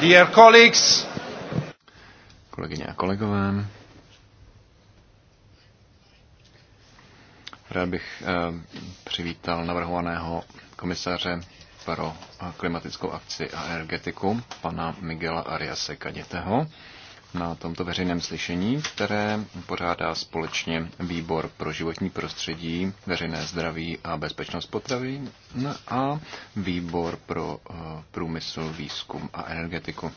Dear colleagues. Kolegyně a kolegové. Rád bych eh, přivítal navrhovaného komisaře pro eh, klimatickou akci a energetiku, pana Miguela Ariase Kaněteho na tomto veřejném slyšení, které pořádá společně Výbor pro životní prostředí, veřejné zdraví a bezpečnost potravy a Výbor pro eh, průmysl, výzkum a energetiku.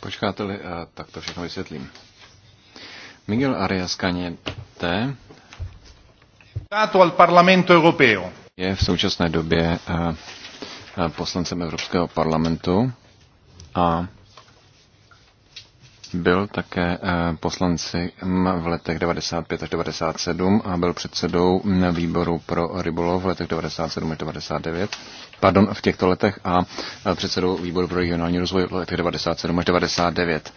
Počkáte-li, eh, tak to všechno vysvětlím. Miguel Arias Cañete je v současné době eh, eh, poslancem Evropského parlamentu a byl také eh, poslanci v letech 95 až 97 a byl předsedou výboru pro rybolov v letech 97 až 99, pardon, v těchto letech a předsedou výboru pro regionální rozvoj v letech 97 až 99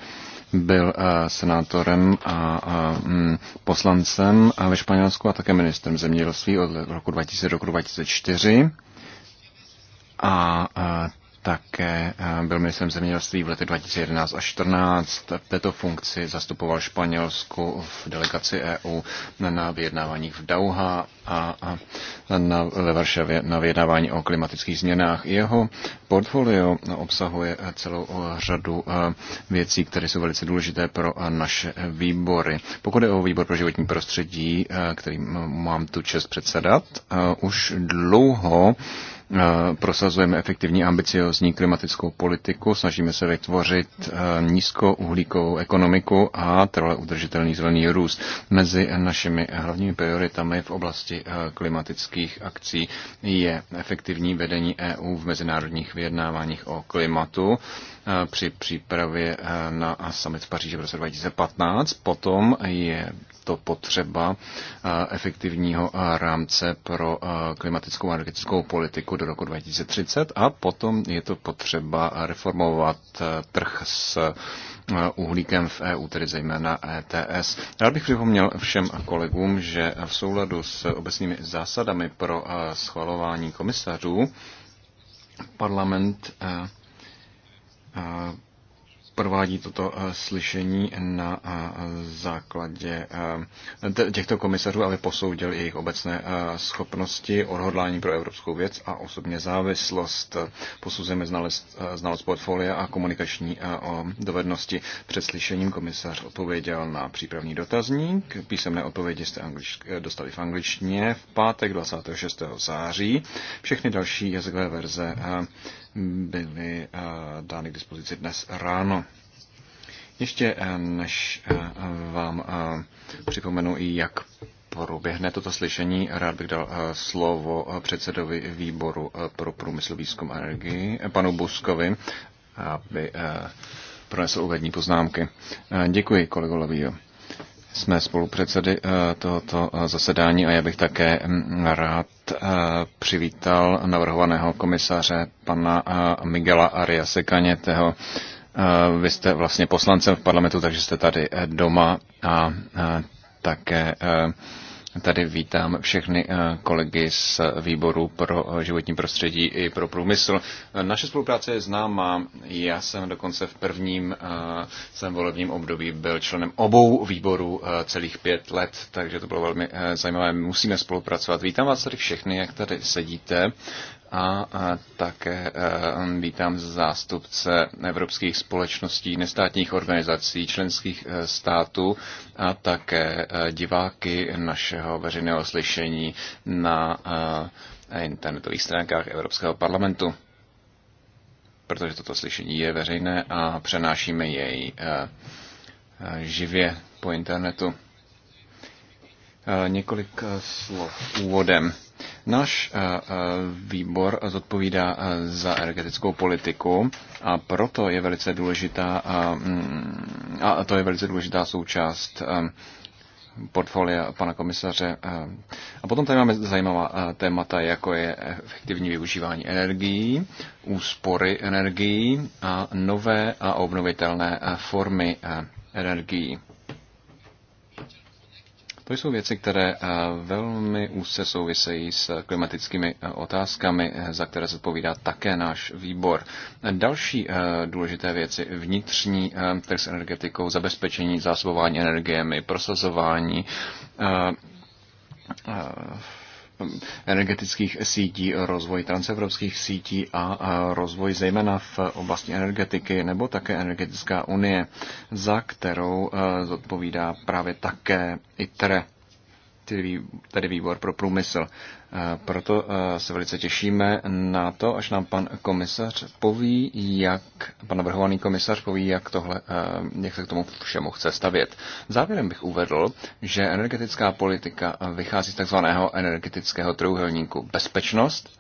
byl eh, senátorem a mm, poslancem eh, ve Španělsku a také ministrem zemědělství od roku 2000 do roku 2004. A eh, také eh, byl ministrem zemědělství v letech 2011 až 2014. V této funkci zastupoval Španělsku v delegaci EU na vyjednávání v Dauha a na, ve Varšavě na vyjednávání o klimatických změnách. Jeho portfolio obsahuje eh, celou eh, řadu věcí, které jsou velice důležité pro naše výbory. Pokud je o výbor pro životní prostředí, kterým mám tu čest předsedat, už dlouho Eh, prosazujeme efektivní ambiciozní klimatickou politiku, snažíme se vytvořit eh, nízkouhlíkovou ekonomiku a trvale udržitelný zelený růst. Mezi našimi hlavními prioritami v oblasti eh, klimatických akcí je efektivní vedení EU v mezinárodních vyjednáváních o klimatu při přípravě na summit v Paříži v roce 2015. Potom je to potřeba eh, efektivního eh, rámce pro eh, klimatickou a energetickou politiku do roku 2030 a potom je to potřeba reformovat trh s uhlíkem v EU, tedy zejména ETS. Já bych připomněl všem kolegům, že v souladu s obecnými zásadami pro schvalování komisařů parlament provádí toto eh, slyšení na eh, základě eh, těchto komisařů, aby posoudil jejich obecné schopnosti, odhodlání pro evropskou věc a osobně závislost. Posuzujeme znalost, znalost portfolia a komunikační dovednosti. Před slyšením komisař odpověděl na přípravný dotazník. Písemné odpovědi jste dostali v angličtině v pátek 26. září. Všechny další jazykové verze byly eh, dány k dispozici dnes ráno. Ještě eh, než eh, vám připomenu, jak proběhne toto slyšení, rád bych dal slovo předsedovi výboru pro průmysl, výzkum a energii, panu Buskovi, aby pronesl úvodní poznámky. Děkuji, kolego Lavio. jsme spolupředsedy tohoto zasedání a já bych také mm, rád Eh, přivítal navrhovaného komisaře pana eh, Miguela Ariase Kaněteho. Eh, vy jste vlastně poslancem v parlamentu, takže jste tady doma a také Tady vítám všechny eh, kolegy z výboru pro eh, životní prostředí i pro průmysl. Eh, naše spolupráce je známá. Já jsem dokonce v prvním svém volebním období byl členem obou výborů celých pět let, takže to bylo velmi zajímavé. Musíme spolupracovat. Vítám vás tady všechny, jak tady sedíte a také e, vítám zástupce evropských společností, nestátních organizací, členských e, států a také e, diváky našeho veřejného slyšení na internetových stránkách Evropského parlamentu. Protože toto slyšení je veřejné a přenášíme jej živě po internetu. Několik slov úvodem. Náš eh, eh, výbor zodpovídá eh, za energetickou politiku a proto je velice důležitá, a to je velice důležitá součást portfolia pana komisaře. A potom tady máme zajímavá témata, jako je efektivní využívání energií, úspory energií a nové a obnovitelné formy energií. To jsou věci, které eh, velmi úzce souvisejí s klimatickými eh, otázkami, eh, za které se odpovídá také náš výbor. Další důležité věci, vnitřní trh s energetikou, zabezpečení zásobování energiemi, prosazování energetických sítí, rozvoj transevropských sítí a rozvoj zejména v oblasti energetiky nebo také energetická unie, za kterou e, zodpovídá právě také ITRE tedy výbor pro průmysl. Eh, proto eh, se velice těšíme na to, až nám pan komisař poví, jak, pan navrhovaný komisař poví, jak, tohle, eh, jak se k tomu všemu chce stavět. Závěrem bych uvedl, že energetická politika vychází z takzvaného energetického trouhelníku. Bezpečnost,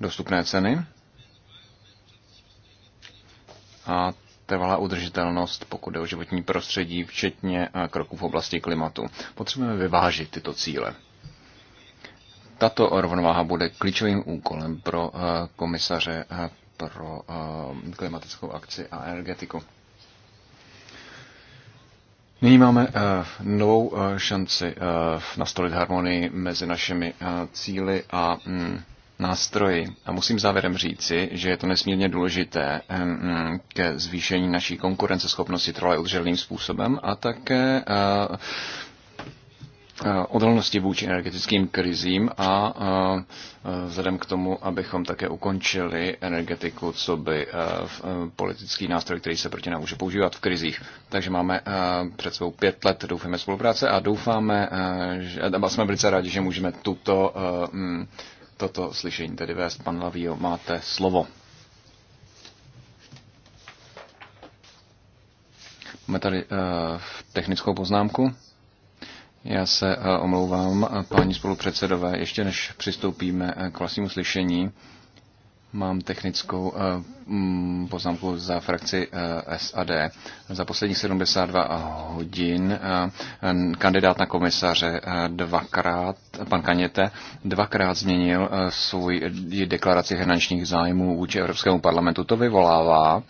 dostupné ceny a trvalá udržitelnost, pokud je o životní prostředí, včetně eh, kroků v oblasti klimatu. Potřebujeme vyvážit tyto cíle. Tato rovnováha bude klíčovým úkolem pro eh, komisaře eh, pro klimatickou akci a energetiku. Nyní máme novou šanci nastolit harmonii mezi našimi cíly a mm, nástroji. A musím závěrem říci, že je to nesmírně důležité ehm, mm, ke zvýšení naší konkurenceschopnosti trvalé udržitelným způsobem a také eh, eh, odolnosti vůči energetickým krizím a eh, vzhledem k tomu, abychom také ukončili energetiku, co by politický nástroj, který se proti nám může používat v krizích. Takže máme před svou pět let, doufáme, spolupráce a doufáme, že, jsme velice rádi, že můžeme tuto mm, toto slyšení tedy vést. Pan Lavio, máte slovo. Máme tady uh, technickou poznámku. Já se uh, omlouvám, eh, paní spolupředsedové, ještě než přistoupíme k vlastnímu slyšení, Mám technickou eh, mm, poznámku za frakci eh, SAD. Za posledních 72 hodin eh, kandidát na komisaře dvakrát, pan Kaněte, dvakrát změnil svůj deklaraci finančních zájmů vůči Evropskému parlamentu. To vyvolává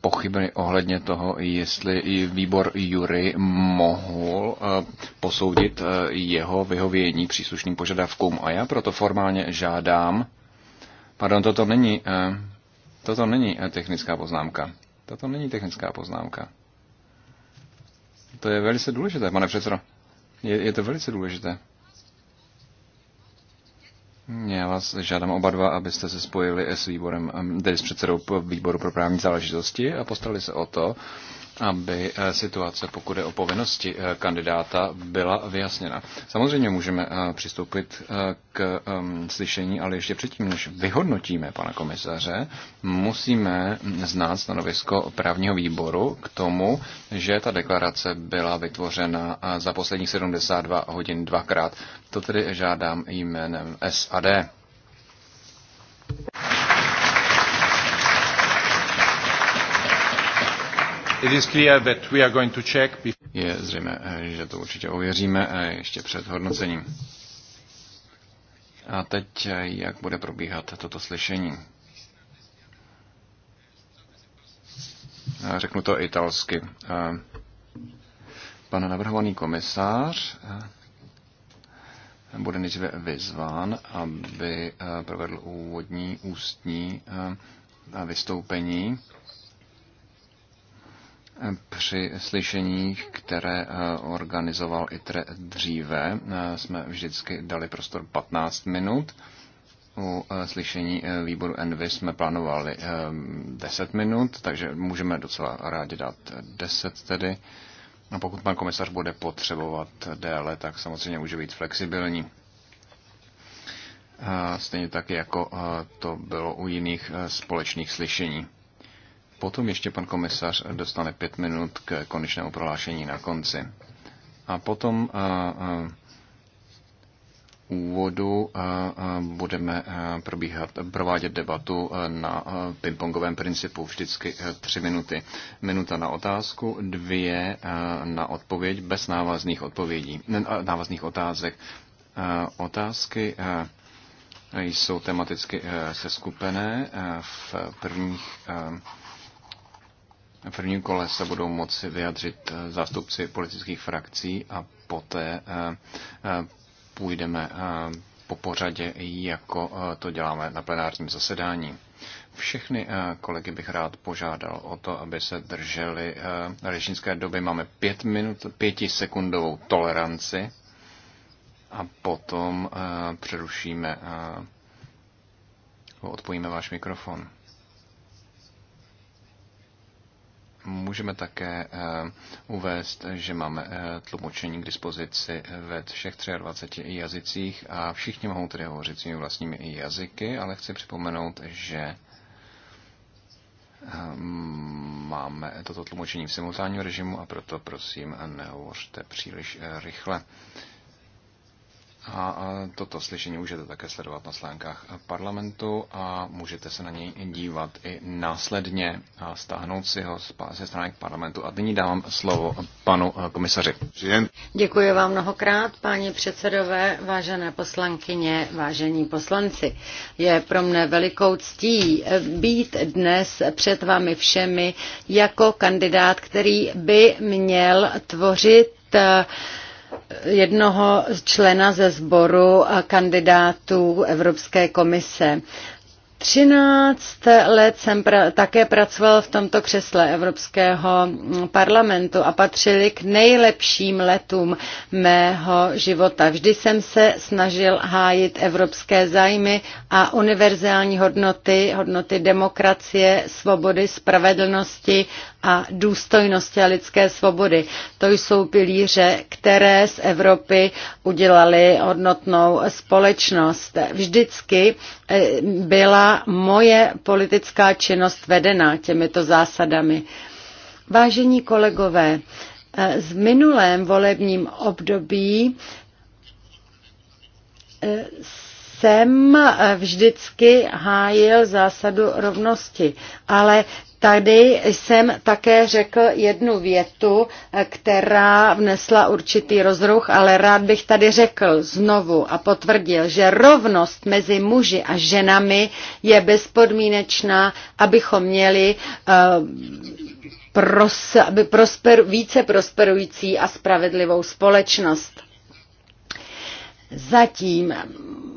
pochyby ohledně toho, jestli i výbor Jury mohl posoudit jeho vyhovění příslušným požadavkům. A já proto formálně žádám Pardon, toto není, eh, toto není eh, technická poznámka. Toto není technická poznámka. To je velice důležité, pane předsedo. Je, je to velice důležité. Já vás žádám oba dva, abyste se spojili s výborem, eh, tedy s předsedou výboru pro právní záležitosti a postali se o to, aby eh, situace, pokud je o povinnosti eh, kandidáta, byla vyjasněna. Samozřejmě můžeme eh, přistoupit k ehm, slyšení, ale ještě předtím, než vyhodnotíme pana komisaře, musíme hm, znát stanovisko právního výboru k tomu, že ta deklarace byla vytvořena za posledních 72 hodin dvakrát. To tedy žádám jménem SAD. Je zřejmé, eh, že to určitě ověříme eh, ještě před hodnocením. A teď, eh, jak bude probíhat toto slyšení? Řeknu to italsky. Pan navrhovaný komisář bude nejdříve vyzván, aby provedl úvodní ústní vystoupení při slyšeních, které eh, organizoval ITRE dříve, eh, jsme vždycky dali prostor 15 minut. U eh, slyšení výboru Envy jsme plánovali 10 minut, takže můžeme docela rádi dát 10 tedy. A pokud pan komisař bude potřebovat déle, tak samozřejmě může být flexibilní. Stejně tak, jako to bylo u jiných společných slyšení. Potom ještě pan komisař dostane pět minut k konečnému prohlášení na konci. A potom a, a, úvodu a, a budeme probíhat, provádět debatu na pingpongovém principu vždycky e, tři minuty. Minuta na otázku, dvě na odpověď bez návazných odpovědí, návazných otázek. Otázky jsou tematicky e, seskupené v prvních v prvním kole se budou moci vyjadřit eh, zástupci politických frakcí a poté eh, eh, půjdeme po pořadě, jako to děláme na plenárním zasedání. Všechny kolegy bych rád požádal o to, aby se drželi řečnické doby. Máme pět minut, pětisekundovou toleranci a potom přerušíme, odpojíme váš mikrofon. Můžeme také eh, uvést, že máme eh, tlumočení k dispozici eh, ve všech 23 jazycích a všichni mohou tedy hovořit svými vlastními jazyky, ale chci připomenout, že máme toto tlumočení v simultánním režimu a proto prosím nehovořte příliš rychle. A toto slyšení můžete také sledovat na slánkách parlamentu a můžete se na něj dívat i následně a stáhnout si ho ze stránek parlamentu. A nyní dávám slovo panu eh, komisaři. Děkuji vám mnohokrát, páni předsedové, vážené poslankyně, vážení poslanci. Je pro mne velikou ctí eh, být dnes před vámi všemi jako kandidát, který by měl tvořit eh, jednoho člena ze sboru kandidátů Evropské komise. 13 let jsem pra- také pracoval v tomto křesle Evropského parlamentu a patřili k nejlepším letům mého života. Vždy jsem se snažil hájit evropské zájmy a univerzální hodnoty, hodnoty demokracie, svobody, spravedlnosti a důstojnosti a lidské svobody. To jsou pilíře, které z Evropy udělali hodnotnou společnost. Vždycky eh, byla moje politická činnost vedena těmito zásadami. Vážení kolegové, z eh, minulém volebním období eh, jsem eh, vždycky hájil zásadu rovnosti, ale Tady jsem také řekl jednu větu, která vnesla určitý rozruch, ale rád bych tady řekl znovu a potvrdil, že rovnost mezi muži a ženami je bezpodmínečná, abychom měli uh, pros, aby prosper, více prosperující a spravedlivou společnost. Zatím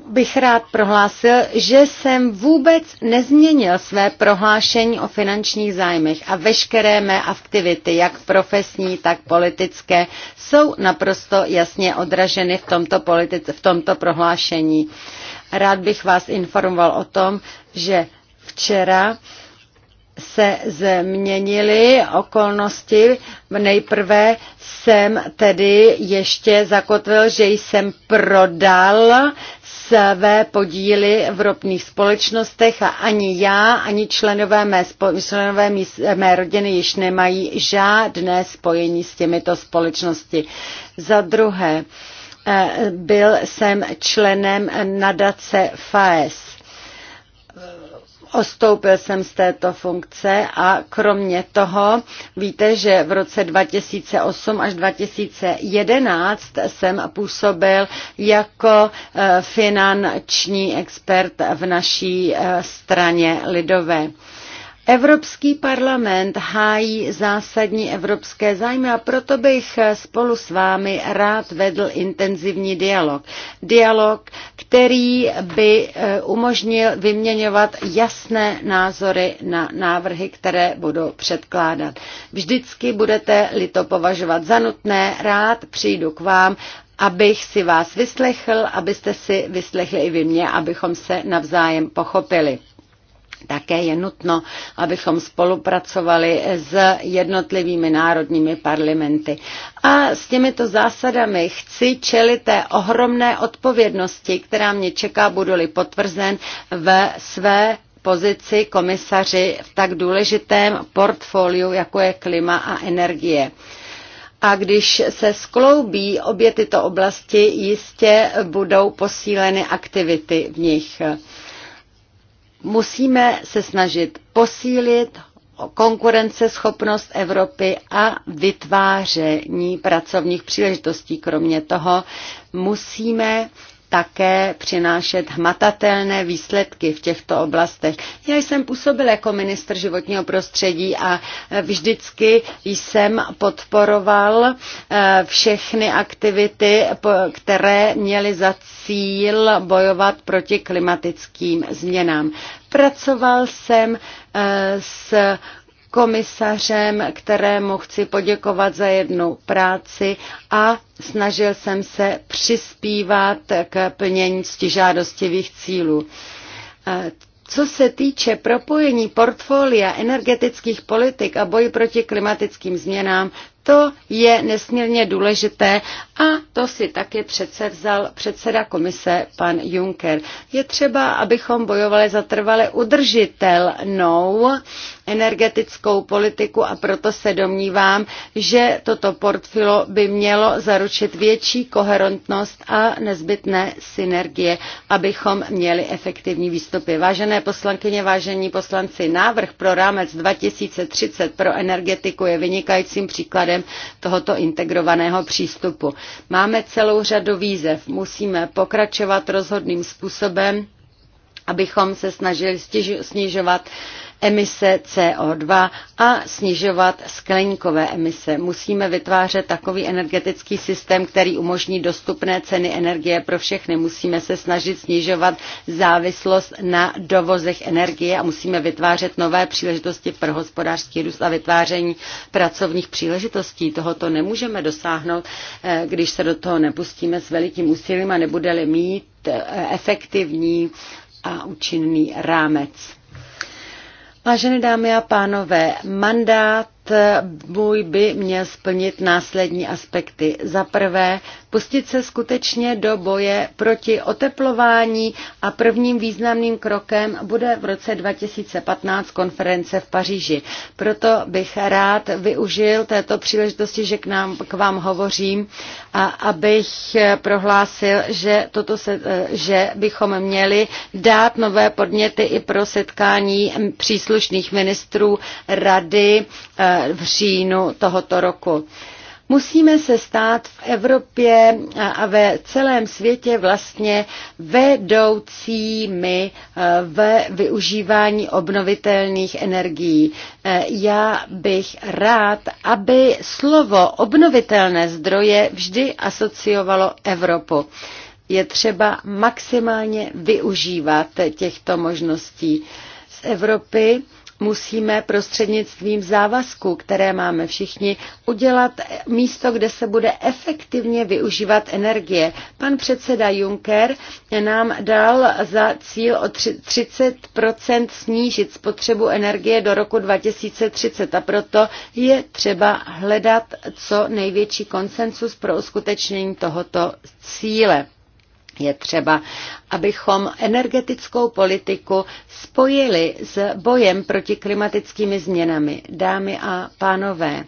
bych rád prohlásil, že jsem vůbec nezměnil své prohlášení o finančních zájmech a veškeré mé aktivity, jak profesní, tak politické, jsou naprosto jasně odraženy v tomto, politi- v tomto prohlášení. Rád bych vás informoval o tom, že včera se změnily okolnosti. Nejprve jsem tedy ještě zakotvil, že jsem prodal své podíly v ropných společnostech a ani já, ani členové mé, členové mé rodiny již nemají žádné spojení s těmito společnosti. Za druhé, eh, byl jsem členem nadace FAES Ostoupil jsem z této funkce a kromě toho víte, že v roce 2008 až 2011 jsem působil jako eh, finanční expert v naší eh, straně lidové. Evropský parlament hájí zásadní evropské zájmy a proto bych eh, spolu s vámi rád vedl intenzivní dialog. Dialog, který by eh, umožnil vyměňovat jasné názory na návrhy, které budu předkládat. Vždycky budete-li to považovat za nutné, rád přijdu k vám abych si vás vyslechl, abyste si vyslechli i vy mě, abychom se navzájem pochopili. Také je nutno, abychom spolupracovali s jednotlivými národními parlamenty. A s těmito zásadami chci čelit té ohromné odpovědnosti, která mě čeká, budu-li potvrzen ve své pozici komisaři v tak důležitém portfoliu, jako je klima a energie. A když se skloubí obě tyto oblasti, jistě budou posíleny aktivity v nich musíme se snažit posílit konkurenceschopnost Evropy a vytváření pracovních příležitostí. Kromě toho musíme také přinášet hmatatelné výsledky v těchto oblastech. Já jsem působil jako ministr životního prostředí a e, vždycky jsem podporoval e, všechny aktivity, které měly za cíl bojovat proti klimatickým změnám. Pracoval jsem e, s komisařem, kterému chci poděkovat za jednu práci a snažil jsem se přispívat k plnění žádostivých cílů. Co se týče propojení portfolia energetických politik a boji proti klimatickým změnám, to je nesmírně důležité a to si také přece vzal předseda komise pan Juncker. Je třeba, abychom bojovali za trvale udržitelnou energetickou politiku a proto se domnívám, že toto portfilo by mělo zaručit větší koherentnost a nezbytné synergie, abychom měli efektivní výstupy. Vážené poslankyně, vážení poslanci, návrh pro rámec 2030 pro energetiku je vynikajícím příkladem základem tohoto integrovaného přístupu. Máme celou řadu výzev. Musíme pokračovat rozhodným způsobem abychom se snažili snižovat emise CO2 a snižovat skleníkové emise. Musíme vytvářet takový energetický systém, který umožní dostupné ceny energie pro všechny. Musíme se snažit snižovat závislost na dovozech energie a musíme vytvářet nové příležitosti pro hospodářský růst a vytváření pracovních příležitostí. Tohoto nemůžeme dosáhnout, eh, když se do toho nepustíme s velikým úsilím a nebude-li mít eh, efektivní a účinný rámec. Vážené dámy a pánové, mandát můj by měl splnit následní aspekty. Za prvé, pustit se skutečně do boje proti oteplování a prvním významným krokem bude v roce 2015 konference v Paříži. Proto bych rád využil této příležitosti, že k, nám, k vám hovořím, a abych prohlásil, že, toto se, e, že bychom měli dát nové podněty i pro setkání příslušných ministrů rady e, v říjnu tohoto roku. Musíme se stát v Evropě a ve celém světě vlastně vedoucími eh, v využívání obnovitelných energií. Eh, já bych rád, aby slovo obnovitelné zdroje vždy asociovalo Evropu je třeba maximálně využívat těchto možností. Z Evropy musíme prostřednictvím závazků, které máme všichni, udělat místo, kde se bude efektivně využívat energie. Pan předseda Juncker nám dal za cíl o 30 snížit spotřebu energie do roku 2030 a proto je třeba hledat co největší konsensus pro uskutečnění tohoto cíle je třeba, abychom energetickou politiku spojili s bojem proti klimatickými změnami. Dámy a pánové,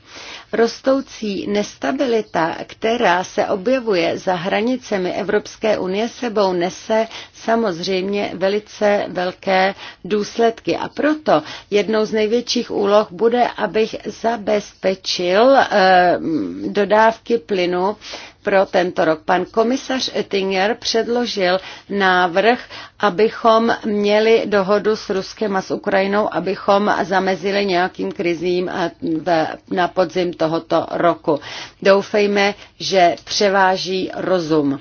rostoucí nestabilita, která se objevuje za hranicemi Evropské unie, sebou nese samozřejmě velice velké důsledky. A proto jednou z největších úloh bude, abych zabezpečil eh, dodávky plynu pro tento rok. Pan komisař Ettinger předložil návrh, abychom měli dohodu s Ruskem a s Ukrajinou, abychom zamezili nějakým krizím eh, na podzim tohoto roku. Doufejme, že převáží rozum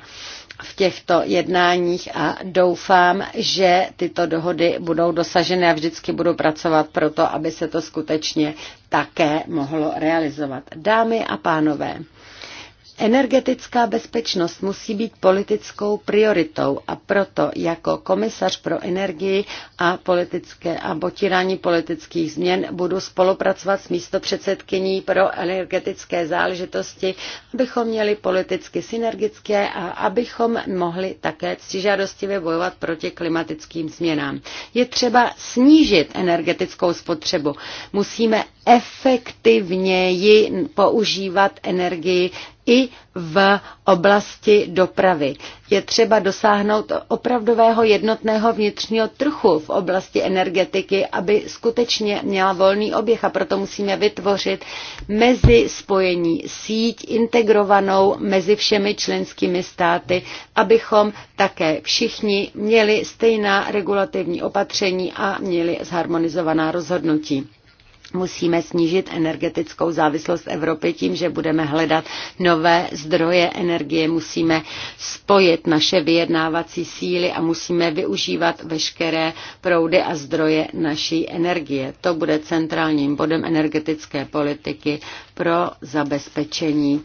v těchto jednáních a doufám, že tyto dohody budou dosaženy a vždycky budu pracovat pro to, aby se to skutečně také mohlo realizovat. Dámy a pánové, Energetická bezpečnost musí být politickou prioritou a proto jako komisař pro energii a, politické, a botírání politických změn budu spolupracovat s místopředsedkyní pro energetické záležitosti, abychom měli politicky synergické a abychom mohli také ctižádostivě bojovat proti klimatickým změnám. Je třeba snížit energetickou spotřebu. Musíme efektivněji používat energii i v oblasti dopravy. Je třeba dosáhnout opravdového jednotného vnitřního trhu v oblasti energetiky, aby skutečně měla volný oběh a proto musíme vytvořit mezi spojení síť integrovanou mezi všemi členskými státy, abychom také všichni měli stejná regulativní opatření a měli zharmonizovaná rozhodnutí. Musíme snížit energetickou závislost Evropy tím, že budeme hledat nové zdroje energie, musíme spojit naše vyjednávací síly a musíme využívat veškeré proudy a zdroje naší energie. To bude centrálním bodem energetické politiky pro zabezpečení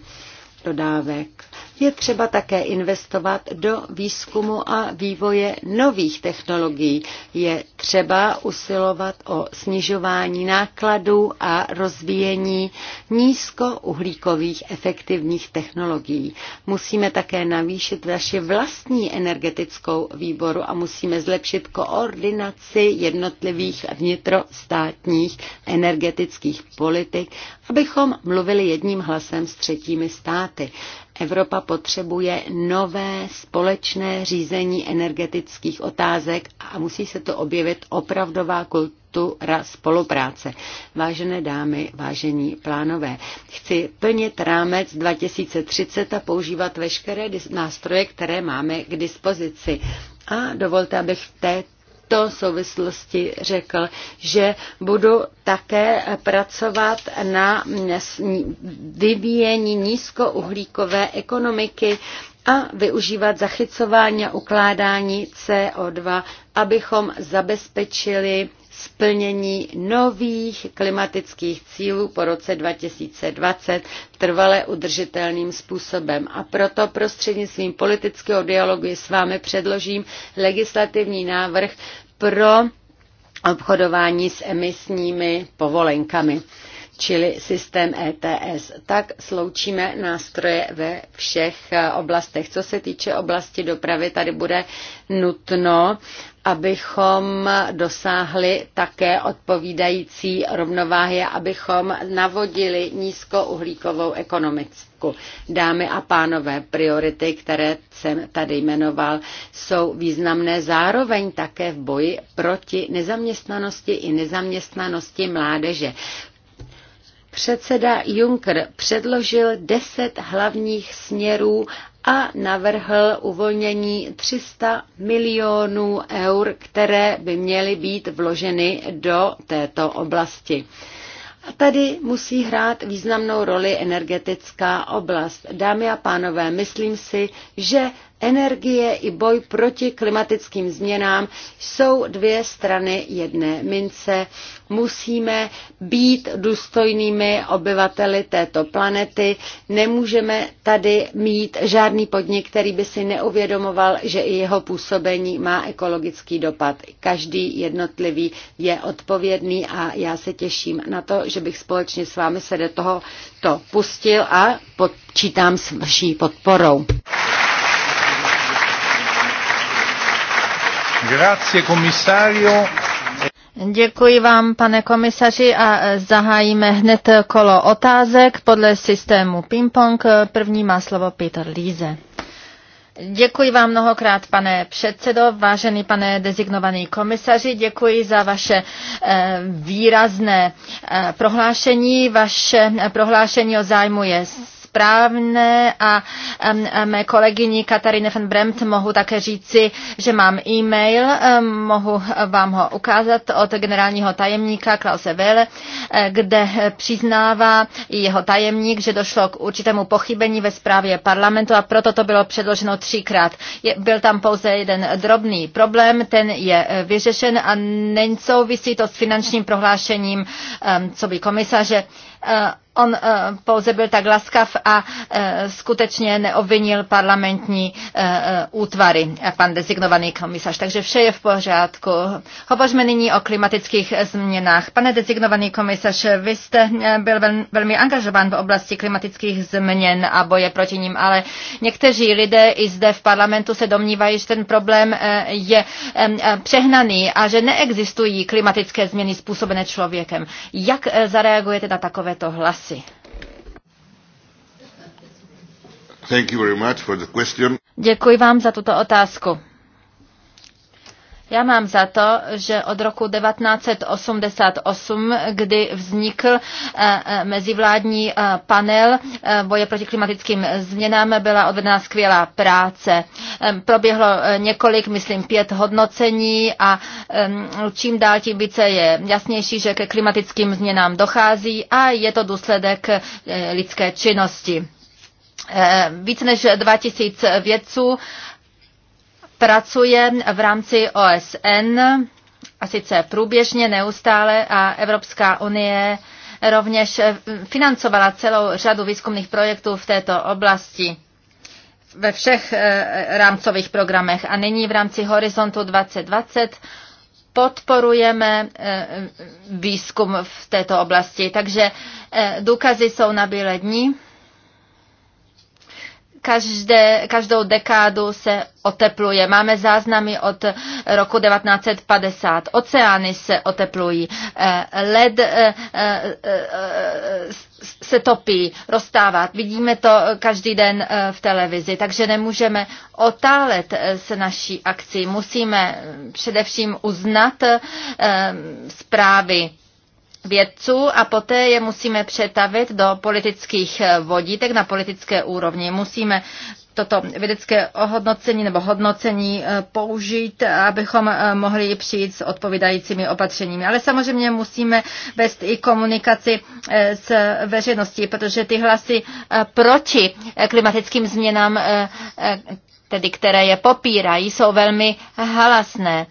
dodávek je třeba také investovat do výzkumu a vývoje nových technologií. Je třeba usilovat o snižování nákladů a rozvíjení nízkouhlíkových efektivních technologií. Musíme také navýšit naši vlastní energetickou výboru a musíme zlepšit koordinaci jednotlivých vnitrostátních energetických politik, abychom mluvili jedním hlasem s třetími státy. Evropa potřebuje nové společné řízení energetických otázek a musí se to objevit opravdová kultura spolupráce. Vážené dámy, vážení plánové, chci plnit rámec 2030 a používat veškeré nástroje, které máme k dispozici. A dovolte, abych v té této souvislosti řekl, že budu také pracovat na vyvíjení nízkouhlíkové ekonomiky a využívat zachycování a ukládání CO2, abychom zabezpečili splnění nových klimatických cílů po roce 2020 trvale udržitelným způsobem. A proto prostřednictvím politického dialogu s vámi předložím legislativní návrh pro obchodování s emisními povolenkami čili systém ETS. Tak sloučíme nástroje ve všech eh, oblastech. Co se týče oblasti dopravy, tady bude nutno, abychom dosáhli také odpovídající rovnováhy, abychom navodili nízkouhlíkovou ekonomiku. Dámy a pánové, priority, které jsem tady jmenoval, jsou významné zároveň také v boji proti nezaměstnanosti i nezaměstnanosti mládeže. Předseda Juncker předložil deset hlavních směrů a navrhl uvolnění 300 milionů eur, které by měly být vloženy do této oblasti. A tady musí hrát významnou roli energetická oblast. Dámy a pánové, myslím si, že Energie i boj proti klimatickým změnám jsou dvě strany jedné mince. Musíme být důstojnými obyvateli této planety. Nemůžeme tady mít žádný podnik, který by si neuvědomoval, že i jeho působení má ekologický dopad. Každý jednotlivý je odpovědný a já se těším na to, že bych společně s vámi se do toho to pustil a počítám s vaší podporou. Děkuji vám, pane komisaři, a e, zahájíme hned kolo otázek podle systému ping-pong. První má slovo Peter Líze. Děkuji vám mnohokrát, pane předsedo, vážený pane dezignovaný komisaři, děkuji za vaše e, výrazné e, prohlášení. Vaše prohlášení o zájmu je správné a mé kolegyni Katarine van Bremt mohu také říci, že mám e-mail, mohu vám ho ukázat od generálního tajemníka Klause Welle, eh, kde přiznává jeho tajemník, že došlo k určitému pochybení ve zprávě parlamentu a proto to bylo předloženo třikrát. Je, byl tam pouze jeden drobný problém, ten je eh, vyřešen a souvisí to s finančním prohlášením, co by komisaře eh, On eh, pouze byl tak laskav a eh, skutečně neovinil parlamentní eh, útvary, pan designovaný komisař. Takže vše je v pořádku. Hovořme nyní o klimatických změnách. Pane designovaný komisař, vy jste byl velmi angažován v oblasti klimatických změn a boje proti ním, ale někteří lidé i zde v parlamentu se domnívají, že ten problém je přehnaný a že neexistují klimatické změny způsobené člověkem. Jak zareagujete na takovéto hlasy? práci. Děkuji vám za tuto otázku. Já mám za to, že od roku 1988, kdy vznikl eh, eh, mezivládní eh, panel boje proti klimatickým změnám, byla odvedena skvělá práce. Proběhlo několik, myslím, pět hodnocení a čím dál tím více je jasnější, že ke klimatickým změnám dochází a je to důsledek lidské činnosti. Víc než 2000 vědců pracuje v rámci OSN, a sice průběžně, neustále, a Evropská unie rovněž financovala celou řadu výzkumných projektů v této oblasti ve všech eh, rámcových programech. A nyní v rámci Horizontu 2020 podporujeme eh, výzkum v této oblasti. Takže eh, důkazy jsou na bílé dní každé, každou dekádu se otepluje. Máme záznamy od roku 1950. Oceány se oteplují. Eh, led eh, eh, se topí, roztává. Vidíme to každý den v televizi, takže nemůžeme otálet se naší akcí. Musíme především uznat zprávy vědců a poté je musíme přetavit do politických eh, vodítek na politické úrovni. Musíme toto vědecké ohodnocení nebo hodnocení eh, použít, abychom eh, mohli přijít s odpovídajícími opatřeními. Ale samozřejmě musíme vést i komunikaci s veřejností, protože ty hlasy proti klimatickým změnám, tedy které je popírají, jsou velmi halasné.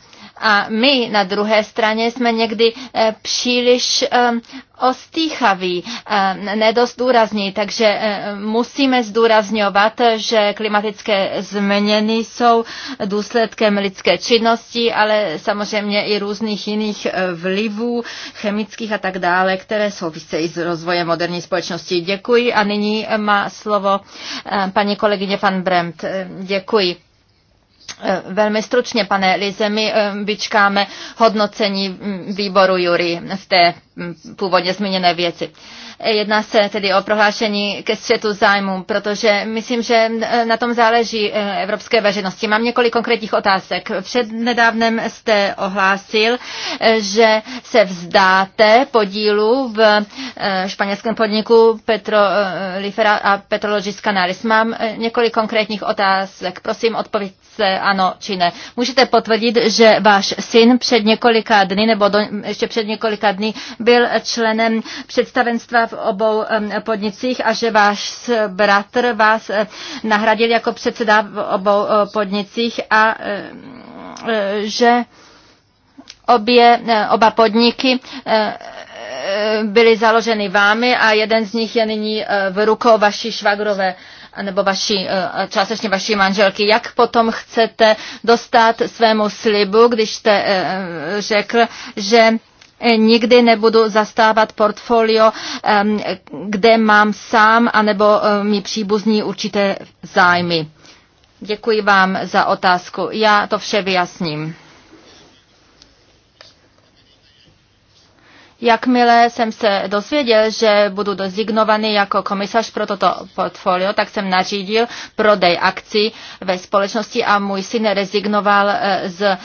A my na druhé straně jsme někdy eh, příliš ehm, ostýchaví, ehm, nedost důrazní, takže eh, musíme zdůrazňovat, že klimatické změny jsou důsledkem lidské činnosti, ale samozřejmě i různých jiných eh, vlivů chemických a tak dále, které souvisejí s rozvojem moderní společnosti. Děkuji a nyní má slovo paní kolegyně van Bremt. Děkuji. Eh, velmi stručně, pane Lize, my eh, vyčkáme hodnocení mm, výboru Jury v té mm, původně zmíněné věci. Eh, jedná se tedy o prohlášení ke střetu zájmu, protože myslím, že na tom záleží evropské veřejnosti. Mám několik konkrétních otázek. Před nedávnem jste ohlásil, že se vzdáte podílu v španělském podniku Petro Lifera a Petrologis Canaris. Mám několik konkrétních otázek. Prosím, odpověď ano či ne. Můžete potvrdit, že váš syn před několika dny nebo do, ještě před několika dny byl členem představenstva v obou podnicích a že váš bratr vás eh, nahradil jako předseda v obou eh, podnicích a eh, že obě, oba podniky byly založeny vámi a jeden z nich je nyní v rukou vaší švagrové nebo vaší, eh, částečně vaší manželky. Jak potom chcete dostat svému slibu, když jste eh, eh, řekl, že nikdy nebudu zastávat portfolio, kde mám sám anebo mi příbuzní určité zájmy. Děkuji vám za otázku. Já to vše vyjasním. Jakmile jsem se dozvěděl, že budu dozignovaný jako komisař pro toto portfolio, tak jsem nařídil prodej akcí ve společnosti a můj syn rezignoval eh, z eh,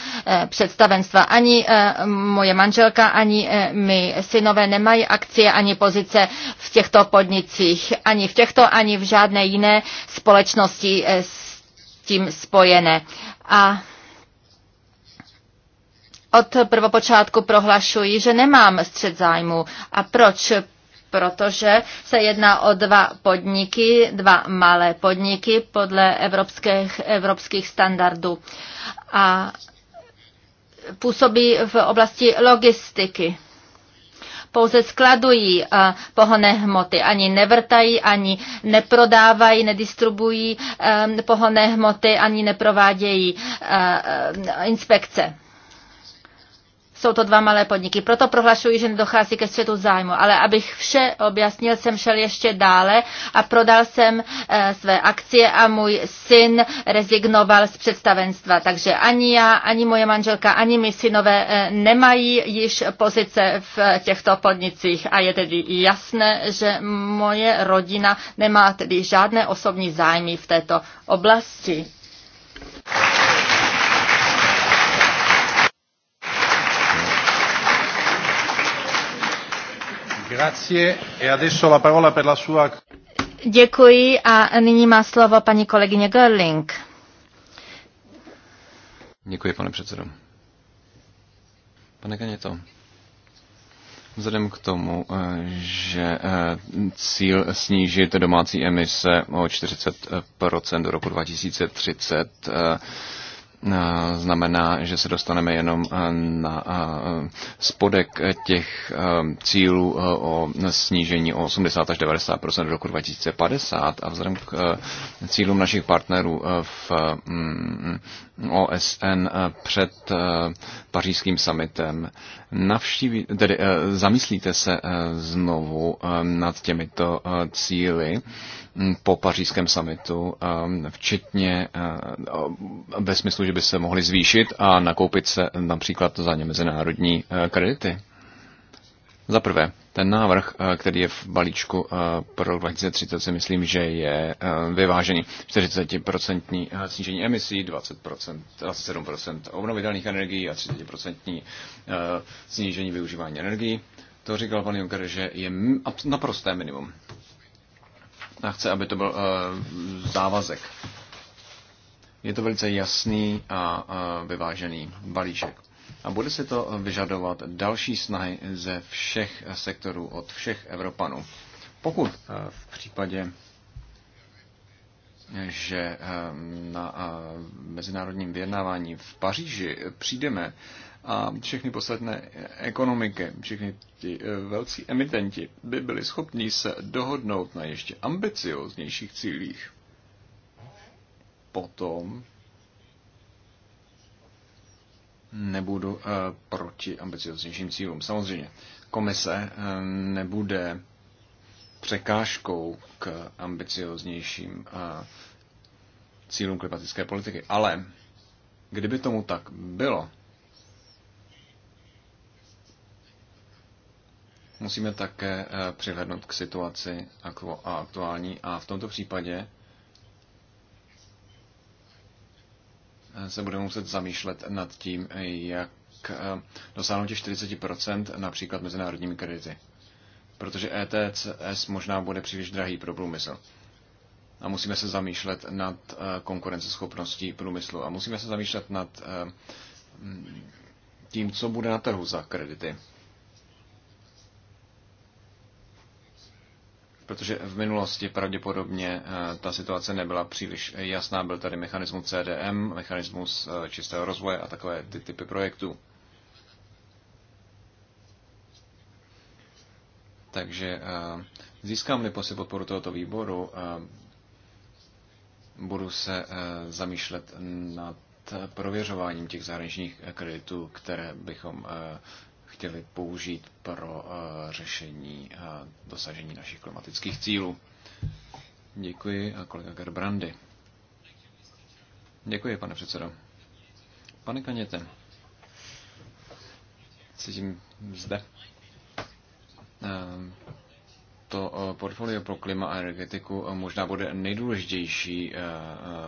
představenstva. Ani eh, moje manželka, ani my synové nemají akcie, ani pozice v těchto podnicích, ani v těchto, ani v žádné jiné společnosti s tím spojené. A od prvopočátku prohlašuji, že nemám střed zájmu. A proč? protože se jedná o dva podniky, dva malé podniky podle evropských, evropských standardů a působí v oblasti logistiky. Pouze skladují eh, pohonné hmoty, ani nevrtají, ani neprodávají, nedistribují eh, pohonné hmoty, ani neprovádějí eh, inspekce. Jsou to dva malé podniky. Proto prohlašuji, že nedochází ke střetu zájmu. Ale abych vše objasnil, jsem šel ještě dále a prodal jsem eh, své akcie a můj syn rezignoval z představenstva. Takže ani já, ani moje manželka, ani my synové eh, nemají již pozice v eh, těchto podnicích. A je tedy jasné, že moje rodina nemá tedy žádné osobní zájmy v této oblasti. E Děkuji a nyní má slovo paní kolegyně Görling. Děkuji, pane předsedo. Pane Kaněto, vzhledem k tomu, eh, že eh, cíl snížit domácí emise o 40 do roku 2030 znamená, že se dostaneme jenom eh, na eh, spodek eh, těch cílů o snížení o 80 až 90 do roku 2050 a vzhledem k cílům našich partnerů v mm, OSN před pařížským summitem. Navštíví, tedy zamyslíte se znovu nad těmito cíly po pařížském summitu, um, včetně uh, ve smyslu, že by se mohly zvýšit a nakoupit se například za ně mezinárodní uh, kredity? Za prvé, ten návrh, uh, který je v balíčku pro 2030, si myslím, že je vyvážený. 40% snížení emisí, 20%, 27% obnovitelných energií a 30% snížení využívání energií. To říkal pan Juncker, že je naprosté minimum a chce, aby to byl eh, závazek. Je to velice jasný a vyvážený balíček. A bude se to vyžadovat další snahy ze všech sektorů, od všech Evropanů. Pokud eh, v případě, že eh, na mezinárodním vyjednávání v Paříži přijdeme a všechny posledné ekonomiky, všichni ti eh, velcí emitenti by byli schopni se dohodnout na ještě ambicioznějších cílích. Potom nebudu uh, proti ambicioznějším cílům. Samozřejmě, komise uh, nebude překážkou k ambicioznějším uh, cílům klimatické politiky, ale kdyby tomu tak bylo, Musíme také eh, přihlednout k situaci aktuální a v tomto případě eh, se budeme muset zamýšlet nad tím, jak eh, dosáhnout těch 40% například mezinárodními kredity. Protože ETCS možná bude příliš drahý pro průmysl. A musíme se zamýšlet nad konkurenceschopností průmyslu. A musíme se zamýšlet nad tím, co bude na trhu za kredity. protože v minulosti pravděpodobně eh, ta situace nebyla příliš jasná. Byl tady mechanismus CDM, mechanismus eh, čistého rozvoje a takové ty typy projektů. Takže eh, získám-li posy podporu tohoto výboru, budu se zamýšlet nad prověřováním těch zahraničních kreditů, které bychom chtěli použít pro eh, řešení eh, dosažení našich klimatických cílů. Děkuji a eh, kolega Gerbrandy. Děkuji, pane předsedo. Pane Kaněte, cítím zde. To portfolio pro klima a energetiku možná bude nejdůležitější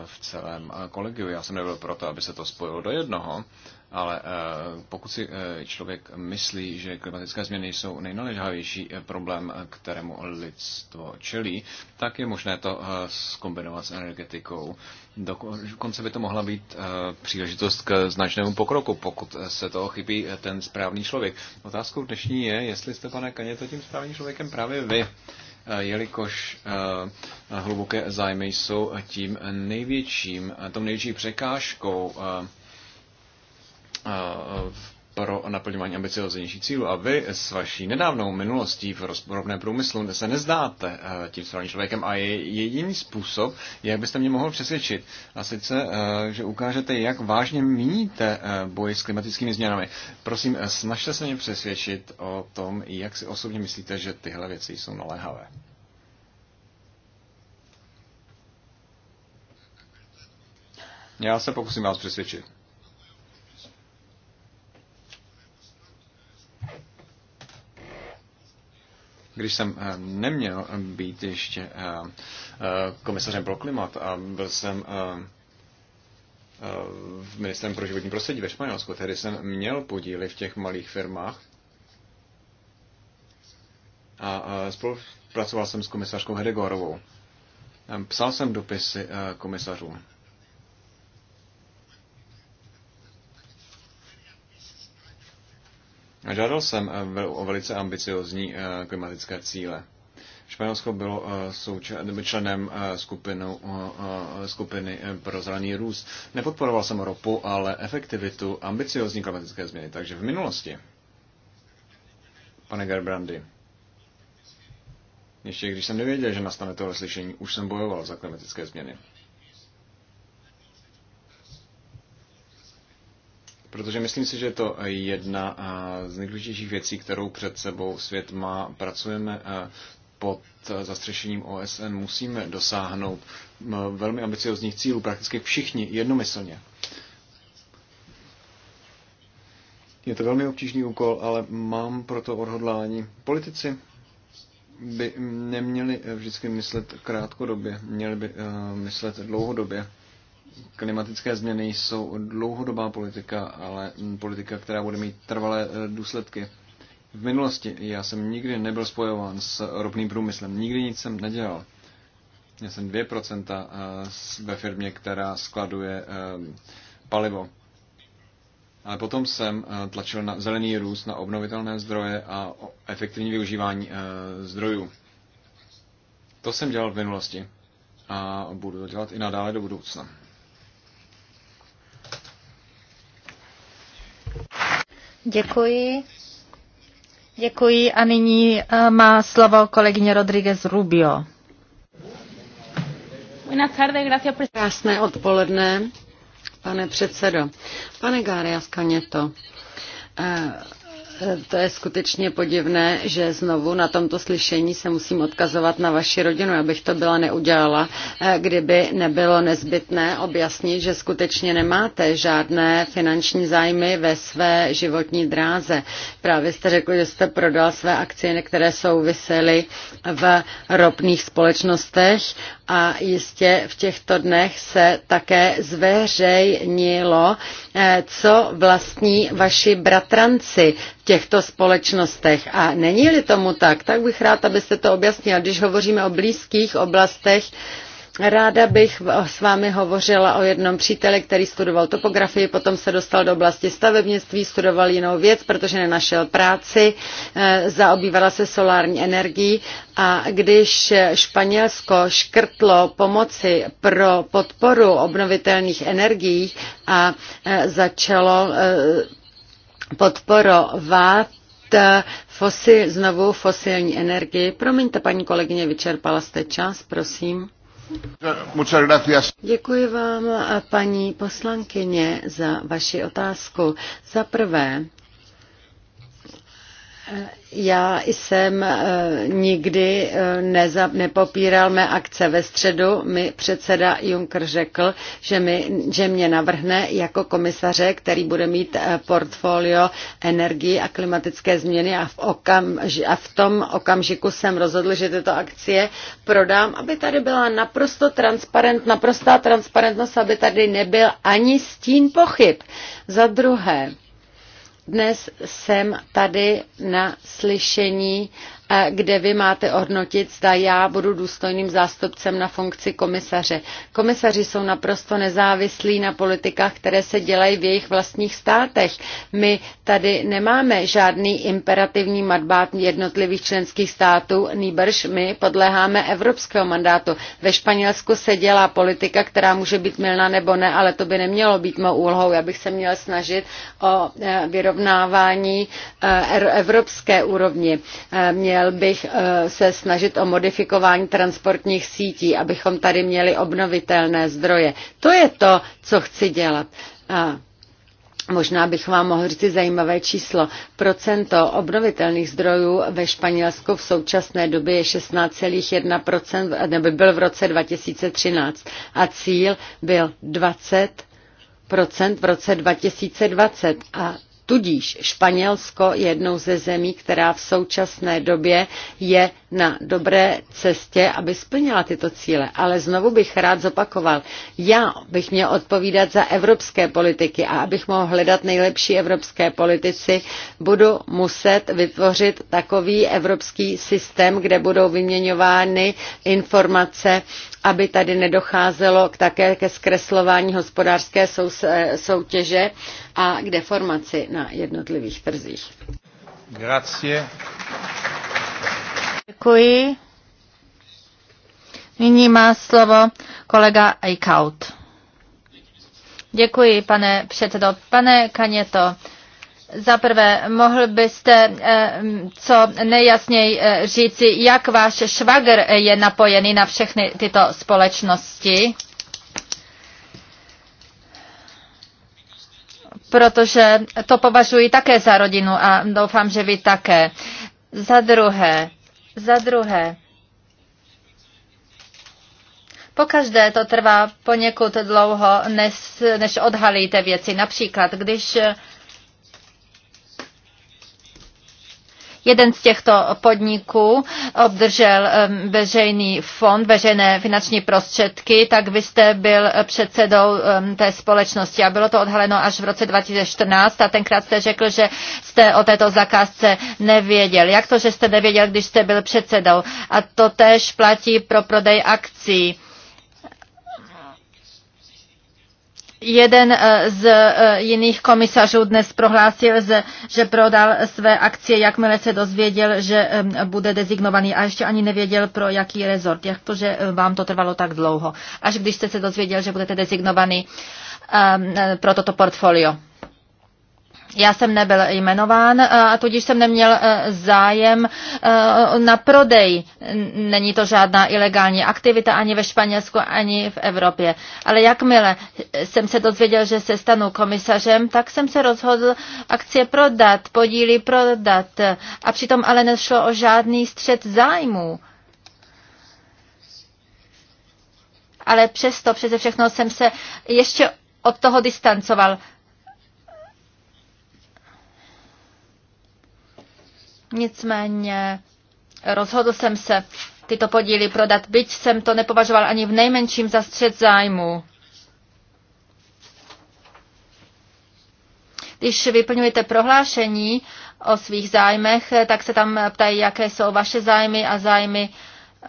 v celém kolegiu. Já jsem nebyl proto, aby se to spojilo do jednoho, ale eh, pokud si eh, člověk myslí, že klimatické změny jsou nejnaležhavější eh, problém, kterému lidstvo čelí, tak je možné to skombinovat s energetikou. Dokonce by to mohla být příležitost k značnému pokroku, pokud se toho chybí ten správný člověk. Otázkou dnešní je, jestli jste, pane Kaně to tím správným člověkem právě vy jelikož hluboké zájmy jsou tím největším, tom největší překážkou pro naplňování ambicioznější cílu. A vy s vaší nedávnou minulostí v rovném průmyslu se nezdáte tím správným člověkem a je jediný způsob, jak byste mě mohl přesvědčit. A sice, že ukážete, jak vážně míníte boji s klimatickými změnami. Prosím, snažte se mě přesvědčit o tom, jak si osobně myslíte, že tyhle věci jsou naléhavé. Já se pokusím vás přesvědčit. Když jsem eh, neměl eh, být ještě eh, komisařem pro klimat a byl jsem ministrem pro životní prostředí ve Španělsku, tehdy jsem měl podíly v těch malých firmách a spolupracoval jsem s komisařkou Hedegorovou. Psal jsem dopisy komisařům. Žádal jsem eh, o velice ambiciozní eh, klimatické cíle. Španělsko bylo eh, členem skupinu, skupiny pro zelený růst. Nepodporoval jsem ropu, ale efektivitu ambiciozní klimatické změny. Takže v minulosti, pane Gerbrandy, ještě když jsem nevěděl, že nastane tohle slyšení, už jsem bojoval za klimatické změny. Protože myslím si, že je to jedna z nejdůležitějších věcí, kterou před sebou svět má. Pracujeme pod zastřešením OSN, musíme dosáhnout velmi ambiciozních cílů, prakticky všichni jednomyslně. Je to velmi obtížný úkol, ale mám proto odhodlání. Politici by neměli eh, vždycky myslet krátkodobě, měli by eh, myslet dlouhodobě. Klimatické změny jsou dlouhodobá politika, ale mm, politika, která bude mít trvalé eh, důsledky. V minulosti já jsem nikdy nebyl spojován s ropným průmyslem, nikdy nic jsem nedělal. Já jsem 2% eh, ve firmě, která skladuje eh, palivo. Ale potom jsem tlačil na zelený růst, na obnovitelné zdroje a efektivní využívání zdrojů. To jsem dělal v minulosti a budu to dělat i nadále do budoucna. Děkuji. Děkuji a nyní eh, má slovo kolegyně Rodríguez Rubio. Krásné odpoledne, pane předsedo. Pane Gária Skaněto, eh, to je skutečně podivné, že znovu na tomto slyšení se musím odkazovat na vaši rodinu. abych to byla neudělala, eh, kdyby nebylo nezbytné objasnit, že skutečně nemáte žádné finanční zájmy ve své životní dráze. Právě jste řekl, že jste prodal své akcie, které souvisely v ropných společnostech a jistě v těchto dnech se také zveřejnilo, eh, co vlastní vaši bratranci těchto společnostech. A není-li tomu tak, tak bych rád, abyste to objasnil. Když hovoříme o blízkých oblastech, Ráda bych s vámi hovořila o jednom příteli, který studoval topografii, potom se dostal do oblasti stavebnictví, studoval jinou věc, protože nenašel práci, eh, zaobývala se solární energií a když Španělsko škrtlo pomoci pro podporu obnovitelných energií a eh, začalo eh, podporovat eh, fosil, znovu fosilní energii. Promiňte, paní kolegyně, vyčerpala jste čas, prosím. Děkuji vám, eh, paní poslankyně, za vaši otázku. Za prvé, já jsem eh, nikdy eh, neza, nepopíral mé akce ve středu. Mi předseda Juncker řekl, že, mi, že mě navrhne jako komisaře, který bude mít eh, portfolio energii a klimatické změny a v, okam, a v tom okamžiku jsem rozhodl, že tyto akcie prodám, aby tady byla naprosto transparent, naprostá transparentnost, aby tady nebyl ani stín pochyb. Za druhé, dnes jsem tady na slyšení kde vy máte ohodnotit, zda já budu důstojným zástupcem na funkci komisaře. Komisaři jsou naprosto nezávislí na politikách, které se dělají v jejich vlastních státech. My tady nemáme žádný imperativní mandát jednotlivých členských států, nýbrž my podléháme evropského mandátu. Ve Španělsku se dělá politika, která může být milná nebo ne, ale to by nemělo být mou úlohou. Já bych se měl snažit o eh, vyrovnávání eh, er, evropské úrovni. Eh, měl měl bych eh, se snažit o modifikování transportních sítí, abychom tady měli obnovitelné zdroje. To je to, co chci dělat. A Možná bych vám mohl říct zajímavé číslo. Procento obnovitelných zdrojů ve Španělsku v současné době je 16,1%, nebo byl v roce 2013. A cíl byl 20% v roce 2020. A Tudíž Španělsko je jednou ze zemí, která v současné době je na dobré cestě, aby splnila tyto cíle. Ale znovu bych rád zopakoval, já bych měl odpovídat za evropské politiky a abych mohl hledat nejlepší evropské politici, budu muset vytvořit takový evropský systém, kde budou vyměňovány informace, aby tady nedocházelo k také ke zkreslování hospodářské eh, soutěže a k deformaci na jednotlivých trzích. Grazie. Děkuji. Nyní má slovo kolega Eichaut. Děkuji, pane předsedo. Pane Kaněto, Zaprvé mohl byste eh, co nejjasněji eh, říci, jak váš švagr je napojený na všechny tyto společnosti? Protože to považuji také za rodinu a doufám, že vy také. Za druhé, za druhé, pokaždé to trvá poněkud dlouho, než, než odhalíte věci. Například, když Jeden z těchto podniků obdržel veřejný fond, veřejné finanční prostředky, tak vy jste byl předsedou té společnosti a bylo to odhaleno až v roce 2014 a tenkrát jste řekl, že jste o této zakázce nevěděl. Jak to, že jste nevěděl, když jste byl předsedou? A to tež platí pro prodej akcí. Jeden eh, z eh, jiných komisařů dnes prohlásil, že prodal své akcie, jakmile se dozvěděl, že eh, bude dezignovaný a ještě ani nevěděl, pro jaký rezort. Jak to, že vám to trvalo tak dlouho? Až když jste se dozvěděl, že budete dezignovaný pro toto portfolio. Já jsem nebyl jmenován eh, a tudíž jsem neměl eh, zájem eh, na prodej. Není to žádná ilegální aktivita ani ve Španělsku, ani v Evropě. Ale jakmile jsem se dozvěděl, že se stanu komisařem, tak jsem se rozhodl akcie prodat, podíly prodat. A přitom ale nešlo o žádný střed zájmů. Ale přesto, přeze všechno jsem se ještě od toho distancoval. Nicméně rozhodl jsem se tyto podíly prodat, byť jsem to nepovažoval ani v nejmenším za střed zájmu. Když vyplňujete prohlášení o svých zájmech, tak se tam ptají, jaké jsou vaše zájmy a zájmy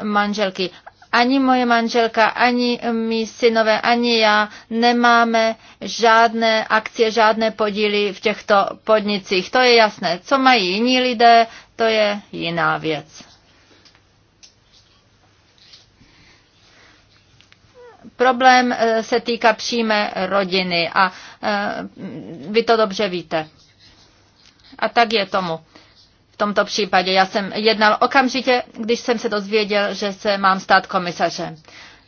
manželky. Ani moje manželka, ani mý synové, ani já nemáme žádné akcie, žádné podíly v těchto podnicích. To je jasné. Co mají jiní lidé, to je jiná věc. Problém eh, se týká přímé rodiny a eh, vy to dobře víte. A tak je tomu tomto případě. Já jsem jednal okamžitě, když jsem se dozvěděl, že se mám stát komisařem.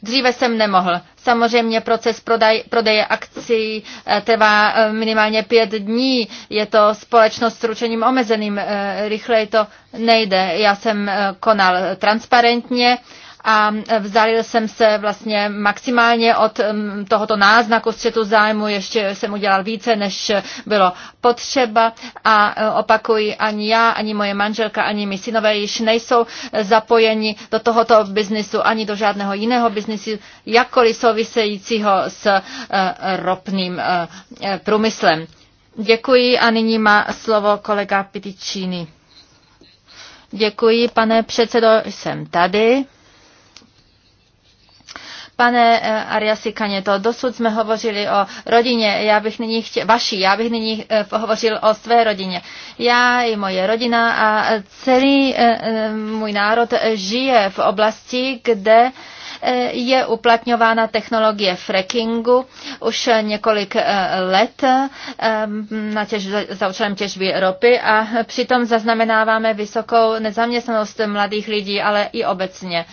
Dříve jsem nemohl. Samozřejmě proces prodaj, prodeje akcí eh, trvá eh, minimálně pět dní. Je to společnost s ručením omezeným. Eh, rychleji to nejde. Já jsem konal transparentně a vzdalil jsem se vlastně maximálně od mm, tohoto náznaku střetu zájmu, ještě jsem udělal více, než bylo potřeba a e, opakuji, ani já, ani moje manželka, ani my synové již nejsou zapojeni do tohoto biznisu, ani do žádného jiného biznisu, jakkoliv souvisejícího s e, ropným e, průmyslem. Děkuji a nyní má slovo kolega Piticini. Děkuji, pane předsedo, jsem tady. Pane eh, Ariasi Kaněto, dosud jsme hovořili o rodině, já bych nyní chtěl, vaší, já bych nyní eh, hovořil o své rodině. Já i moje rodina a celý eh, můj národ žije v oblasti, kde je uplatňována technologie frackingu už několik let na těž, za účelem těžby ropy a přitom zaznamenáváme vysokou nezaměstnanost mladých lidí, ale i obecně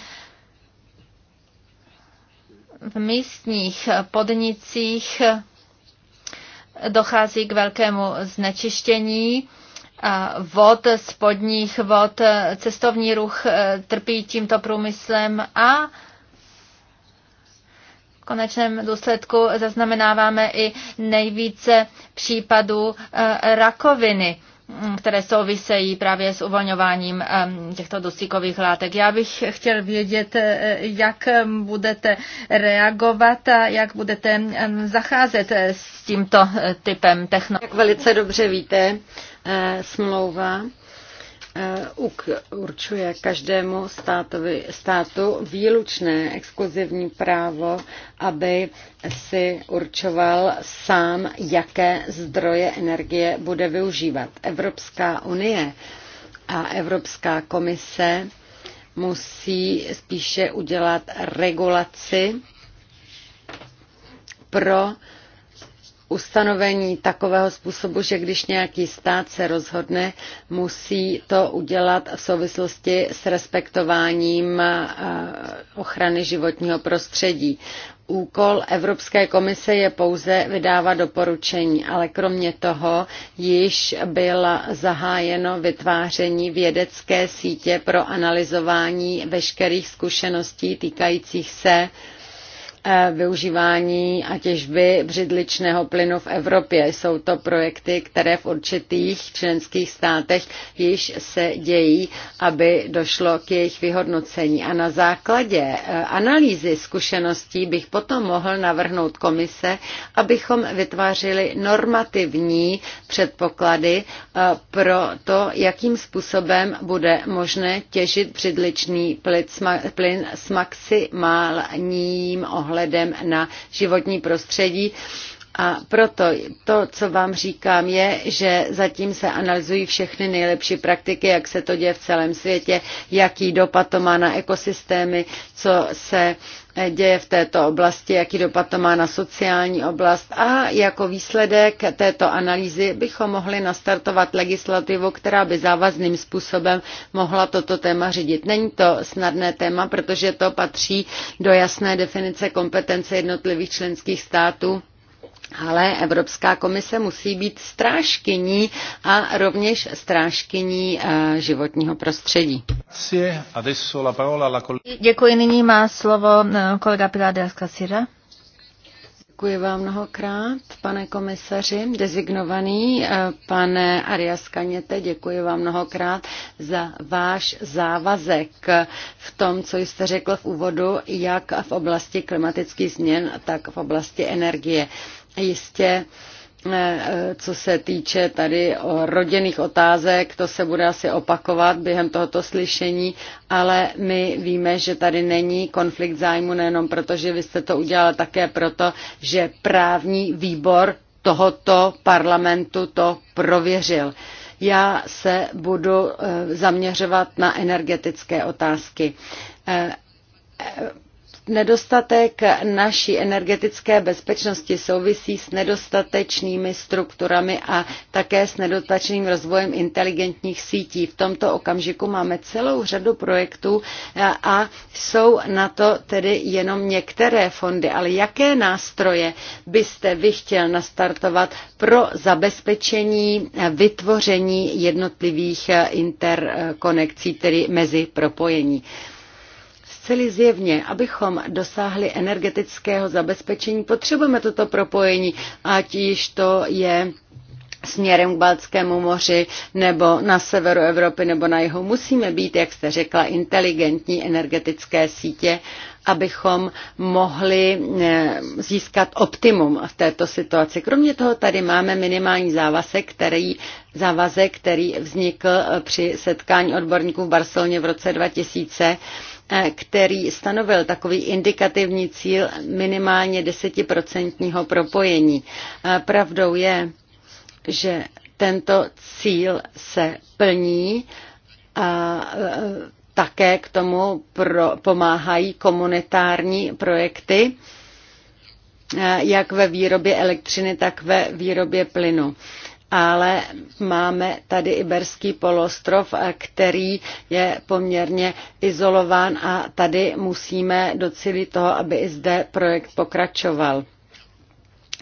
v místních podnicích dochází k velkému znečištění vod, spodních vod, cestovní ruch eh, trpí tímto průmyslem a v konečném důsledku zaznamenáváme i nejvíce případů eh, rakoviny Mm, které souvisejí právě s uvolňováním těchto dusíkových látek. Já bych chtěl vědět, eh, jak budete reagovat a jak budete zacházet eh, s tímto eh, typem technologií. Jak velice dobře víte, smlouva Eh, určuje každému státovi, státu výlučné exkluzivní právo, aby si určoval sám, jaké zdroje energie bude využívat. Evropská unie a Evropská komise musí spíše udělat regulaci pro ustanovení takového způsobu, že když nějaký stát se rozhodne, musí to udělat v souvislosti s respektováním eh, ochrany životního prostředí. Úkol Evropské komise je pouze vydávat doporučení, ale kromě toho již bylo zahájeno vytváření vědecké sítě pro analyzování veškerých zkušeností týkajících se uh, Eh, využívání a těžby břidličného plynu v Evropě. Jsou to projekty, které v určitých členských státech již se dějí, aby došlo k jejich vyhodnocení. A na základě eh, analýzy zkušeností bych potom mohl navrhnout komise, abychom vytvářeli normativní předpoklady eh, pro to, jakým způsobem bude možné těžit břidličný plyn s maximálním ohledem ohledem na životní prostředí. A proto to, co vám říkám, je, že zatím se analyzují všechny nejlepší praktiky, jak se to děje v celém světě, jaký dopad to má na ekosystémy, co se Eh, děje v této oblasti, jaký dopad to má na sociální oblast a jako výsledek této analýzy bychom mohli nastartovat legislativu, která by závazným způsobem mohla toto téma řídit. Není to snadné téma, protože to patří do jasné definice kompetence jednotlivých členských států ale Evropská komise musí být strážkyní a rovněž strážkyní eh, životního prostředí. Děkuji, nyní má slovo eh, kolega Pilar de Casira. Děkuji vám mnohokrát, pane komisaři, dezignovaný, eh, pane Arias Kaněte, děkuji vám mnohokrát za váš závazek v tom, co jste řekl v úvodu, jak v oblasti klimatických změn, tak v oblasti energie. Jistě eh, eh, co se týče tady o rodinných otázek, to se bude asi opakovat během tohoto slyšení, ale my víme, že tady není konflikt zájmu nejenom proto, že vy jste to udělali také proto, že právní výbor tohoto parlamentu to prověřil. Já se budu eh, zaměřovat na energetické otázky Nedostatek naší energetické bezpečnosti souvisí s nedostatečnými strukturami a také s nedostatečným rozvojem inteligentních sítí. V tomto okamžiku máme celou řadu projektů a jsou na to tedy jenom některé fondy. Ale jaké nástroje byste vy chtěl nastartovat pro zabezpečení vytvoření jednotlivých interkonekcí, tedy mezi propojení? Celý zjevně, abychom dosáhli energetického zabezpečení, potřebujeme toto propojení, ať již to je směrem k Baltskému moři nebo na severu Evropy nebo na jihu. Musíme být, jak jste řekla, inteligentní energetické sítě, abychom mohli eh, získat optimum v této situaci. Kromě toho tady máme minimální závazek, který, závazek, který vznikl eh, při setkání odborníků v Barceloně v roce 2000 Eh, který stanovil takový indikativní cíl minimálně desetiprocentního propojení. Eh, pravdou je, že tento cíl se plní a eh, také k tomu pro, pomáhají komunitární projekty, jak ve výrobě elektřiny, tak ve výrobě plynu ale máme tady Iberský polostrov, který je poměrně izolován a tady musíme docílit toho, aby i zde projekt pokračoval.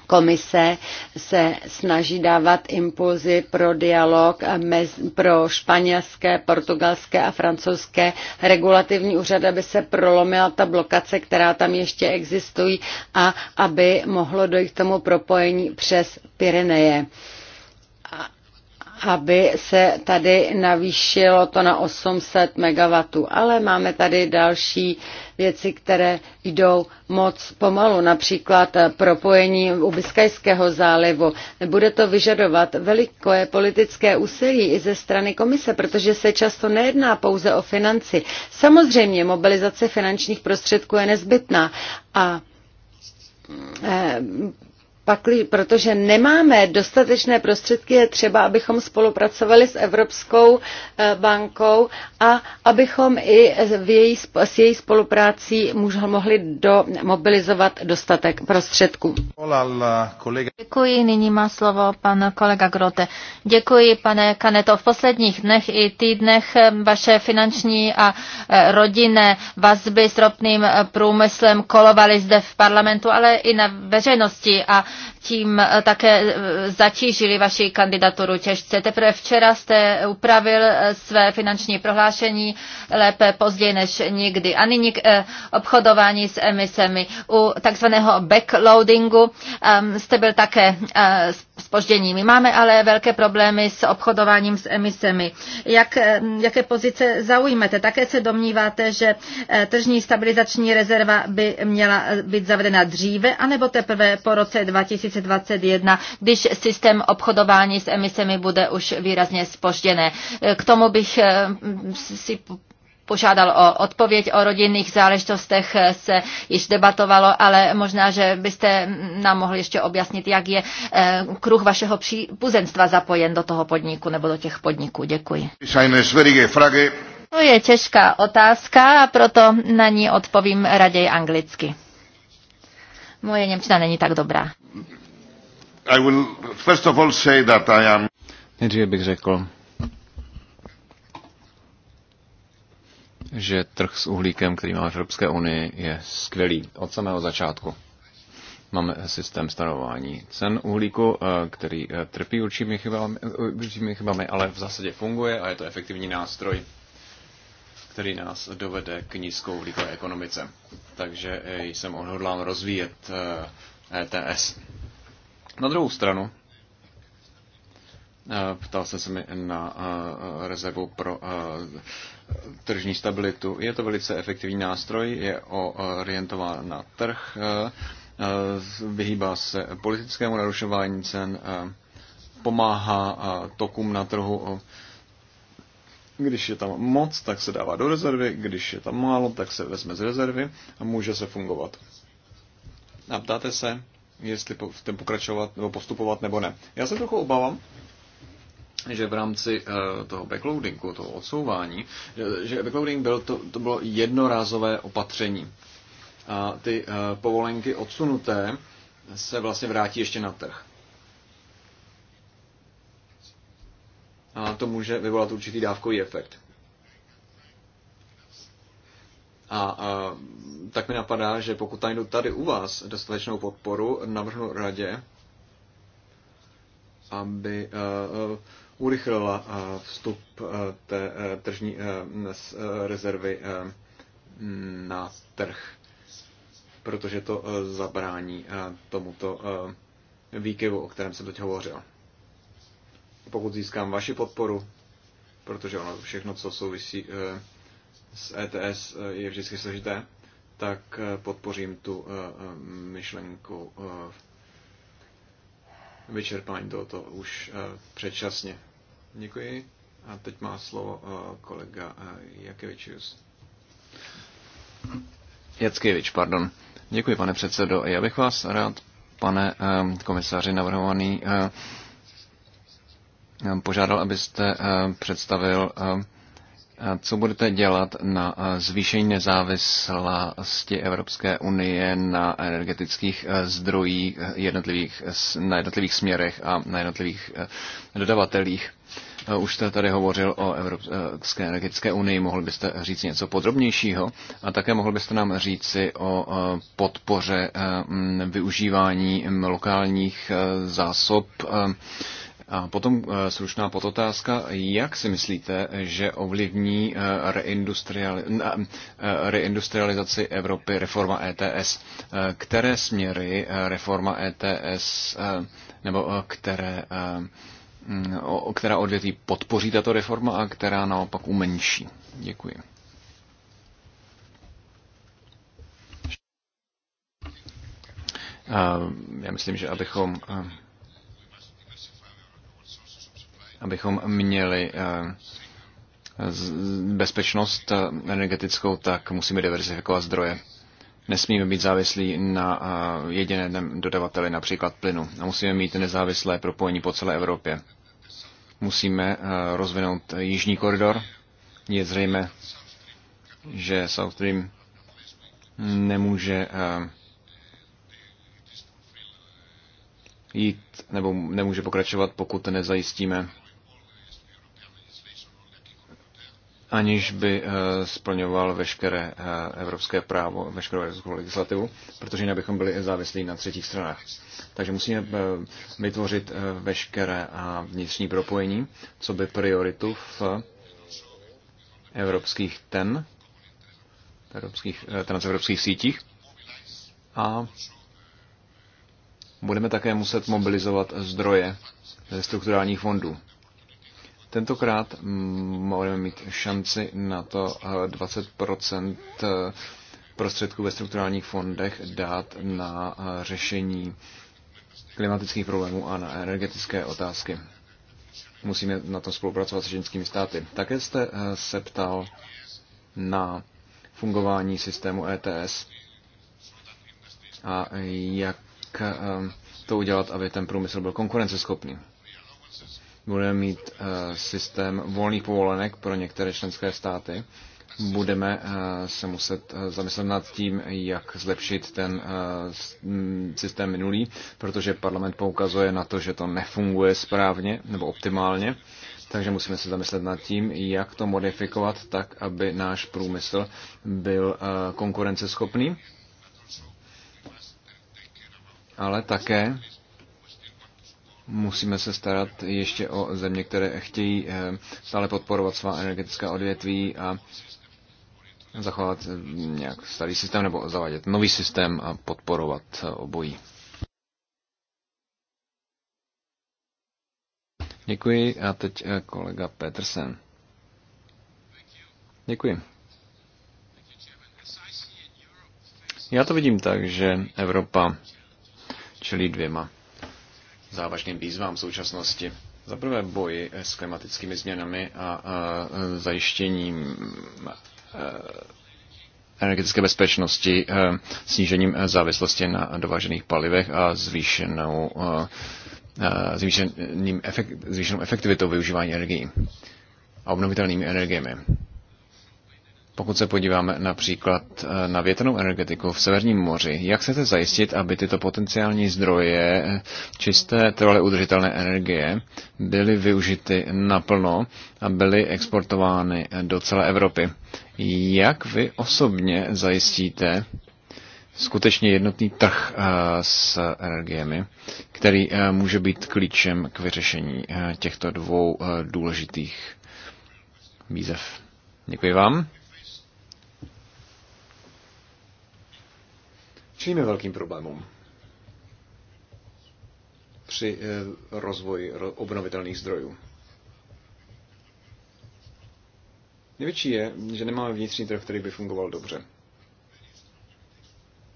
Komise se snaží dávat impulzy pro dialog mez, pro španělské, portugalské a francouzské regulativní úřady, aby se prolomila ta blokace, která tam ještě existují a aby mohlo dojít k tomu propojení přes Pyreneje aby se tady navýšilo to na 800 MW. Ale máme tady další věci, které jdou moc pomalu, například propojení u Biskajského zálivu. Bude to vyžadovat veliké politické úsilí i ze strany komise, protože se často nejedná pouze o financi. Samozřejmě mobilizace finančních prostředků je nezbytná a eh, protože nemáme dostatečné prostředky, je třeba, abychom spolupracovali s Evropskou eh, bankou a abychom i její, s její spoluprácí mohli do, mobilizovat dostatek prostředků. Děkuji, nyní má slovo pan kolega Grote. Děkuji, pane Kaneto. V posledních dnech i týdnech eh, vaše finanční a eh, rodinné vazby s ropným průmyslem kolovaly zde v parlamentu, ale i na veřejnosti a tím eh, také eh, zatížili vaši kandidaturu těžce. Teprve včera jste upravil eh, své finanční prohlášení lépe později než nikdy. A nyní k obchodování s emisemi. U takzvaného backloadingu ehm, jste byl také spoždění. My máme ale velké problémy s obchodováním s emisemi. Jak, eh, jaké pozice zaujmete? Také se domníváte, že eh, tržní stabilizační rezerva by měla eh, být zavedena dříve, anebo teprve po roce 2021, když systém obchodování s emisemi bude už výrazně spožděné. K tomu bych si požádal o odpověď. O rodinných záležitostech se již debatovalo, ale možná, že byste nám mohli ještě objasnit, jak je eh, kruh vašeho příbuzenstva zapojen do toho podniku nebo do těch podniků. Děkuji. To je těžká otázka a proto na ní odpovím raději anglicky. Moje němčina není tak dobrá. I will first of all say that I am... Nejdříve bych řekl, že trh s uhlíkem, který máme v Evropské unii, je skvělý od samého začátku. Máme systém stanování cen uhlíku, eh, který eh, trpí určitými chybami, eh, určitými chybami, ale v zásadě funguje a je to efektivní nástroj, který nás dovede k nízkou uhlíkové ekonomice. Takže jsem odhodlán rozvíjet ETS. E na druhou stranu, ptal se se mi na rezervu pro tržní stabilitu. Je to velice efektivní nástroj, je eh, orientován na trh, eh, eh, vyhýbá se politickému narušování cen, pomáhá tokům na trhu. Když je tam moc, tak se dává do rezervy, když je tam málo, tak se vezme z rezervy a může se fungovat. A ptáte se, jestli v tom pokračovat nebo postupovat nebo ne. Já se trochu obávám, že v rámci eh, toho backloadingu, toho odsouvání, že backloading byl, to, to bylo jednorázové opatření. A ty eh, povolenky odsunuté se vlastně vrátí ještě na trh. A to může vyvolat určitý dávkový efekt. A, a eh, tak mi napadá, že pokud najdu tady u vás dostatečnou podporu, navrhnu radě, aby uh, urychlila eh, vstup eh, té eh, tržní rezervy na trh, protože to zabrání tomuto výkyvu, o kterém jsem teď hovořil. Pokud získám vaši podporu, protože ono všechno, co souvisí s ETS, je vždycky složité, tak podpořím tu myšlenku vyčerpání tohoto už předčasně. Děkuji. A teď má slovo eh, kolega eh, Jakevičius. Jackevič, pardon. Děkuji, pane předsedo. Já bych vás rád, pane eh, komisaři navrhovaný, požádal, abyste představil, co budete dělat na zvýšení nezávislosti Evropské unie na energetických zdrojích jednotlivých, na jednotlivých směrech a na jednotlivých dodavatelích. Eh, už jste tady hovořil o Evropské energetické unii, mohl byste říct něco podrobnějšího a také mohl byste nám říci o eh, podpoře eh, využívání lokálních zásob a potom slušná podotázka, jak si myslíte, že ovlivní reindustrializaci Evropy reforma ETS? Které směry reforma ETS nebo které o, která odvětví podpoří tato reforma a která naopak umenší. Děkuji. Já myslím, že abychom, abychom měli bezpečnost energetickou, tak musíme diverzifikovat zdroje. Nesmíme být závislí na jediném dodavateli, například plynu. A musíme mít nezávislé propojení po celé Evropě. Musíme eh, rozvinout jižní koridor. Je zřejmé, že South Stream nemůže eh, jít nebo nemůže pokračovat, pokud nezajistíme aniž by eh, splňoval veškeré eh, evropské právo, veškerou evropskou legislativu, protože jinak bychom byli závislí na třetích stranách. Takže musíme eh, vytvořit veškeré vnitřní propojení, co by prioritu v evropských ten, evropských, transevropských sítích. A budeme také muset mobilizovat zdroje ze strukturálních fondů. Tentokrát budeme mít šanci na to 20% eh, eh, prostředků ve strukturálních fondech dát na eh, řešení klimatických problémů a na energetické otázky. Musíme na to spolupracovat s ženskými státy. Také jste se ptal na fungování systému ETS a jak to udělat, aby ten průmysl byl konkurenceschopný budeme mít eh, systém volných povolenek pro některé členské státy, budeme eh, se muset eh, zamyslet nad tím, jak zlepšit ten mm, systém minulý, protože parlament poukazuje na to, že to nefunguje správně nebo optimálně. Takže musíme se zamyslet nad tím, jak to modifikovat tak, aby náš průmysl byl konkurenceschopný, ale také musíme se starat ještě o země, které chtějí eh, stále podporovat svá energetická odvětví a zachovat eh, nějak starý systém nebo zavádět nový systém a podporovat eh, obojí. Děkuji a teď kolega Petersen. Děkuji. Já to vidím tak, že Evropa čelí dvěma závažným výzvám v současnosti. Za prvé boji s klimatickými změnami a zajištěním energetické bezpečnosti, snížením závislosti na dovážených palivech a zvýšenou, zvýšeným efekt, zvýšenou efektivitou využívání energií a obnovitelnými energiemi. Pokud se podíváme například eh, na větrnou energetiku v Severním moři, jak chcete zajistit, aby tyto potenciální zdroje eh, čisté trvale udržitelné energie byly využity naplno a byly exportovány eh, do celé Evropy? Jak vy osobně zajistíte skutečně jednotný trh s energiemi, který může být klíčem k vyřešení těchto dvou důležitých výzev? Děkuji vám. je velkým problémem při eh, rozvoji obnovitelných zdrojů. Největší je, že nemáme vnitřní trh, který by fungoval dobře.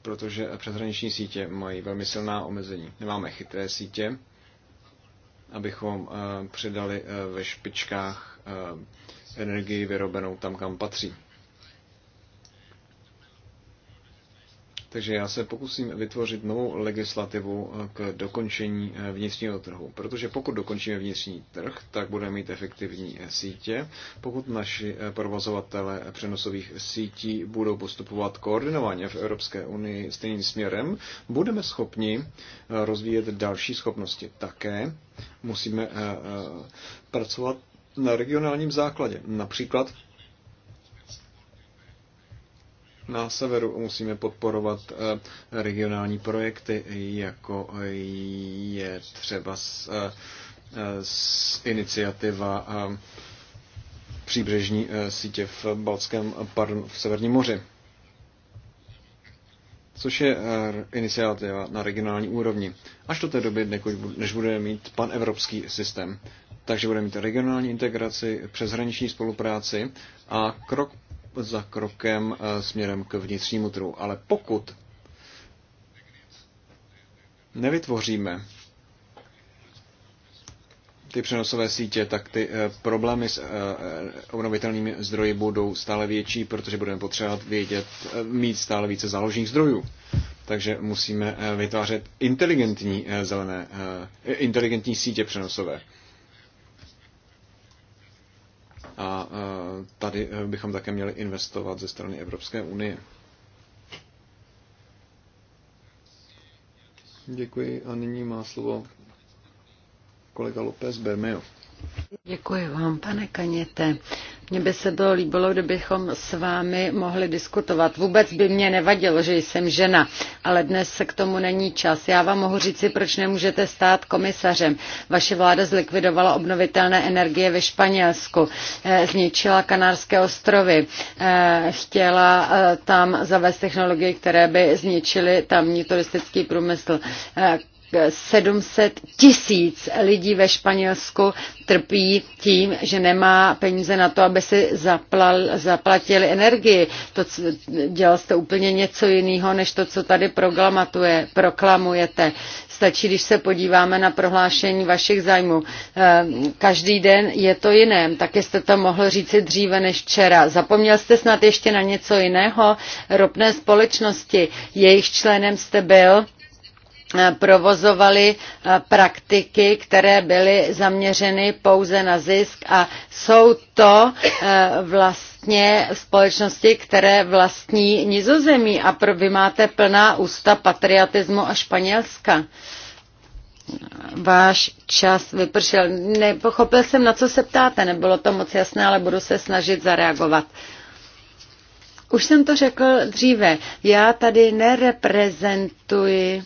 Protože přeshraniční sítě mají velmi silná omezení. Nemáme chytré sítě, abychom eh, předali eh, ve špičkách energii vyrobenou tam, kam patří. Takže já se pokusím vytvořit novou legislativu k dokončení eh, vnitřního trhu. Protože pokud dokončíme vnitřní trh, tak budeme mít efektivní eh, sítě. Pokud naši eh, provozovatele přenosových sítí budou postupovat koordinovaně v Evropské unii stejným směrem, budeme schopni rozvíjet další schopnosti. Také musíme pracovat na regionálním základě. Například na severu. Musíme podporovat eh, regionální projekty, jako je třeba s, s eh, eh, iniciativa příbřežní sítě v Balckém, pardon, v Severním moři což je iniciativa na regionální úrovni, až do té doby, než budeme mít panevropský systém. Takže budeme mít regionální integraci, přeshraniční spolupráci a krok za krokem eh, směrem k vnitřnímu trhu. Ale pokud nevytvoříme ty přenosové sítě, tak ty eh, problémy s eh, obnovitelnými zdroji budou stále větší, protože budeme potřebovat vědět, mít stále více záložních zdrojů. Takže musíme vytvářet inteligentní zelené, inteligentní sítě přenosové. A e, tady e, bychom také měli investovat ze strany Evropské unie. Děkuji a nyní má slovo kolega López Bermejo. Děkuji vám, pane Kaněte. Mně by se bylo líbilo, kdybychom s vámi mohli diskutovat. Vůbec by mě nevadilo, že jsem žena, ale dnes se k tomu není čas. Já vám mohu říci, proč nemůžete stát komisařem. Vaše vláda zlikvidovala obnovitelné energie ve Španělsku, eh, zničila Kanárské ostrovy, eh, chtěla eh, tam zavést technologie, které by zničily tamní turistický průmysl. 700 tisíc lidí ve Španělsku trpí tím, že nemá peníze na to, aby si zaplal, zaplatili energii. To, co, dělal jste úplně něco jiného, než to, co tady proklamujete. Stačí, když se podíváme na prohlášení vašich zájmů. Ehm, každý den je to jiné. Tak jste to mohl říci dříve než včera. Zapomněl jste snad ještě na něco jiného? Ropné společnosti, jejich členem jste byl provozovali eh, praktiky, které byly zaměřeny pouze na zisk a jsou to eh, vlastně společnosti, které vlastní nizozemí a vy máte plná ústa patriotismu a Španělska. Váš čas vypršel. Nepochopil jsem, na co se ptáte, nebylo to moc jasné, ale budu se snažit zareagovat. Už jsem to řekl dříve. Já tady nereprezentuji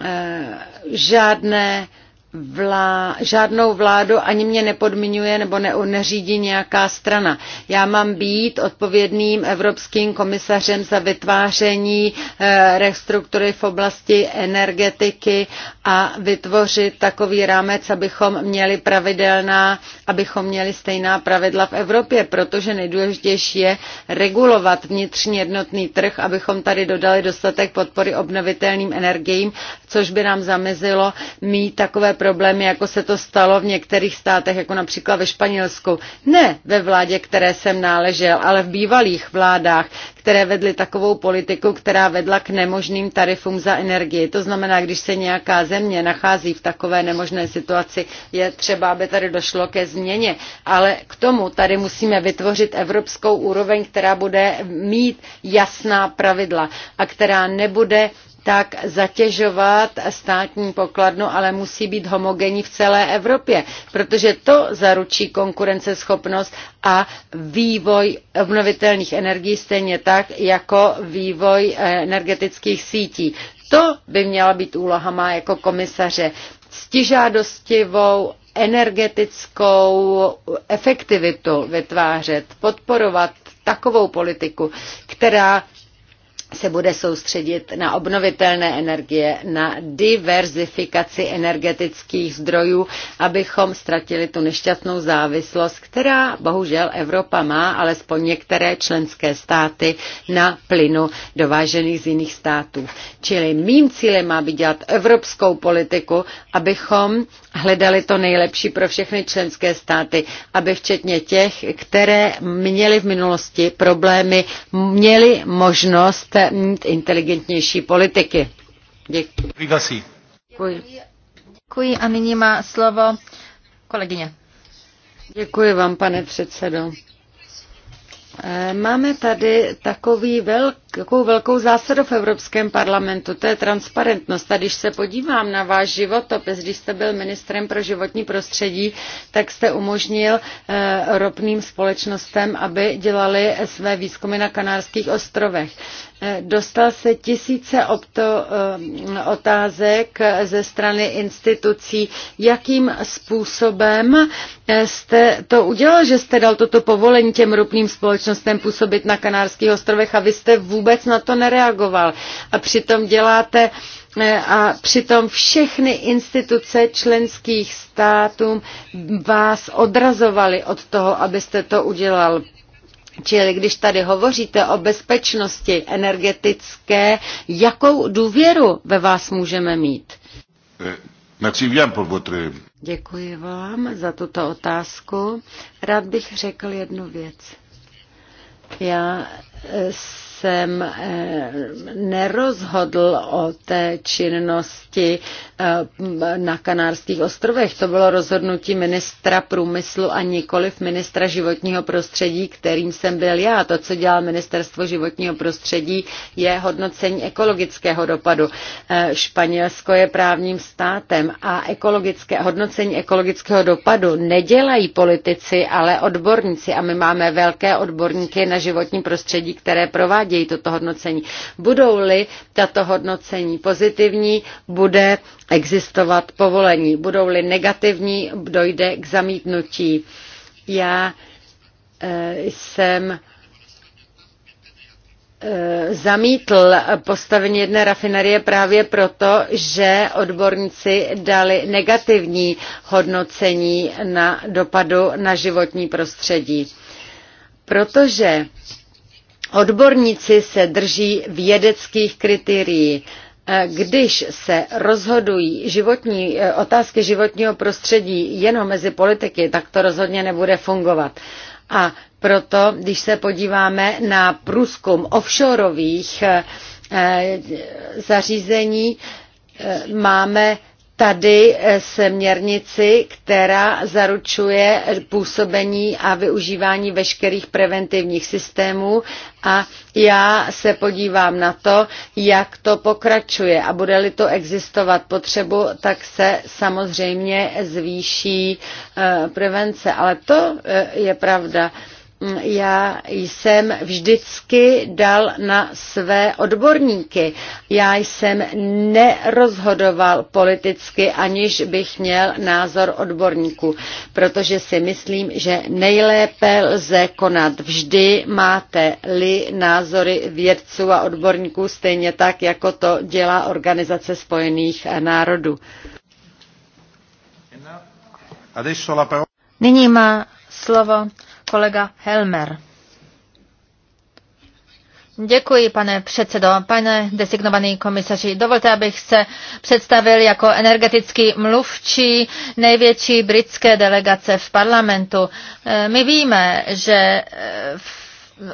Eh, žádné vlá, žádnou vládu ani mě nepodmiňuje nebo ne, neřídí nějaká strana. Já mám být odpovědným evropským komisařem za vytváření e, restruktury v oblasti energetiky a vytvořit takový rámec, abychom měli pravidelná, abychom měli stejná pravidla v Evropě, protože nejdůležitější je regulovat vnitřní jednotný trh, abychom tady dodali dostatek podpory obnovitelným energiím, což by nám zamezilo mít takové problémy, jako se to stalo v některých státech, jako například ve Španělsku. Ne ve vládě, které jsem náležel, ale v bývalých vládách, které vedly takovou politiku, která vedla k nemožným tarifům za energii. To znamená, když se nějaká země nachází v takové nemožné situaci, je třeba, aby tady došlo ke změně. Ale k tomu tady musíme vytvořit evropskou úroveň, která bude mít jasná pravidla a která nebude tak zatěžovat státní pokladnu, ale musí být homogenní v celé Evropě, protože to zaručí konkurenceschopnost a vývoj obnovitelných energií stejně tak jako vývoj eh, energetických sítí. To by měla být úloha má jako komisaře. Stižádostivou energetickou efektivitu vytvářet, podporovat takovou politiku, která se bude soustředit na obnovitelné energie, na diverzifikaci energetických zdrojů, abychom ztratili tu nešťastnou závislost, která bohužel Evropa má, alespoň některé členské státy, na plynu dovážených z jiných států. Čili mým cílem má být dělat evropskou politiku, abychom hledali to nejlepší pro všechny členské státy, aby včetně těch, které měly v minulosti problémy, měly možnost mít inteligentnější politiky. Děkuji. Děkuji. a nyní má slovo kolegyně. Děkuji vám, pane předsedo. Eh, máme tady takový velk, takovou velkou zásadu v Evropském parlamentu, to je transparentnost. A když se podívám na váš životopis, když jste byl ministrem pro životní prostředí, tak jste umožnil eh, ropným společnostem, aby dělali své výzkumy na Kanárských ostrovech. Eh, dostal se tisíce opto, eh, otázek eh, ze strany institucí. Jakým způsobem jste to udělal, že jste dal toto povolení těm rupným společnostem působit na Kanárských ostrovech a vy jste vůbec na to nereagoval? A přitom děláte a přitom všechny instituce členských států vás odrazovaly od toho, abyste to udělal. Čili když tady hovoříte o bezpečnosti energetické, jakou důvěru ve vás můžeme mít? Eh, Děkuji vám za tuto otázku. Rád bych řekl jednu věc. Já eh, jsem eh, nerozhodl o té činnosti eh, na Kanárských ostrovech. To bylo rozhodnutí ministra průmyslu a nikoliv ministra životního prostředí, kterým jsem byl já. To, co dělal ministerstvo životního prostředí, je hodnocení ekologického dopadu. Eh, Španělsko je právním státem a ekologické, hodnocení ekologického dopadu nedělají politici, ale odborníci. A my máme velké odborníky na životní prostředí, které provádí provádějí toto hodnocení. Budou-li tato hodnocení pozitivní, bude existovat povolení. Budou-li negativní, dojde k zamítnutí. Já eh, jsem eh, zamítl postavení jedné rafinerie právě proto, že odborníci dali negativní hodnocení na dopadu na životní prostředí. Protože Odborníci se drží vědeckých kritérií. Eh, když se rozhodují životní, eh, otázky životního prostředí jenom mezi politiky, tak to rozhodně nebude fungovat. A proto, když se podíváme na průzkum offshoreových eh, zařízení, máme tady eh, směrnici, která zaručuje působení a využívání veškerých preventivních systémů a já se podívám na to, jak to pokračuje a bude-li to existovat potřebu, tak se samozřejmě zvýší eh, prevence. Ale to eh, je pravda já jsem vždycky dal na své odborníky. Já jsem nerozhodoval politicky, aniž bych měl názor odborníků, protože si myslím, že nejlépe lze konat. Vždy máte-li názory vědců a odborníků stejně tak, jako to dělá Organizace spojených národů. Nyní má slovo kolega Helmer. Děkuji, pane předsedo. Pane designovaný komisaři, dovolte, abych se představil jako energetický mluvčí největší britské delegace v parlamentu. E, my víme, že v e,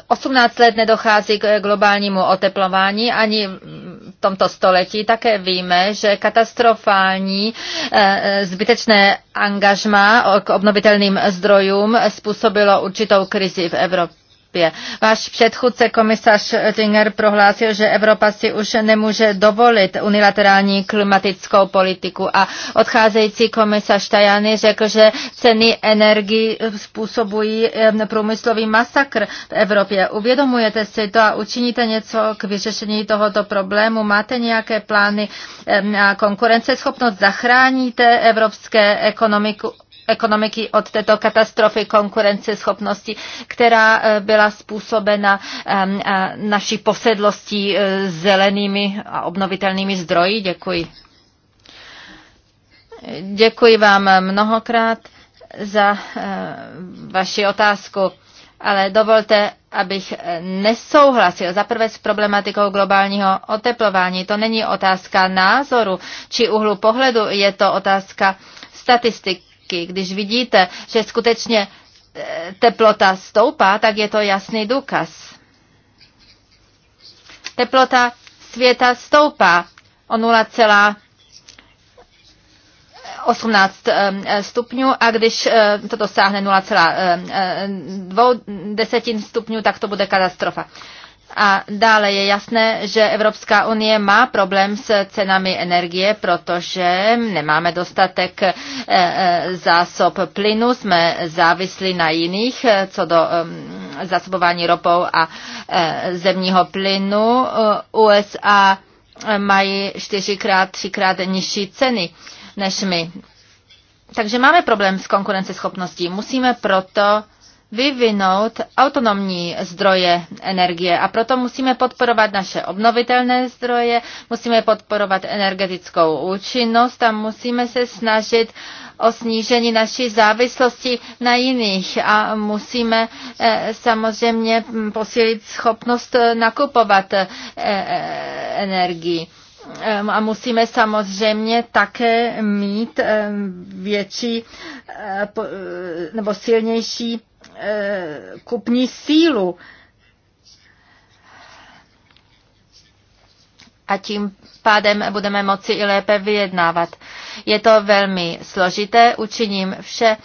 18 let nedochází k globálnímu oteplování ani v tomto století. Také víme, že katastrofální eh, eh, zbytečné angažma k obnovitelným zdrojům způsobilo určitou krizi v Evropě. Evropě. Váš předchůdce komisař Oettinger prohlásil, že Evropa si už nemůže dovolit unilaterální klimatickou politiku a odcházející komisař Tajany řekl, že ceny energii způsobují průmyslový masakr v Evropě. Uvědomujete si to a učiníte něco k vyřešení tohoto problému? Máte nějaké plány na konkurenceschopnost? Zachráníte evropské ekonomiku? ekonomiky od této katastrofy konkurenceschopnosti, která eh, byla způsobena eh, naší posedlostí eh, zelenými a obnovitelnými zdroji. Děkuji. Děkuji vám mnohokrát za vaši otázku, ale dovolte, abych nesouhlasil zaprvé s problematikou globálního oteplování. To není otázka názoru či úhlu pohledu, je to otázka statistik výrobky. Když vidíte, že skutečně e, teplota stoupá, tak je to jasný důkaz. Teplota světa stoupá o 0,18 e, stupňů a když e, to dosáhne 0,2 stupňů, tak to bude katastrofa. A dále je jasné, že Evropská unie má problém s cenami energie, protože nemáme dostatek eh, eh, zásob plynu, jsme závislí na jiných, eh, co do mm, zásobování ropou a zemního plynu. USA mají čtyřikrát, třikrát nižší ceny než my. Takže máme problém s konkurenceschopností. Musíme proto vyvinout autonomní zdroje energie a proto musíme podporovat naše obnovitelné zdroje, musíme podporovat energetickou účinnost a musíme se snažit o snížení naší závislosti na jiných a musíme eh, samozřejmě posílit schopnost eh, nakupovat eh, energii ehm, a musíme samozřejmě také mít ehm, větší nebo silnější Eh, kupní sílu. A tím pádem budeme moci i lépe vyjednávat. Je to velmi složité, učiním vše,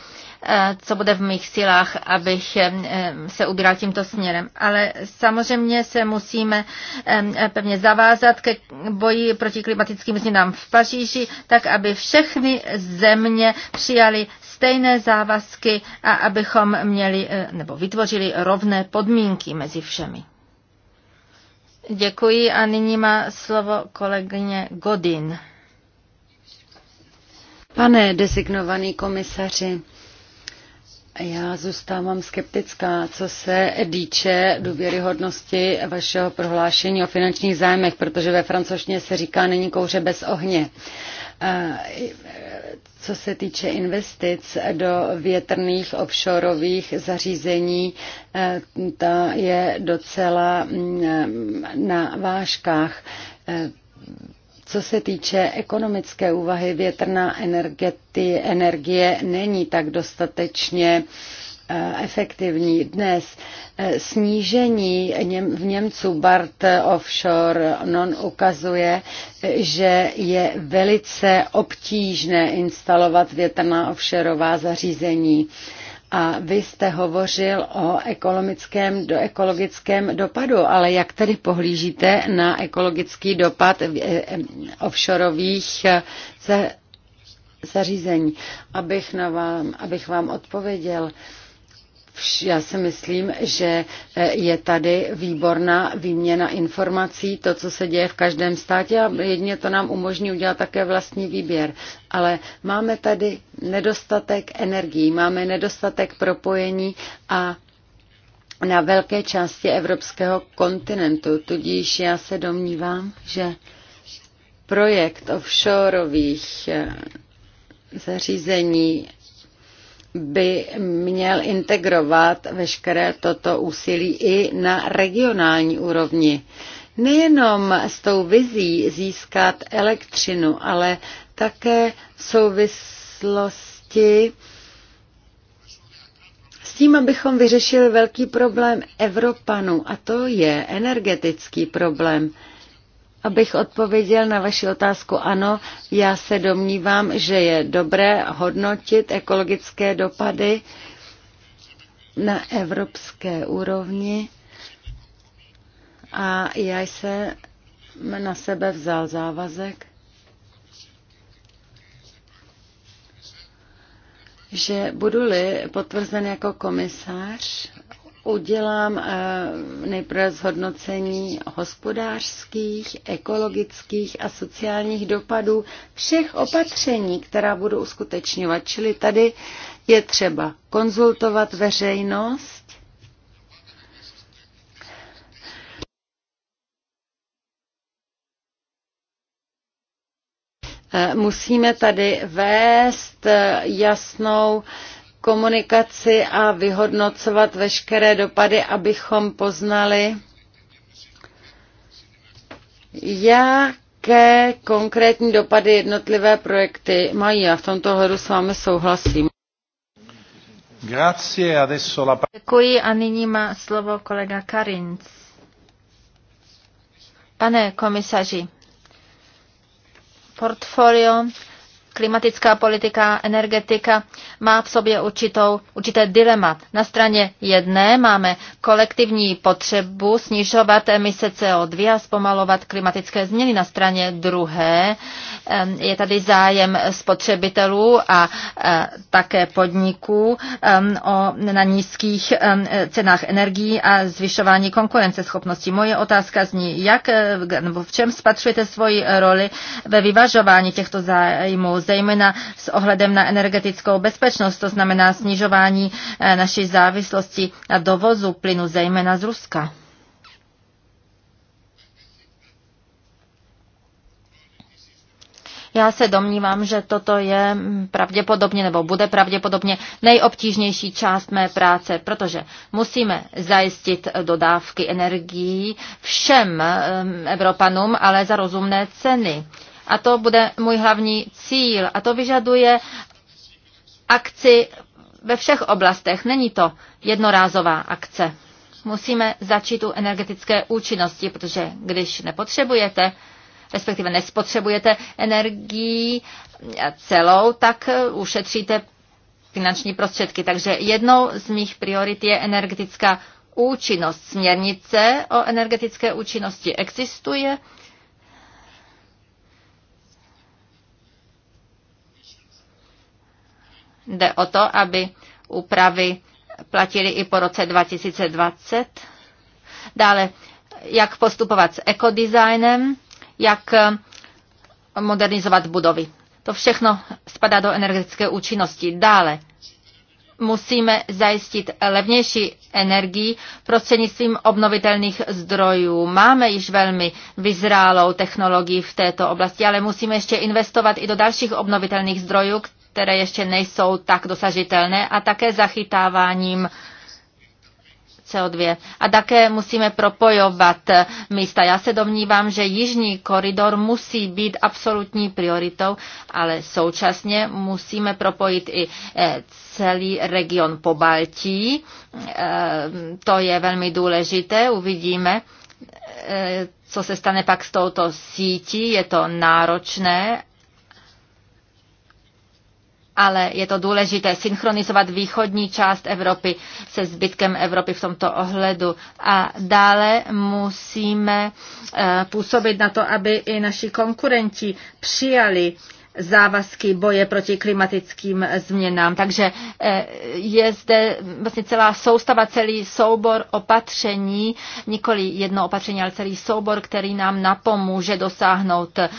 eh, co bude v mých silách, abych eh, se ubíral tímto směrem. Ale samozřejmě se musíme pevně zavázat ke boji proti klimatickým změnám v Paříži, tak aby všechny země přijali stejné závazky a abychom měli eh, nebo vytvořili rovné podmínky mezi všemi. Děkuji a nyní má slovo kolegyně Godin. Pane designovaný komisaři, já zůstávám skeptická, co se týče důvěryhodnosti vašeho prohlášení o finančních zájmech, protože ve francouzštině se říká není kouře bez ohně. Eh, co se týče investic do větrných offshoreových zařízení, eh, ta je docela mm, na vážkách. Eh, co se týče ekonomické úvahy, větrná energie není tak dostatečně Eh, efektivní. Dnes eh, snížení v Němců BART offshore non ukazuje, že je velice obtížné instalovat větrná offshoreová zařízení. A vy jste hovořil o ekonomickém, do ekologickém dopadu, ale jak tedy pohlížíte na ekologický dopad eh, offshoreových zařízení? Abych, na vám, abych vám odpověděl, já si myslím, že e, je tady výborná výměna informací, to, co se děje v každém státě a jedně to nám umožní udělat také vlastní výběr. Ale máme tady nedostatek energií, máme nedostatek propojení a na velké části evropského kontinentu. Tudíž já se domnívám, že projekt offshoreových e, zařízení by měl integrovat veškeré toto úsilí i na regionální úrovni. Nejenom s tou vizí získat elektřinu, ale také v souvislosti s tím, abychom vyřešili velký problém Evropanů, a to je energetický problém. Abych odpověděl na vaši otázku, ano, já se domnívám, že je dobré hodnotit ekologické dopady na evropské úrovni a já jsem na sebe vzal závazek, že budu-li potvrzen jako komisář udělám eh, nejprve zhodnocení hospodářských, ekologických a sociálních dopadů všech opatření, která budu uskutečňovat. Čili tady je třeba konzultovat veřejnost, eh, Musíme tady vést eh, jasnou komunikaci a vyhodnocovat veškeré dopady, abychom poznali, jaké konkrétní dopady jednotlivé projekty mají. A v tomto hledu s vámi souhlasím. Děkuji a nyní má slovo kolega Karinc. Pane komisaři, portfolio klimatická politika, energetika má v sobě určitou, určité dilema. Na straně jedné máme kolektivní potřebu snižovat emise CO2 a zpomalovat klimatické změny. Na straně druhé je tady zájem spotřebitelů a e, také podniků o, na nízkých cenách energií a zvyšování konkurenceschopnosti. Moje otázka zní, jak, e, nebo v čem spatřujete svoji roli ve vyvažování těchto zájmů zejména s ohledem na energetickou bezpečnost, to znamená snižování eh, naší závislosti na dovozu plynu, zejména z Ruska. Já se domnívám, že toto je mm, pravděpodobně nebo bude pravděpodobně nejobtížnější část mé práce, protože musíme zajistit dodávky energií všem mm, Evropanům, ale za rozumné ceny. A to bude můj hlavní cíl. A to vyžaduje akci ve všech oblastech. Není to jednorázová akce. Musíme začít u energetické účinnosti, protože když nepotřebujete, respektive nespotřebujete energii celou, tak ušetříte finanční prostředky. Takže jednou z mých priorit je energetická účinnost. Směrnice o energetické účinnosti existuje, Jde o to, aby úpravy platily i po roce 2020. Dále, jak postupovat s ekodesignem, jak eh, modernizovat budovy. To všechno spadá do energetické účinnosti. Dále, musíme zajistit levnější energii prostřednictvím obnovitelných zdrojů. Máme již velmi vyzrálou technologii v této oblasti, ale musíme ještě investovat i do dalších obnovitelných zdrojů, které ještě nejsou tak dosažitelné a také zachytáváním CO2. A také musíme propojovat místa. Já se domnívám, že jižní koridor musí být absolutní prioritou, ale současně musíme propojit i eh, celý region po Baltí. Eh, to je velmi důležité, uvidíme eh, co se stane pak s touto sítí, je to náročné, ale je to důležité synchronizovat východní část Evropy se zbytkem Evropy v tomto ohledu. A dále musíme eh, působit na to, aby i naši konkurenti přijali závazky boje proti klimatickým změnám. Takže eh, je zde vlastně celá soustava, celý soubor opatření, nikoli jedno opatření, ale celý soubor, který nám napomůže dosáhnout eh,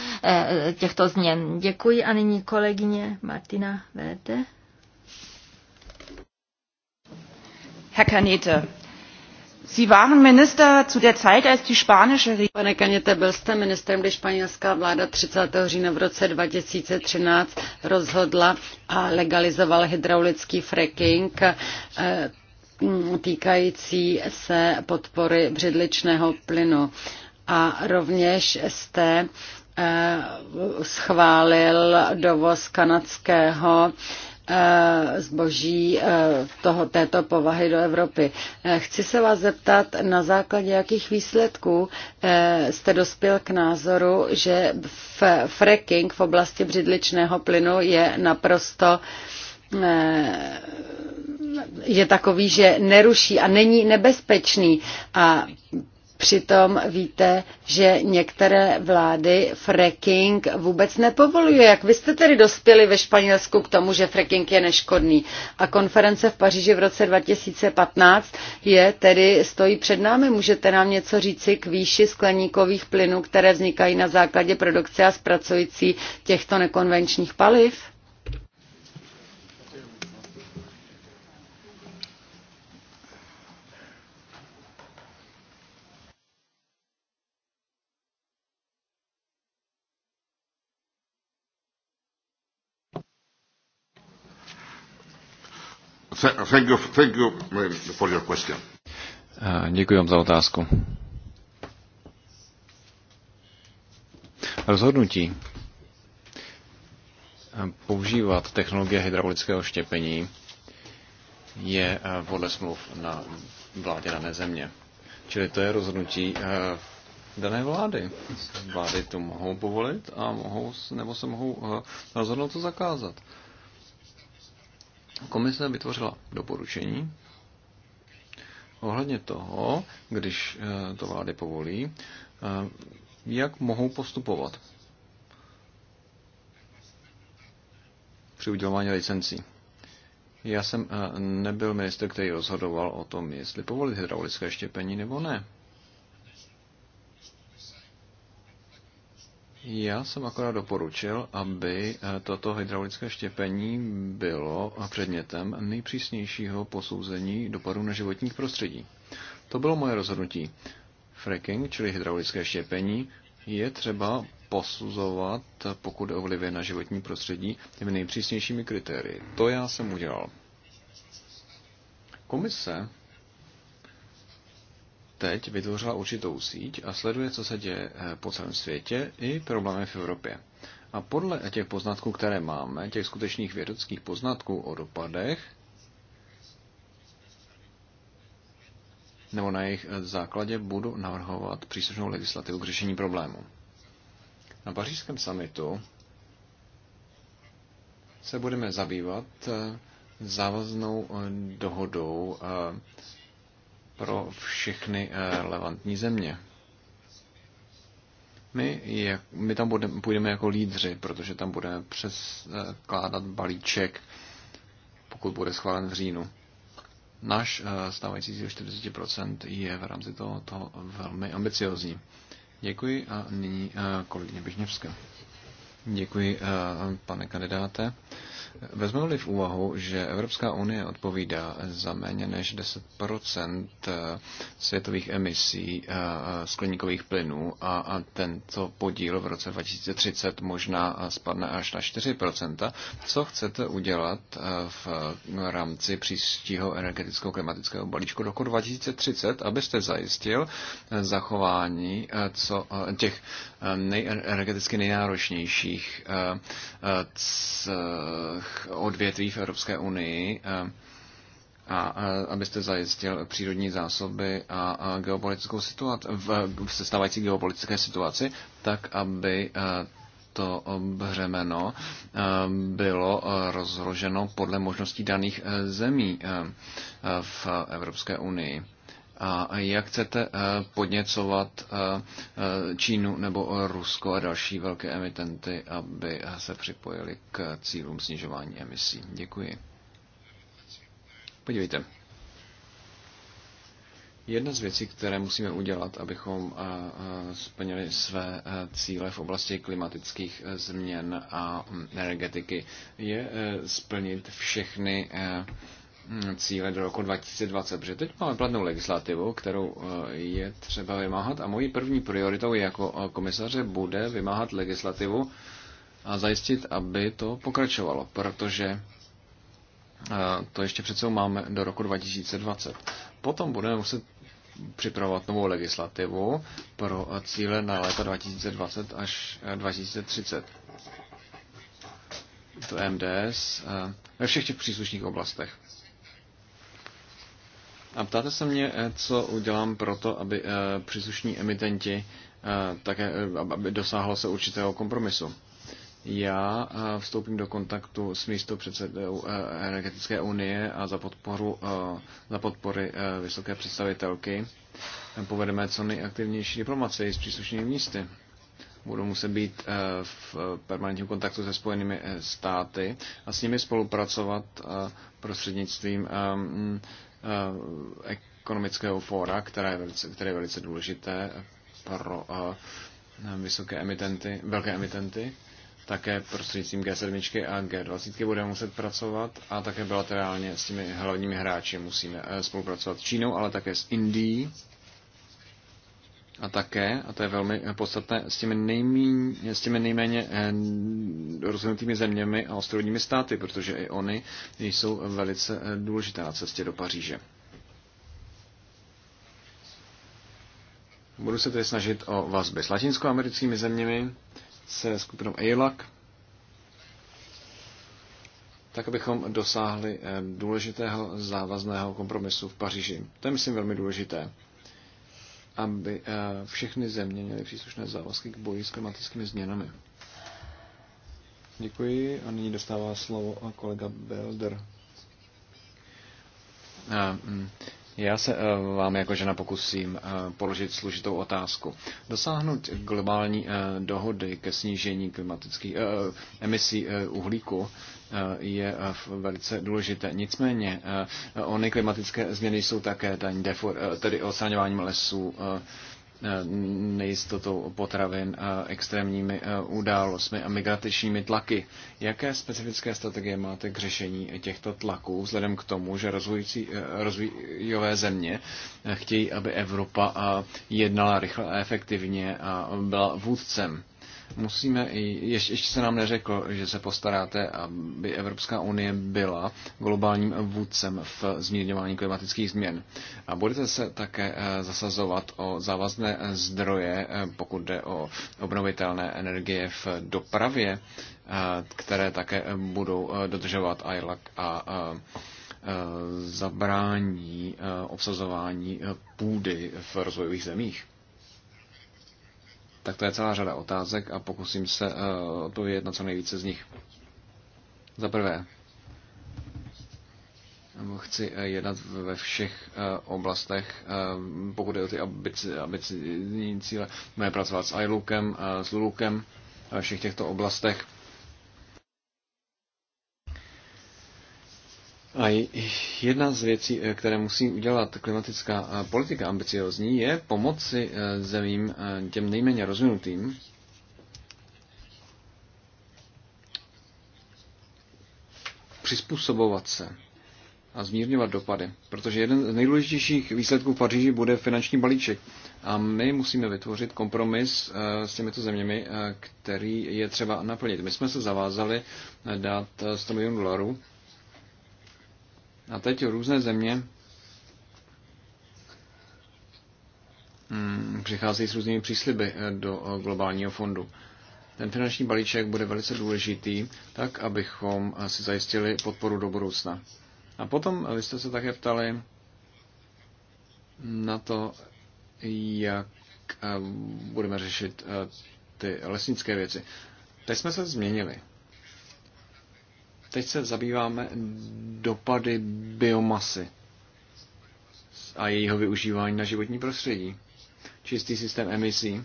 těchto změn. Děkuji a nyní kolegyně Martina Vete. Herr Kanete, Sie waren Minister zu der Zeit, als die spanische Regierung. Pane Kaněte, byl jste ministrem, když španělská vláda 30. října v roce 2013 rozhodla a legalizoval hydraulický fracking eh, týkající se podpory břidličného plynu. A rovněž jste eh, schválil dovoz kanadského Eh, zboží eh, toho, této povahy do Evropy. Eh, chci se vás zeptat, na základě jakých výsledků jste dospěl k názoru, že fracking v oblasti břidličného plynu je naprosto je takový, že neruší a není nebezpečný. A Přitom víte, že některé vlády fracking vůbec nepovoluje. Jak vy jste tedy dospěli ve Španělsku k tomu, že fracking je neškodný? A konference v Paříži v roce 2015 je tedy stojí před námi. Můžete nám něco říci k výši skleníkových plynů, které vznikají na základě produkce a zpracující těchto nekonvenčních paliv? Thank you, thank you for your question. Děkuji vám za otázku. Rozhodnutí používat technologie hydraulického štěpení je podle smluv na vládě dané země. Čili to je rozhodnutí dané vlády. Vlády to mohou povolit a mohou, nebo se mohou rozhodnout to zakázat. Komise vytvořila doporučení ohledně toho, když eh, to vlády povolí, eh, jak mohou postupovat při udělování licencí. Já jsem eh, nebyl minister, který rozhodoval o tom, jestli povolit hydraulické štěpení nebo ne. Já jsem akorát doporučil, aby eh, toto hydraulické štěpení bylo předmětem nejpřísnějšího posouzení dopadů na životní prostředí. To bylo moje rozhodnutí. Fracking, čili hydraulické štěpení, je třeba posuzovat, pokud o vlivy na životní prostředí, těmi nejpřísnějšími kritérii. To já jsem udělal. Komise teď vytvořila určitou síť a sleduje, co se děje eh, po celém světě i problémy v Evropě. A podle těch poznatků, které máme, těch skutečných vědeckých poznatků o dopadech, nebo na jejich eh, základě budu navrhovat příslušnou legislativu k řešení problému. Na pařížském samitu se budeme zabývat eh, závaznou dohodou pro všechny relevantní eh, země. My, jak, my tam budeme, půjdeme jako lídři, protože tam budeme přeskládat eh, balíček, pokud bude schválen v říjnu. Náš eh, stávající 40% je v rámci tohoto velmi ambiciozní. Děkuji a nyní kolegyně Běžněvská. Děkuji, eh, pane kandidáte. Vezmeme-li v úvahu, že Evropská unie odpovídá za méně než 10 eh, světových emisí eh, skleníkových plynů a tento podíl v roce 2030 možná spadne až na 4 co chcete udělat v rámci příštího energetického klimatického balíčku roku 2030, abyste zajistil zachování co, těch nej, energeticky nejnáročnějších dalších eh, eh, eh, odvětví v Evropské unii a abyste zajistil přírodní zásoby a geopolitickou situaci, v, v sestávající geopolitické situaci, tak aby to břemeno bylo rozloženo podle možností daných zemí v Evropské unii a jak chcete eh, podněcovat eh, eh, Čínu nebo Rusko a další velké emitenty, aby se připojili k cílům snižování emisí. Děkuji. Podívejte. Jedna z věcí, které musíme udělat, abychom splnili své cíle v oblasti klimatických změn a mm, energetiky, je splnit všechny Mm, cíle do roku 2020, protože teď máme platnou legislativu, kterou eh, je třeba vymáhat a mojí první prioritou jako eh, komisaře bude vymáhat legislativu a zajistit, aby to pokračovalo, protože eh, to ještě přece máme do roku 2020. Potom budeme muset připravovat novou legislativu pro cíle na léta 2020 až 2030 to MDS ve všech těch příslušných oblastech. A ptáte se mě, eh, co udělám pro to, aby eh, příslušní emitenti eh, také, aby dosáhlo se určitého kompromisu. Já vstoupím do kontaktu s místo předsedou Energetické unie a za, podporu, za podpory vysoké představitelky povedeme co nejaktivnější diplomace s příslušnými místy. Budu muset být v permanentním kontaktu se Spojenými státy a s nimi spolupracovat prostřednictvím Eh, ekonomického fóra, které je velice, které je velice důležité pro eh, vysoké emitenty, velké emitenty. Také prostřednictvím G7 a G20 budeme muset pracovat a také bilaterálně s těmi hlavními hráči musíme eh, spolupracovat s Čínou, ale také s Indií a také, a to je velmi podstatné, s těmi, nejmíň, s těmi nejméně eh, rozvinutými zeměmi a ostrovními státy, protože i oni jsou velice eh, důležité na cestě do Paříže. Budu se tedy snažit o vazby s latinskoamerickými zeměmi, se skupinou AILAC, tak abychom dosáhli eh, důležitého závazného kompromisu v Paříži. To je, myslím, velmi důležité aby eh, všechny země měly příslušné závazky k boji s klimatickými změnami. Děkuji a nyní dostává slovo eh, kolega Belder. Eh, mm, já se eh, vám jako žena pokusím eh, položit složitou otázku. Dosáhnout globální eh, dohody ke snížení klimatických emisí uhlíku je velice důležité. Nicméně ony klimatické změny jsou také daň, tedy odstraňováním lesů, Eh, nejistotou potravin, extrémními eh, událostmi a migračními tlaky. Jaké specifické strategie máte k řešení těchto tlaků, vzhledem k tomu, že rozvojící, eh, rozvojové země chtějí, aby Evropa jednala rychle a efektivně a byla vůdcem? Musíme, ještě, ještě se nám neřeklo, že se postaráte, aby Evropská unie byla globálním vůdcem v zmírňování klimatických změn. A budete se také eh, zasazovat o závazné zdroje, eh, pokud jde o obnovitelné energie v dopravě, eh, které také budou dodržovat ILAC a zabrání obsazování půdy v rozvojových zemích tak to je celá řada otázek a pokusím se eh, odpovědět na co nejvíce z nich. Za prvé, chci eh, jednat ve všech eh, oblastech, pokud je o ty ambicijní cíle. moje pracovat s iLookem, s Lulukem ve všech těchto oblastech. A jedna z věcí, eh, které musí udělat klimatická eh, politika ambiciozní, je pomoci eh, zemím, těm nejméně rozvinutým, přizpůsobovat se a zmírňovat dopady. Protože jeden z nejdůležitějších výsledků v Paříži bude finanční balíček. A my musíme vytvořit kompromis s těmito zeměmi, který je třeba naplnit. My jsme se zavázali dát 100 milionů dolarů a teď různé země mm, přicházejí s různými přísliby eh, do eh, globálního fondu. Ten finanční balíček bude velice důležitý, tak abychom eh, si zajistili podporu do budoucna. A potom vy jste se také ptali na to, jak budeme řešit ty lesnické věci. Teď jsme se změnili. Teď se zabýváme dopady biomasy a jejího využívání na životní prostředí. Čistý systém emisí.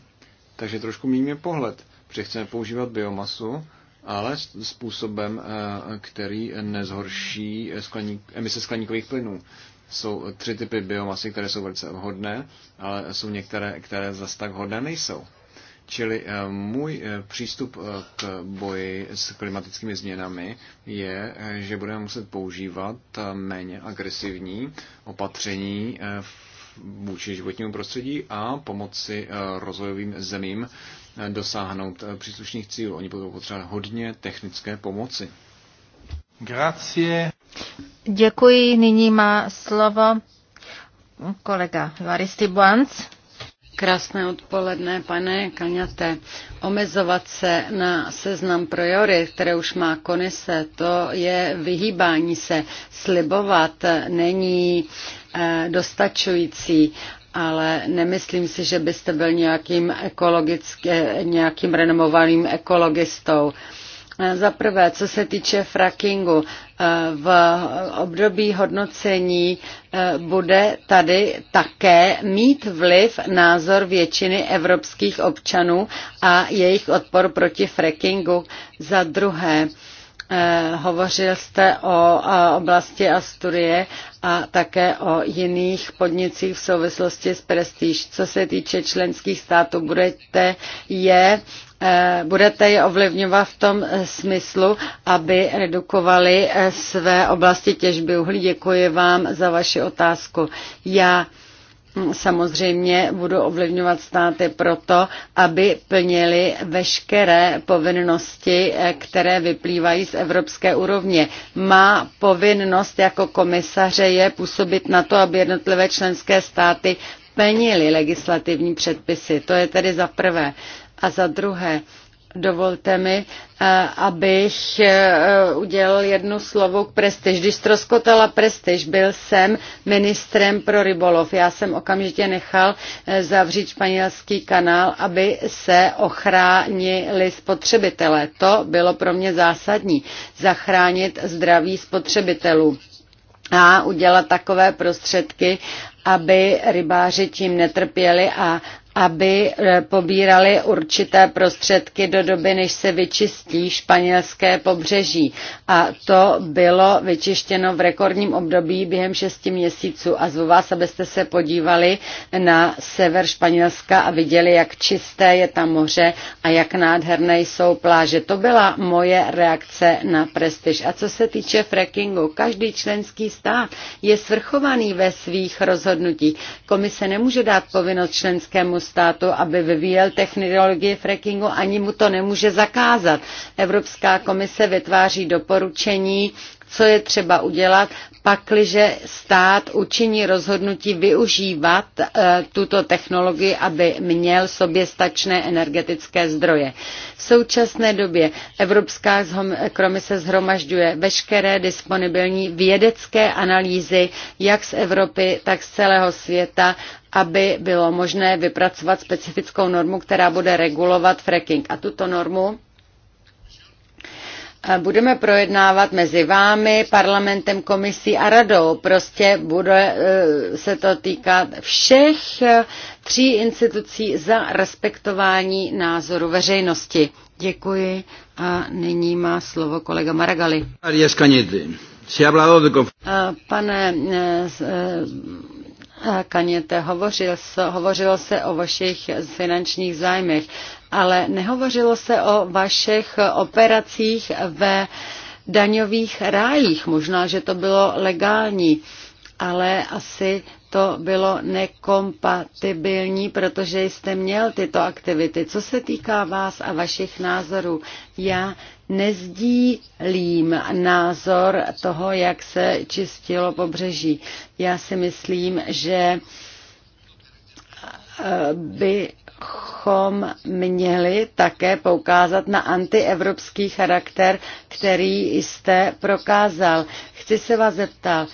Takže trošku míníme pohled, protože chceme používat biomasu, ale způsobem, eh, který nezhorší skleník, emise skleníkových plynů. Jsou tři typy biomasy, které jsou velice vhodné, ale jsou některé, které zase tak hodné nejsou. Čili eh, můj eh, přístup eh, k boji s klimatickými změnami je, že budeme muset používat méně agresivní opatření vůči životnímu prostředí a pomoci rozvojovým zemím dosáhnout příslušných cílů. Oni budou potřebovat hodně technické pomoci. Grazie. Děkuji. Nyní má slovo kolega Varisty Buans. Krásné odpoledne, pane Kaňate. Omezovat se na seznam priorit, které už má konise, to je vyhýbání se. Slibovat není eh, dostačující ale nemyslím si, že byste byl nějakým, nějakým renomovaným ekologistou. Za prvé, co se týče frackingu, eh, v období hodnocení eh, bude tady také mít vliv názor většiny evropských občanů a jejich odpor proti frackingu. Za druhé, eh, Hovořil jste o oblasti Asturie a také o jiných podnicích v souvislosti s prestiž. Co se týče členských států, budete je Eh, budete je ovlivňovat v tom eh, smyslu, aby redukovali eh, své oblasti těžby uhlí. Děkuji vám za vaši otázku. Já hm, samozřejmě budu ovlivňovat státy proto, aby plnili veškeré povinnosti, které vyplývají z evropské úrovně. Má povinnost jako komisaře je působit na to, aby jednotlivé členské státy plnili legislativní předpisy. To je tedy za prvé. A za druhé, Dovolte mi, eh, abych eh, udělal jedno slovo k prestiž. Když ztroskotala prestiž, byl jsem ministrem pro rybolov. Já jsem okamžitě nechal eh, zavřít španělský kanál, aby se ochránili spotřebitelé. To bylo pro mě zásadní. Zachránit zdraví spotřebitelů a udělat takové prostředky, aby rybáři tím netrpěli a aby eh, pobírali určité prostředky do doby, než se vyčistí španělské pobřeží. A to bylo vyčištěno v rekordním období během 6 měsíců. A zvu vás, abyste se podívali na sever Španělska a viděli, jak čisté je tam moře a jak nádherné jsou pláže. To byla moje reakce na prestiž. A co se týče frackingu, každý členský stát je svrchovaný ve svých rozhodnutích. Komise nemůže dát povinnost členskému státu, aby vyvíjel technologii frackingu, ani mu to nemůže zakázat. Evropská komise vytváří doporučení, co je třeba udělat, pakliže stát učiní rozhodnutí využívat e, tuto technologii, aby měl soběstačné energetické zdroje. V současné době Evropská komise zhromažďuje veškeré disponibilní vědecké analýzy jak z Evropy, tak z celého světa aby bylo možné vypracovat specifickou normu, která bude regulovat fracking. A tuto normu eh, budeme projednávat mezi vámi, parlamentem, komisí a radou. Prostě bude eh, se to týkat všech eh, tří institucí za respektování názoru veřejnosti. Děkuji a nyní má slovo kolega Maragali. Pane Kaněte, hovořil se, hovořilo se o vašich finančních zájmech, ale nehovořilo se o vašich operacích ve daňových rájích. Možná, že to bylo legální, ale asi to bylo nekompatibilní, protože jste měl tyto aktivity. Co se týká vás a vašich názorů, já nezdílím názor toho, jak se čistilo pobřeží. Já si myslím, že eh, bychom měli také poukázat na antievropský charakter, který jste prokázal. Chci se vás zeptat,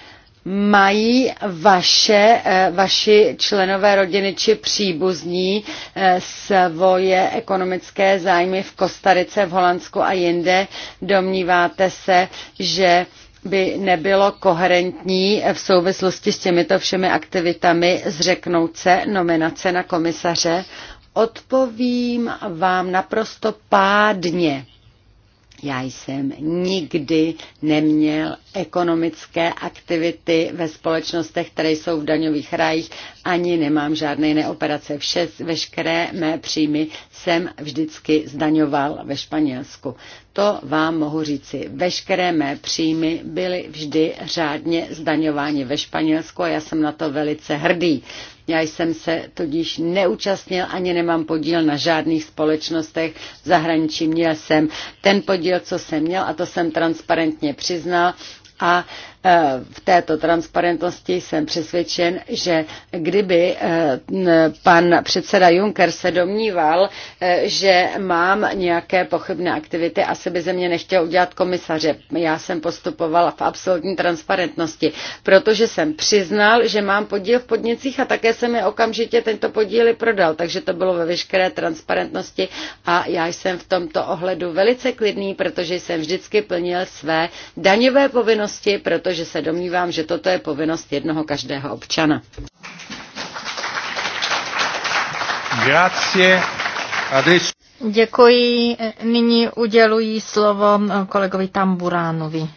mají vaše, eh, vaši členové rodiny či příbuzní eh, svoje ekonomické zájmy v Kostarice, v Holandsku a jinde? Domníváte se, že by nebylo koherentní v souvislosti s těmito všemi aktivitami zřeknout se nominace na komisaře? Odpovím vám naprosto pádně. Já jsem nikdy neměl ekonomické aktivity ve společnostech, které jsou v daňových rájích, ani nemám žádné jiné operace. Vše, veškeré mé příjmy jsem vždycky zdaňoval ve Španělsku. To vám mohu říci. Veškeré mé příjmy byly vždy řádně zdaňovány ve Španělsku a já jsem na to velice hrdý. Já jsem se tudíž neúčastnil ani nemám podíl na žádných společnostech v zahraničí. Měl jsem ten podíl, co jsem měl a to jsem transparentně přiznal a Eh, v této transparentnosti jsem přesvědčen, že kdyby eh, pan předseda Juncker se domníval, eh, že mám nějaké pochybné aktivity, asi by ze mě nechtěl udělat komisaře. Já jsem postupovala v absolutní transparentnosti, protože jsem přiznal, že mám podíl v podnicích a také jsem je okamžitě tento podíly prodal, takže to bylo ve veškeré transparentnosti a já jsem v tomto ohledu velice klidný, protože jsem vždycky plnil své daňové povinnosti, proto protože se domnívám, že toto je povinnost jednoho každého občana. Grazie. Adesso... Děkuji. Nyní udělují slovo kolegovi Tamburánovi.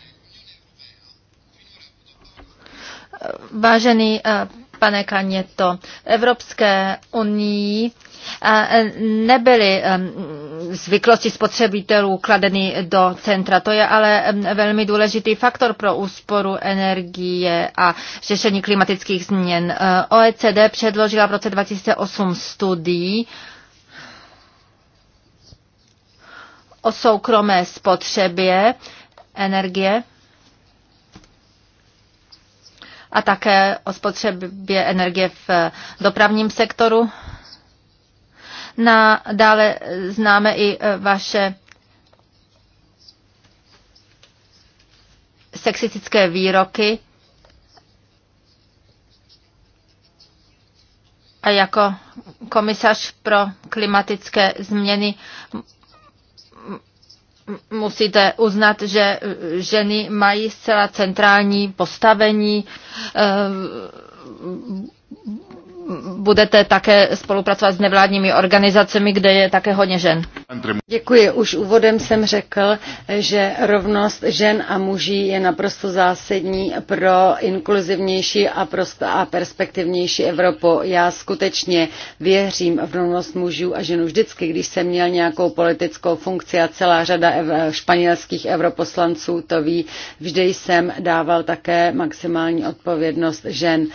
Vážený eh, pane Kaněto, Evropské unii E, nebyly zvyklosti spotřebitelů kladeny do centra. To je ale velmi důležitý faktor pro úsporu energie a řešení klimatických změn. E, OECD předložila v roce 2008 studii, o soukromé spotřebě energie a také o spotřebě energie v dopravním sektoru na, dále známe i eh, vaše sexistické výroky a jako komisař pro klimatické změny musíte uznat, že eh, ženy mají zcela centrální postavení eh, budete také spolupracovat s nevládními organizacemi, kde je také hodně žen. Děkuji. Už úvodem jsem řekl, že rovnost žen a muží je naprosto zásadní pro inkluzivnější a, prost a perspektivnější Evropu. Já skutečně věřím v rovnost mužů a ženů. vždycky, když jsem měl nějakou politickou funkci a celá řada ev- španělských europoslanců to ví, vždy jsem dával také maximální odpovědnost žen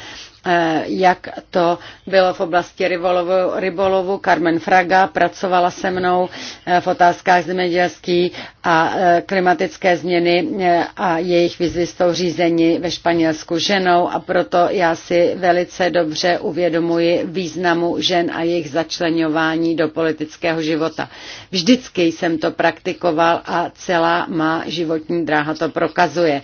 Eh, jak to bylo v oblasti rybolovu. rybolovu. Carmen Fraga pracovala se mnou eh, v otázkách zemědělský a eh, klimatické změny a jejich výzvy jsou řízení ve Španělsku ženou a proto já si velice dobře uvědomuji významu žen a jejich začlenování do politického života. Vždycky jsem to praktikoval a celá má životní dráha to prokazuje.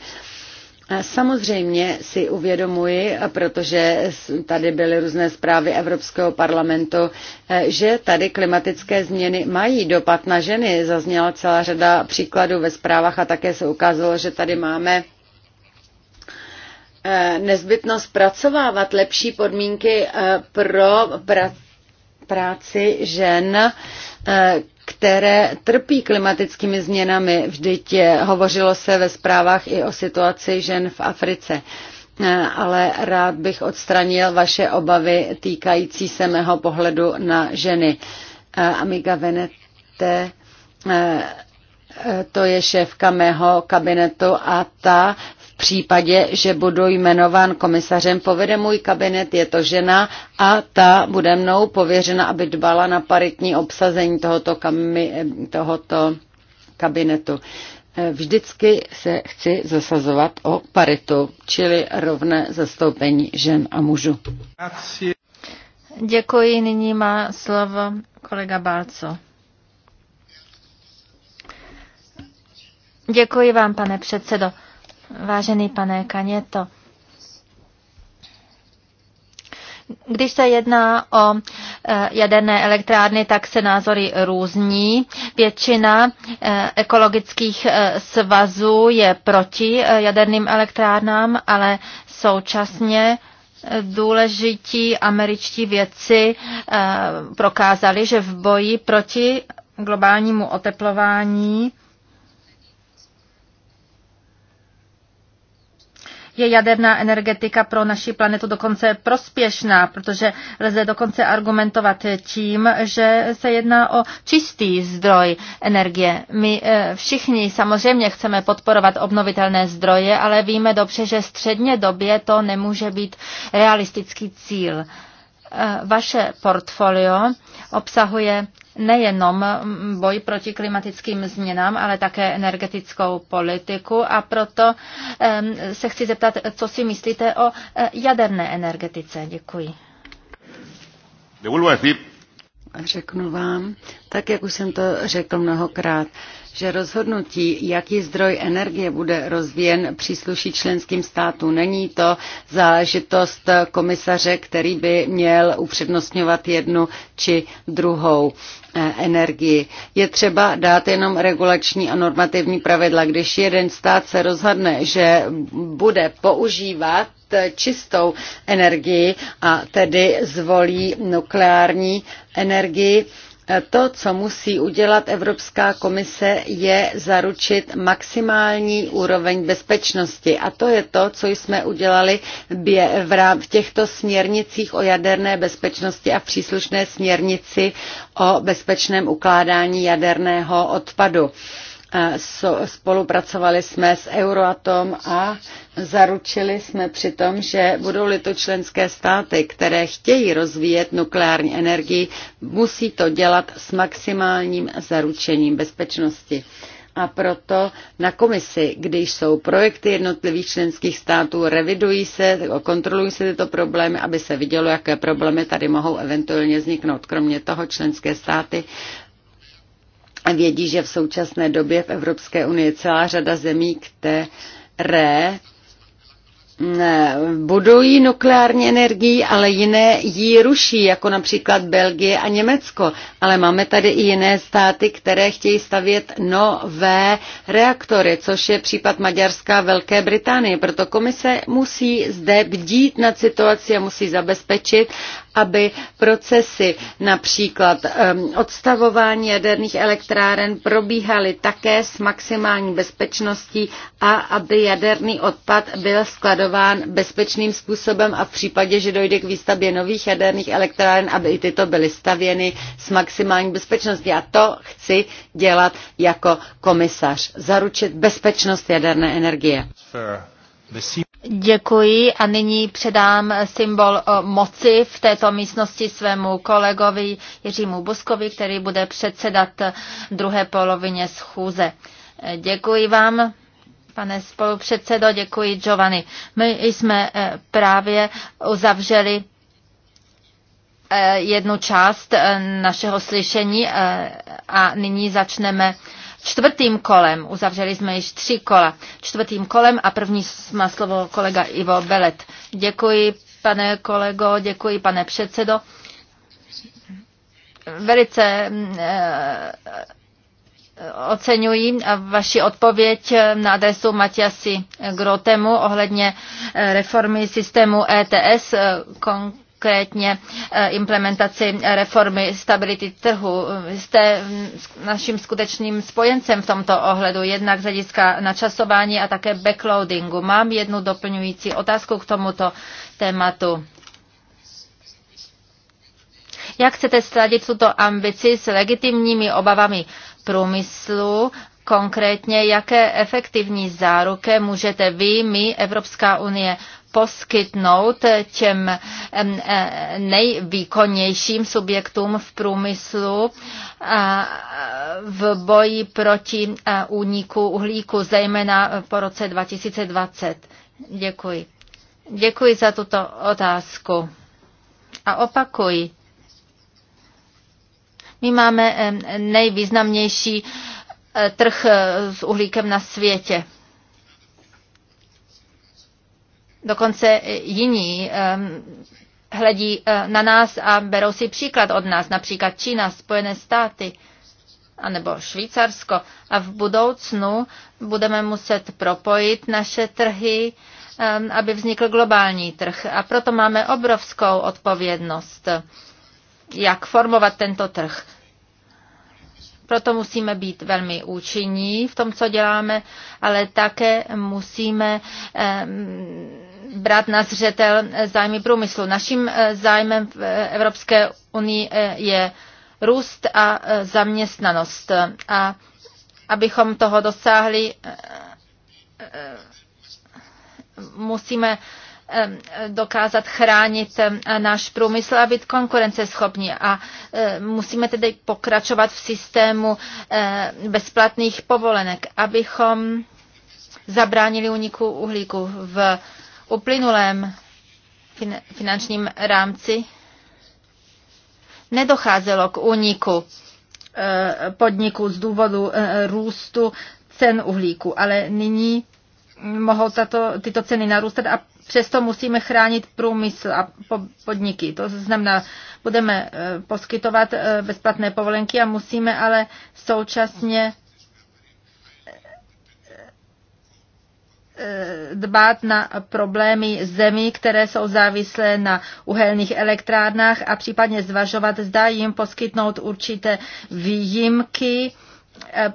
Samozřejmě si uvědomuji, protože tady byly různé zprávy Evropského parlamentu, e, že tady klimatické změny mají dopad na ženy. Zazněla celá řada příkladů ve zprávách a také se ukázalo, že tady máme e, nezbytnost pracovávat lepší podmínky e, pro práci žen, které trpí klimatickými změnami. Vždyť je, hovořilo se ve zprávách i o situaci žen v Africe eh, ale rád bych odstranil vaše obavy týkající se mého pohledu na ženy. Eh, Amiga Venete, eh, to je šéfka mého kabinetu a ta případě, že budu jmenován komisařem, povede můj kabinet, je to žena a ta bude mnou pověřena, aby dbala na paritní obsazení tohoto, kami, tohoto kabinetu. Eh, vždycky se chci zasazovat o paritu, čili rovné zastoupení žen a mužů. Děkuji, nyní má slovo kolega Balco. Děkuji vám, pane předsedo. Vážený pane Kaněto, Když se jedná o e, jaderné elektrárny, tak se názory různí. Většina e, ekologických e, svazů je proti jaderným elektrárnám, ale současně důležití američtí věci prokázali, že v boji proti globálnímu oteplování je jaderná energetika pro naši planetu dokonce prospěšná, protože lze dokonce argumentovat tím, že se jedná o čistý zdroj energie. My eh, všichni samozřejmě chceme podporovat obnovitelné zdroje, ale víme dobře, že středně době to nemůže být realistický cíl. Eh, vaše portfolio obsahuje nejenom boj proti klimatickým změnám, ale také energetickou politiku a proto se chci zeptat, co si myslíte o eh, jaderné energetice. Děkuji. Řeknu vám, tak jak už jsem to řekl mnohokrát, že rozhodnutí, jaký zdroj energie bude rozvíjen, přísluší členským státům. Není to zážitost komisaře, který by měl upřednostňovat jednu či druhou eh, energii. Je třeba dát jenom regulační a normativní pravidla. Když jeden stát se rozhodne, že bude používat čistou energii a tedy zvolí nukleární energii, to, co musí udělat Evropská komise, je zaručit maximální úroveň bezpečnosti. A to je to, co jsme udělali v těchto směrnicích o jaderné bezpečnosti a v příslušné směrnici o bezpečném ukládání jaderného odpadu spolupracovali jsme s Euroatom a zaručili jsme přitom, že budou-li to členské státy, které chtějí rozvíjet nukleární energii, musí to dělat s maximálním zaručením bezpečnosti. A proto na komisi, když jsou projekty jednotlivých členských států, revidují se, kontrolují se tyto problémy, aby se vidělo, jaké problémy tady mohou eventuálně vzniknout. Kromě toho členské státy vědí, že v současné době v Evropské unii je celá řada zemí, které eh, budují nukleární energii, ale jiné ji ruší, jako například Belgie a Německo. Ale máme tady i jiné státy, které chtějí stavět nové reaktory, což je případ Maďarska a Velké Británie. Proto komise musí zde bdít nad situaci a musí zabezpečit, aby procesy, například odstavování jaderných elektráren, probíhaly také s maximální bezpečností a aby jaderný odpad byl skladován bezpečným způsobem a v případě, že dojde k výstavbě nových jaderných elektráren, aby i tyto byly stavěny s maximální bezpečností. A to chci dělat jako komisař. Zaručit bezpečnost jaderné energie. Děkuji a nyní předám symbol eh, moci v této místnosti svému kolegovi Jiřímu Buskovi, který bude předsedat druhé polovině schůze. Eh, děkuji vám. Pane spolupředsedo, děkuji Giovanni. My jsme eh, právě uzavřeli jednu část našeho slyšení a nyní začneme čtvrtým kolem. Uzavřeli jsme již tři kola. Čtvrtým kolem a první má slovo kolega Ivo Belet. Děkuji, pane kolego, děkuji, pane předsedo. Velice eh, oceňuji vaši odpověď na adresu Matiasi Grotemu ohledně eh, reformy systému ETS, eh, kon- konkrétně eh, implementaci reformy stability trhu. Jste naším skutečným spojencem v tomto ohledu, jednak z hlediska načasování a také backloadingu. Mám jednu doplňující otázku k tomuto tématu. Jak chcete sladit tuto ambici s legitimními obavami průmyslu, konkrétně jaké efektivní záruky můžete vy, my, Evropská unie, poskytnout těm e, nejvýkonnějším subjektům v průmyslu v boji proti úniku uhlíku, zejména po roce 2020. Děkuji. Děkuji za tuto otázku. A opakuji, my máme nejvýznamnější e, trh e, s uhlíkem na světě. Dokonce jiní hledí eh, na nás a berou si příklad od nás, například Čína, Spojené státy anebo Švýcarsko. A v budoucnu budeme muset propojit naše trhy, aby vznikl globální trh. A proto máme obrovskou odpovědnost, jak formovat tento trh. Proto musíme být velmi účinní v tom, co děláme, ale také musíme brát na zřetel eh, zájmy průmyslu. Naším eh, zájmem v eh, Evropské unii je růst a zaměstnanost. A abychom toho dosáhli, musíme dokázat chránit náš průmysl a být konkurenceschopní. A musíme tedy pokračovat v systému bezplatných povolenek, abychom zabránili uniku uhlíku v uplynulém finančním rámci nedocházelo k úniku eh, podniku z důvodu eh, růstu cen uhlíku, ale nyní mohou tato, tyto ceny narůstat a přesto musíme chránit průmysl a podniky. To znamená, budeme eh, poskytovat bezplatné povolenky a musíme ale současně dbát na problémy zemí, které jsou závislé na uhelných elektrárnách a případně zvažovat, zda jim poskytnout určité výjimky eh,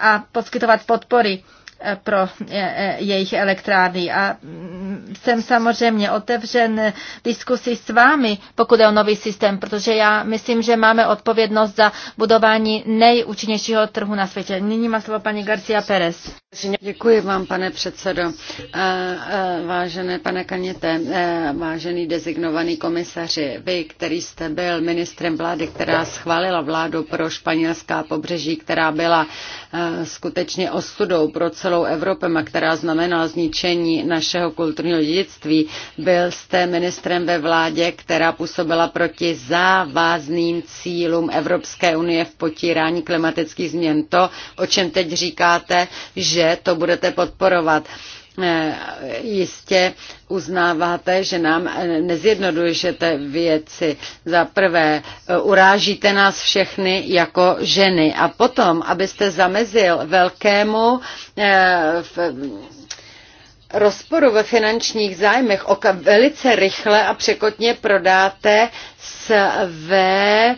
a poskytovat podpory eh, pro eh, jejich elektrárny. A mm, jsem samozřejmě otevřen diskusi s vámi, pokud je o nový systém, protože já myslím, že máme odpovědnost za budování nejúčinnějšího trhu na světě. Nyní má slovo paní Garcia Perez. Děkuji vám, pane předsedo. vážený pane caete vážený designovaný komisaři, vy, který jste byl ministrem vlády, která schválila vládu pro španělská pobřeží, která byla skutečně ostudou pro celou Evropu a která znamenala zničení našeho kulturního dědictví, byl jste ministrem ve vládě, která působila proti závazným cílům Evropské unie v potírání klimatických změn. To, o čem teď říkáte, že že to budete podporovat. Eh, jistě uznáváte, že nám eh, nezjednodušete věci. Za prvé, eh, urážíte nás všechny jako ženy. A potom, abyste zamezil velkému rozporu ve finančních zájmech, velice rychle a překotně prodáte své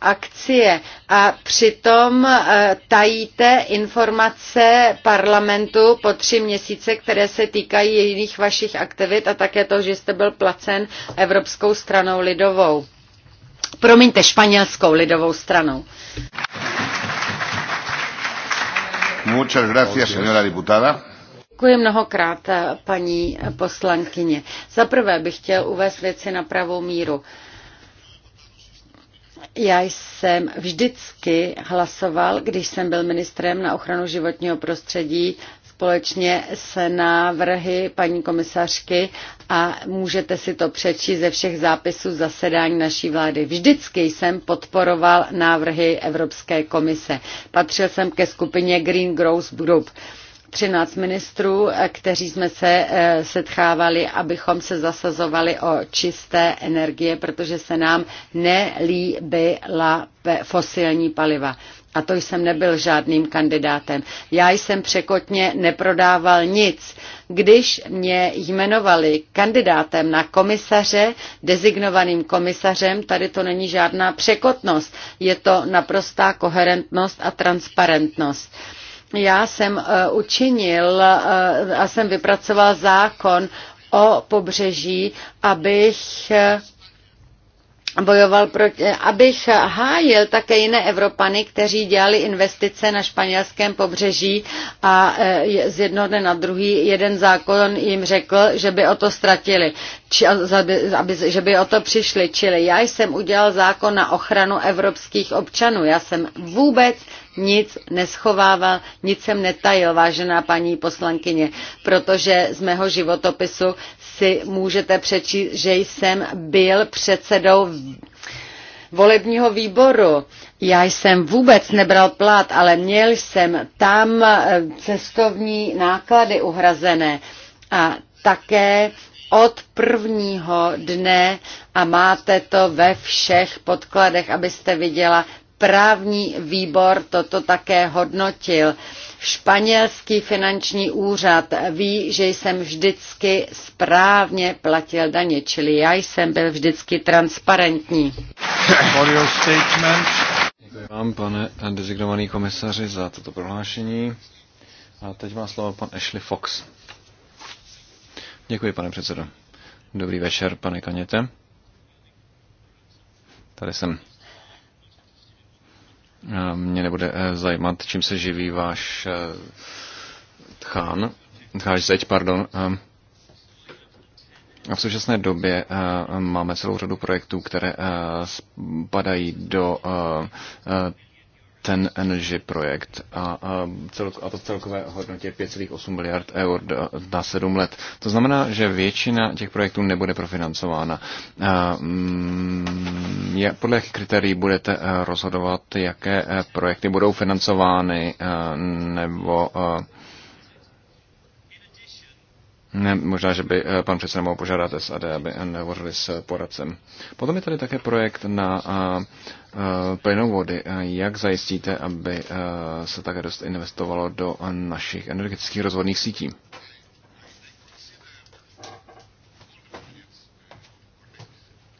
akcie a přitom e, tajíte informace parlamentu po tři měsíce, které se týkají jiných vašich aktivit a také to, že jste byl placen Evropskou stranou lidovou. Promiňte, španělskou lidovou stranou. Muchas gracias, señora diputada. Děkuji mnohokrát, paní poslankyně. Za prvé bych chtěl uvést věci na pravou míru. Já jsem vždycky hlasoval, když jsem byl ministrem na ochranu životního prostředí, společně s návrhy paní komisařky a můžete si to přečíst ze všech zápisů zasedání naší vlády. Vždycky jsem podporoval návrhy Evropské komise. Patřil jsem ke skupině Green Growth Group. 13 ministrů, eh, kteří jsme se eh, setkávali, abychom se zasazovali o čisté energie, protože se nám nelíbila fosilní paliva. A to jsem nebyl žádným kandidátem. Já jsem překotně neprodával nic. Když mě jmenovali kandidátem na komisaře, dezignovaným komisařem, tady to není žádná překotnost. Je to naprostá koherentnost a transparentnost já jsem eh, učinil eh, a jsem vypracoval zákon o pobřeží, abych eh, bojoval proti, abych hájil také jiné Evropany, kteří dělali investice na španělském pobřeží a z jednoho dne na druhý jeden zákon jim řekl, že by o to ztratili, či, aby, že by o to přišli. Čili já jsem udělal zákon na ochranu evropských občanů. Já jsem vůbec nic neschovával, nic jsem netajil, vážená paní poslankyně, protože z mého životopisu si můžete přečíst, že jsem byl předsedou volebního výboru. Já jsem vůbec nebral plat, ale měl jsem tam eh, cestovní náklady uhrazené a také od prvního dne a máte to ve všech podkladech, abyste viděla, právní výbor toto také hodnotil. Španělský finanční úřad ví, že jsem vždycky správně platil daně, čili já jsem byl vždycky transparentní. Děkuji vám, pane designovaný komisaři, za toto prohlášení. A teď má slovo pan Ashley Fox. Děkuji, pane předsedo. Dobrý večer, pane Kaněte. Tady jsem. Eh, mě nebude eh, zajímat, čím se živí váš tchán, eh, tcháš zeď, pardon. A v současné době máme celou řadu projektů, které spadají do ten Energy projekt a, a, celko, a to v celkové hodnotě 5,8 miliard eur na 7 let. To znamená, že většina těch projektů nebude profinancována. A, mm, je, podle jakých kritérií budete eh, rozhodovat, jaké eh, projekty budou financovány eh, nebo ne, možná, že by eh, pan předseda mohl požádat SAD, aby nehovořili s poradcem. Potom je tady také projekt na eh, eh, plynovody. Jak zajistíte, aby se také dost investovalo do našich energetických rozvodných sítí?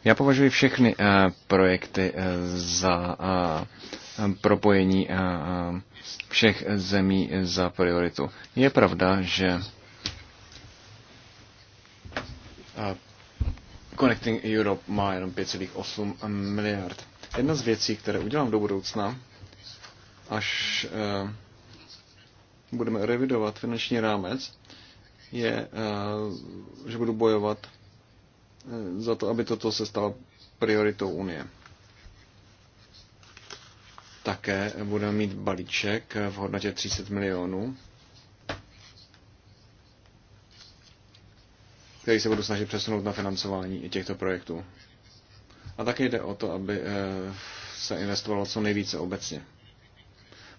Já považuji všechny projekty za propojení všech zemí za prioritu. Je pravda, že Connecting Europe má jenom 5,8 miliard. Jedna z věcí, které udělám do budoucna, až eh, budeme revidovat finanční rámec, je, eh, že budu bojovat eh, za to, aby toto se stalo prioritou Unie. Také budeme mít balíček v hodnotě 30 milionů který se budu snažit přesunout na financování těchto projektů. A také jde o to, aby eh, se investovalo co nejvíce obecně.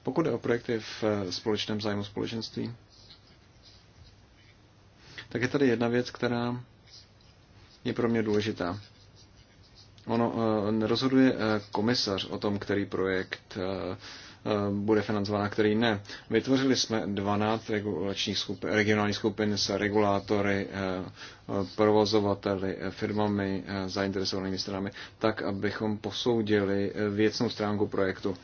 Pokud jde o projekty v eh, společném zájmu společenství, tak je tady jedna věc, která je pro mě důležitá. Ono eh, rozhoduje komisař o tom, který projekt Eh, bude financovaná, který ne. Vytvořili jsme 12 regulačních skupin, regionálních skupin s regulátory, eh, provozovateli, eh, firmami, zainteresovanými stranami, tak, abychom posoudili věcnou stránku projektu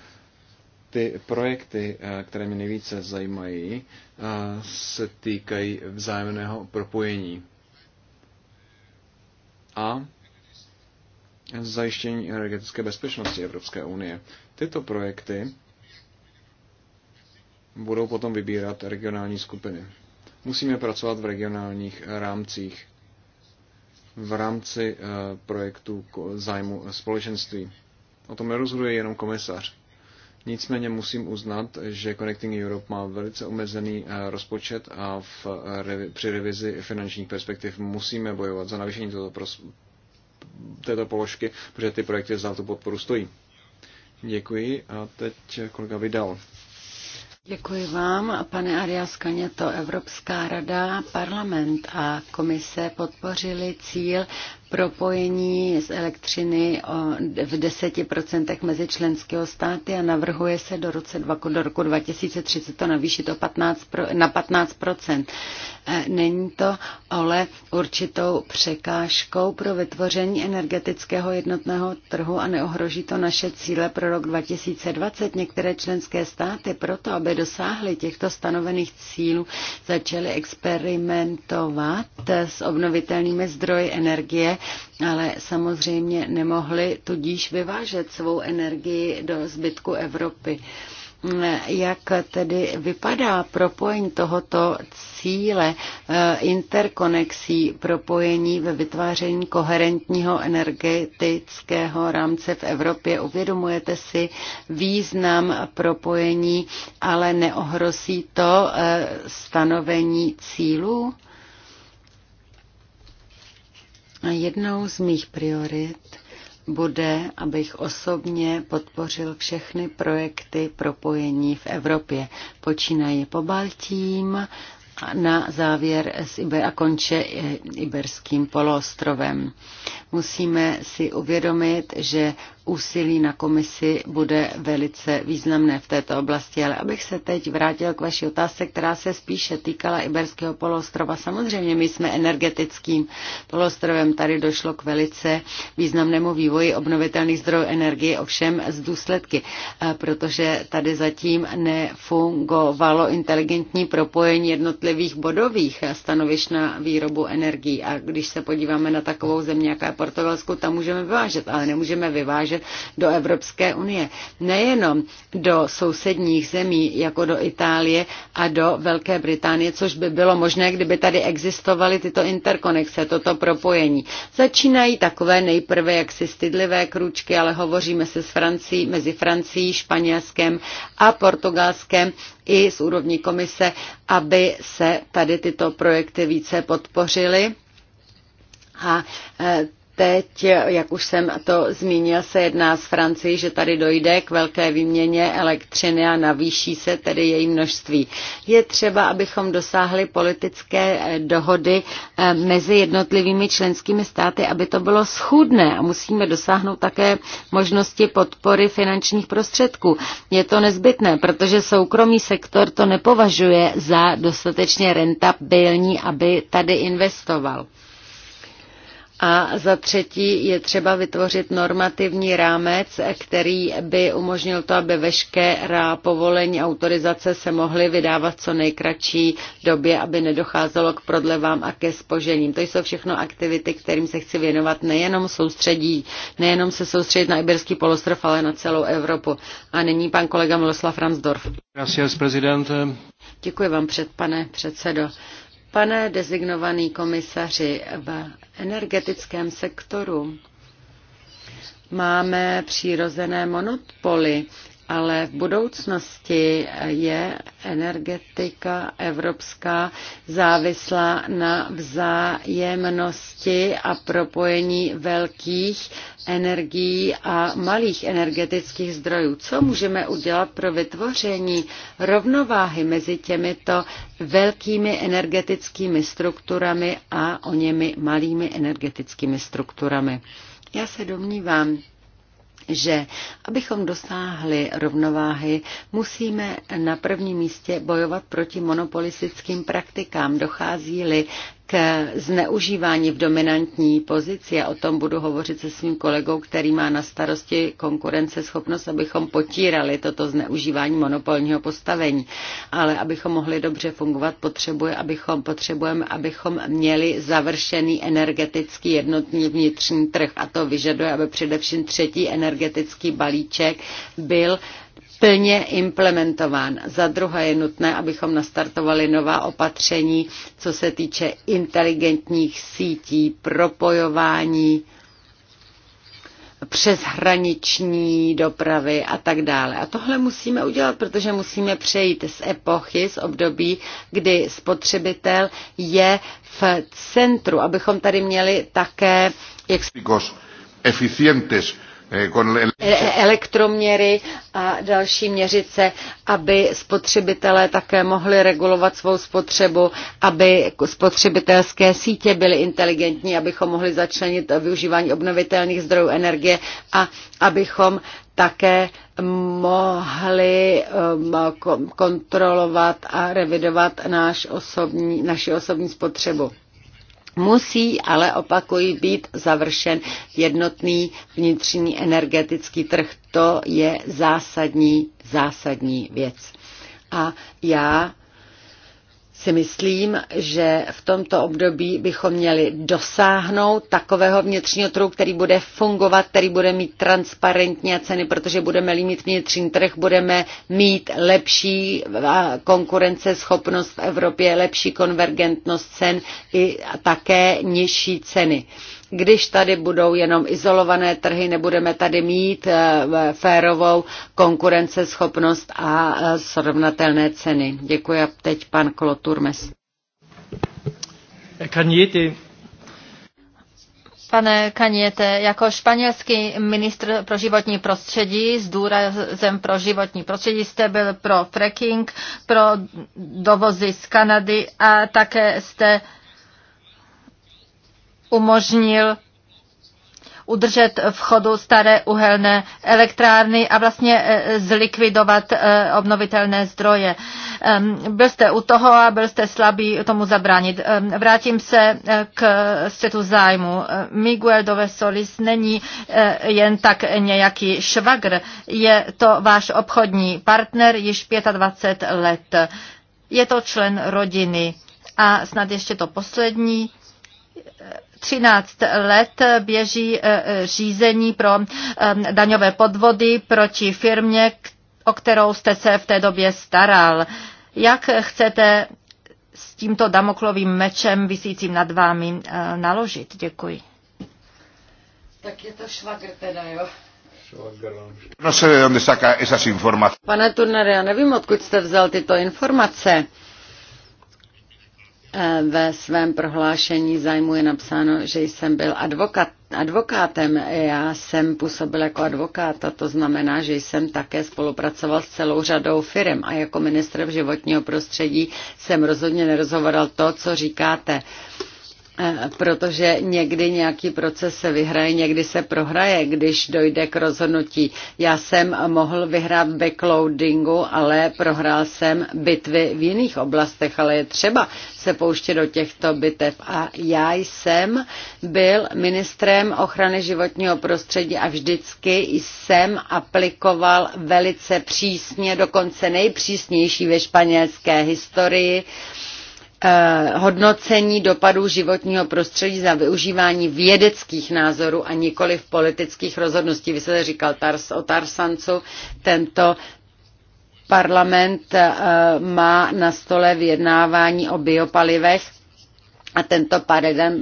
ty projekty, které mě nejvíce zajímají, se týkají vzájemného propojení a zajištění energetické bezpečnosti Evropské unie. Tyto projekty budou potom vybírat regionální skupiny. Musíme pracovat v regionálních rámcích v rámci eh, projektu zájmu společenství. O tom nerozhoduje jenom komisař. Nicméně musím uznat, že Connecting Europe má velice omezený eh, rozpočet a v, eh, při revizi finančních perspektiv musíme bojovat za navýšení tohoto pros, této položky, protože ty projekty za tu podporu stojí. Děkuji a teď kolega Vidal. Děkuji vám, pane Arias Kaněto. Evropská rada, parlament a komise podpořili cíl propojení z elektřiny v 10% mezi členského státy a navrhuje se do, roce, do roku 2030 to navýšit o 15, na 15%. E, není to ale určitou překážkou pro vytvoření energetického jednotného trhu a neohroží to naše cíle pro rok 2020. Některé členské státy proto, aby dosáhly těchto stanovených cílů, začaly experimentovat s obnovitelnými zdroji energie ale samozřejmě nemohli tudíž vyvážet svou energii do zbytku Evropy. Jak tedy vypadá propojení tohoto cíle eh, interkonexí propojení ve vytváření koherentního energetického rámce v Evropě? Uvědomujete si význam propojení, ale neohrozí to eh, stanovení cílů? A Jednou z mých priorit bude, abych osobně podpořil všechny projekty propojení v Evropě. Počínaje po Baltím a na závěr s Iber a konče eh, Iberským poloostrovem. Musíme si uvědomit, že úsilí na komisi bude velice významné v této oblasti. Ale abych se teď vrátil k vaší otázce, která se spíše týkala Iberského poloostrova. Samozřejmě my jsme energetickým poloostrovem. Tady došlo k velice významnému vývoji obnovitelných zdrojů energie, ovšem z důsledky, eh, protože tady zatím nefungovalo inteligentní propojení jednotlivých bodových stanovišť na výrobu energií. A když se podíváme na takovou zemi, jaká je Portugalsku, tam můžeme vyvážet, ale nemůžeme vyvážet vyvážet do Evropské unie. Nejenom do sousedních zemí, jako do Itálie a do Velké Británie, což by bylo možné, kdyby tady existovaly tyto interkonexe, toto propojení. Začínají takové nejprve jaksi stydlivé kručky, ale hovoříme se s Francií, mezi Francií, Španělskem a Portugalskem i z úrovní komise, aby se tady tyto projekty více podpořily. A eh, Teď, jak už jsem to zmínil, se jedná s Francii, že tady dojde k velké výměně elektřiny a navýší se tedy její množství. Je třeba, abychom dosáhli politické eh, dohody eh, mezi jednotlivými členskými státy, aby to bylo schůdné a musíme dosáhnout také možnosti podpory finančních prostředků. Je to nezbytné, protože soukromý sektor to nepovažuje za dostatečně rentabilní, aby tady investoval. A za třetí je třeba vytvořit normativní rámec, který by umožnil to, aby veškerá povolení autorizace se mohly vydávat co nejkratší době, aby nedocházelo k prodlevám a ke spožením. To jsou všechno aktivity, kterým se chci věnovat nejenom soustředí, nejenom se soustředit na Iberský polostrov, ale na celou Evropu. A nyní pan kolega Miloslav Ransdorf. Gracias, Děkuji vám, před, pane předsedo. Pane designovaný komisaři, v energetickém sektoru máme přirozené monopoly ale v budoucnosti je energetika evropská závislá na vzájemnosti a propojení velkých energií a malých energetických zdrojů. Co můžeme udělat pro vytvoření rovnováhy mezi těmito velkými energetickými strukturami a o němi malými energetickými strukturami? Já se domnívám, že abychom dosáhli rovnováhy, musíme na prvním místě bojovat proti monopolistickým praktikám. Dochází-li k zneužívání v dominantní pozici, a o tom budu hovořit se svým kolegou, který má na starosti konkurenceschopnost, abychom potírali toto zneužívání monopolního postavení. Ale abychom mohli dobře fungovat, potřebuje, abychom, potřebujeme, abychom měli završený energetický jednotný vnitřní trh. A to vyžaduje, aby především třetí energetický balíček byl plně implementován. Za druhé je nutné, abychom nastartovali nová opatření, co se týče inteligentních sítí, propojování, přeshraniční dopravy a tak dále. A tohle musíme udělat, protože musíme přejít z epochy, z období, kdy spotřebitel je v centru, abychom tady měli také jak... eficientes Eh, e, e, elektroměry a další měřice, aby spotřebitelé také mohli regulovat svou spotřebu, aby spotřebitelské sítě byly inteligentní, abychom mohli začlenit využívání obnovitelných zdrojů energie a abychom také mohli um, kontrolovat a revidovat náš osobní, naši osobní spotřebu musí ale, opakují, být završen jednotný vnitřní energetický trh. To je zásadní, zásadní věc. A já si myslím, že v tomto období bychom měli dosáhnout takového vnitřního trhu, který bude fungovat, který bude mít transparentní a ceny, protože budeme mít vnitřní trh, budeme mít lepší konkurenceschopnost v Evropě, lepší konvergentnost cen i také nižší ceny když tady budou jenom izolované trhy, nebudeme tady mít eh, férovou konkurenceschopnost a eh, srovnatelné ceny. Děkuji a teď pan Kloturmes. Kaněty. Pane Kaněte, jako španělský ministr pro životní prostředí s důrazem pro životní prostředí jste byl pro fracking, pro dovozy z Kanady a také jste uh, umožnil udržet v chodu staré uhelné elektrárny a vlastně e, zlikvidovat e, obnovitelné zdroje. Byl jste u toho a byl jste slabý tomu zabránit. Vrátím se e, k střetu zájmu. Miguel Dove Solis není jen tak nějaký švagr, je to váš obchodní partner již 25 let. Je to člen rodiny. A snad ještě to poslední 13 let běží e, e, řízení pro e, daňové podvody proti firmě, o kterou jste se v té době staral. Jak chcete s tímto damoklovým mečem visícím nad vámi naložit? Děkuji. Tak je to švagr teda, jo? No, Pane Turnere, já nevím, odkud jste vzal tyto informace. Eh, ve svém prohlášení zájmu je napsáno, že jsem byl advokat, advokátem. Já jsem působil jako advokát a to znamená, že jsem také spolupracoval s celou řadou firm a jako ministr v životního prostředí jsem rozhodně nerozhovoral to, co říkáte. Uh, Eh, protože někdy nějaký proces se vyhraje, někdy se prohraje, když dojde k rozhodnutí. Já jsem mohl vyhrát backloadingu, ale prohrál jsem bitvy v jiných oblastech, ale je třeba se pouštět do těchto bitev. A já jsem byl ministrem ochrany životního prostředí a vždycky jsem aplikoval velice přísně, dokonce nejpřísnější ve španělské historii, Eh, hodnocení dopadů životního prostředí za využívání vědeckých názorů a nikoli v politických rozhodností. Vy jste říkal Tars, o Tarsancu, tento parlament eh, má na stole vyjednávání o biopalivech a tento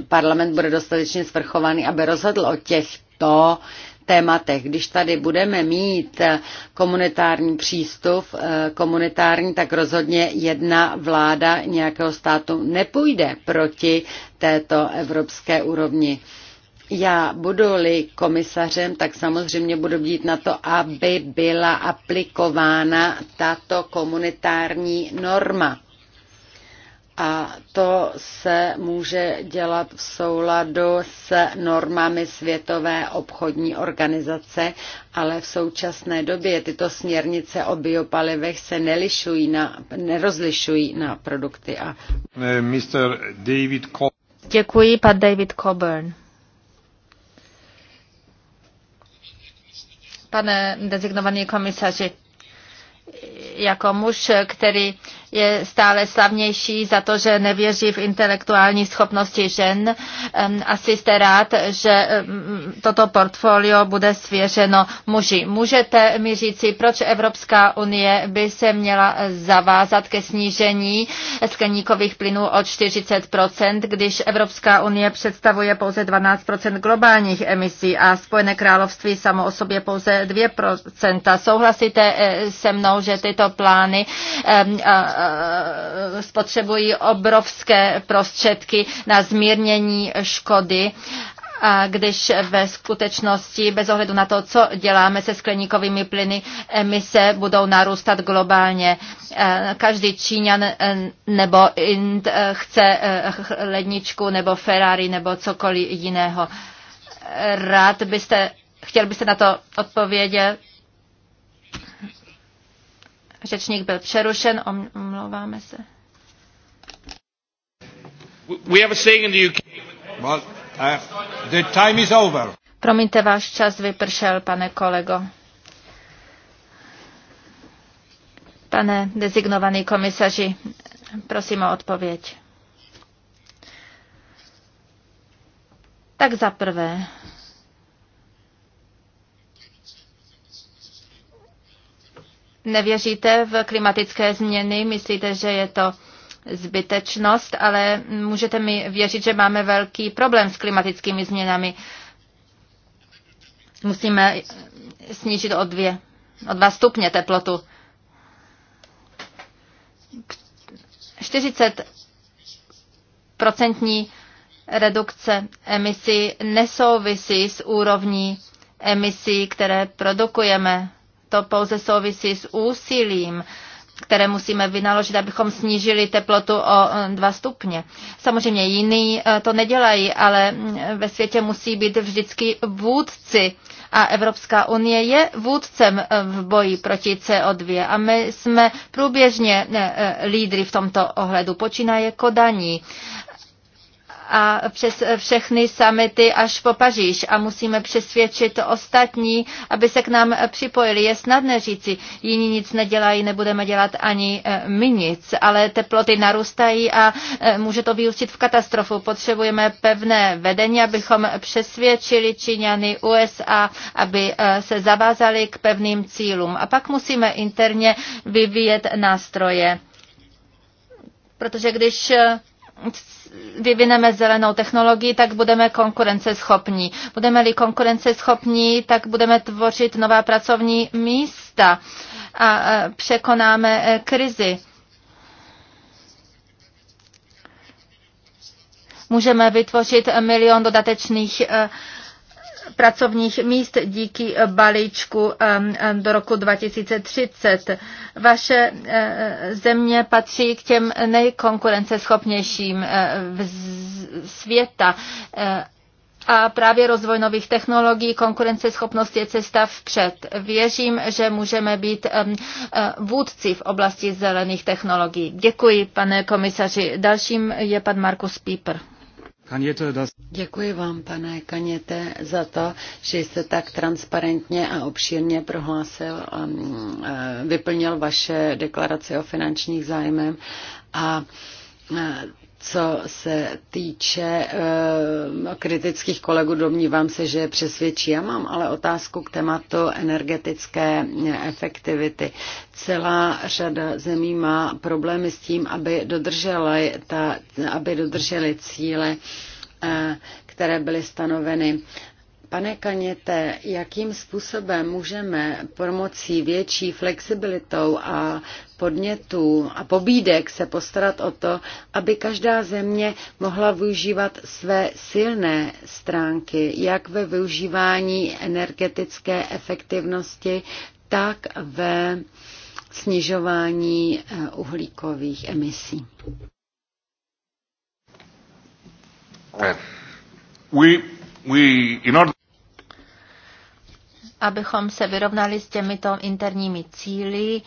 parlament bude dostatečně svrchovaný, aby rozhodl o těchto tématech. Když tady budeme mít eh, komunitární přístup, eh, komunitární, tak rozhodně jedna vláda nějakého státu nepůjde proti této evropské úrovni. Já budu-li komisařem, tak samozřejmě budu bdít na to, aby byla aplikována tato komunitární norma. A to se může dělat v souladu s normami Světové obchodní organizace, ale v současné době tyto směrnice o biopalivech se nelišují na, nerozlišují na produkty. A... Eh, Mr. David Co- Děkuji, pan David Coburn. Pane dezignovaný komisaři, jako muž, který je stále slavnější za to, že nevěří v intelektuální schopnosti žen. Asi jste rád, že toto portfolio bude svěřeno muži. Můžete mi říci, proč Evropská unie by se měla zavázat ke snížení skleníkových plynů o 40%, když Evropská unie představuje pouze 12% globálních emisí a Spojené království samo o sobě pouze 2%. Souhlasíte eh, se mnou, že tyto plány Eh, spotřebují obrovské prostředky na zmírnění škody a když ve skutečnosti, bez ohledu na to, co děláme se skleníkovými plyny, emise budou narůstat globálně. Eh, každý Číňan eh, nebo Ind chce ledničku nebo Ferrari nebo cokoliv jiného. Rád byste, chtěl byste na to odpovědět? Řečník byl přerušen, omlouváme se. We have a saying in the UK. Well, uh, the time is over. Promiňte, váš čas vypršel, pane kolego. Pane designovaný komisaři, prosím o odpověď. Tak za prvé, nevěříte v klimatické změny, myslíte, že je to zbytečnost, ale můžete mi věřit, že máme velký problém s klimatickými změnami. Musíme snížit o dvě, o dva stupně teplotu. 40% redukce emisí nesouvisí s úrovní emisí, které produkujeme to pouze souvisí s úsilím, které musíme vynaložit, abychom snížili teplotu o 2 e, stupně. Samozřejmě jiní e, to nedělají, ale ve světě musí být vždycky vůdci a Evropská unie je vůdcem e, v boji proti CO2 a my jsme průběžně lídry v tomto ohledu. Počínaje Kodaní a přes všechny samity až po Paříž a musíme přesvědčit ostatní, aby se k nám připojili. Je snadné říci, jiní nic nedělají, nebudeme dělat ani eh, my nic, ale teploty narůstají a eh, může to vyústit v katastrofu. Potřebujeme pevné vedení, abychom přesvědčili Číňany USA, aby eh, se zavázali k pevným cílům. A pak musíme interně vyvíjet nástroje. Protože když vyvineme zelenou technologii, tak budeme konkurenceschopní. Budeme-li konkurenceschopní, tak budeme tvořit nová pracovní místa a překonáme e, krizi. Můžeme vytvořit milion dodatečných uh, pracovních míst díky balíčku do roku 2030. Vaše eh, země patří k těm nejkonkurenceschopnějším eh, v světa. Eh, a právě rozvoj nových technologií, konkurenceschopnost je cesta vpřed. Věřím, že můžeme být vůdci v oblasti zelených technologií. Děkuji, pane komisaři. Dalším je pan Markus Pieper. Děkuji vám, pane Kaněte, za to, že jste tak transparentně a obšírně prohlásil a um, eh, vyplnil vaše deklarace o finančních zájmech. a eh, co se týče eh, kritických kolegů, domnívám se, že je přesvědčí. Já mám ale otázku k tématu energetické efektivity. Celá řada zemí má problémy s tím, aby dodržely ta, aby dodržely cíle, eh, které byly stanoveny. Pane Kaněte, jakým způsobem můžeme pomocí větší flexibilitou a podnětů a pobídek se postarat o to, aby každá země mohla využívat své silné stránky, jak ve využívání energetické efektivnosti, tak ve snižování eh, uhlíkových emisí. Eh, we, we, in order abychom se vyrovnali s těmito interními cíly,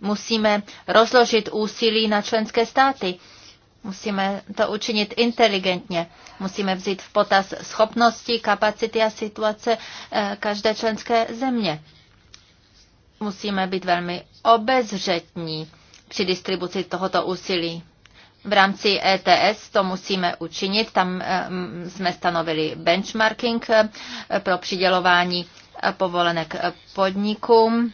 Musíme rozložit úsilí na členské státy. Musíme to učinit inteligentně. Musíme vzít v potaz schopnosti, kapacity a situace eh, každé členské země. Musíme být velmi obezřetní při distribuci tohoto úsilí. V rámci ETS to musíme učinit. Tam eh, jsme stanovili benchmarking eh, pro přidělování povolenek podnikům.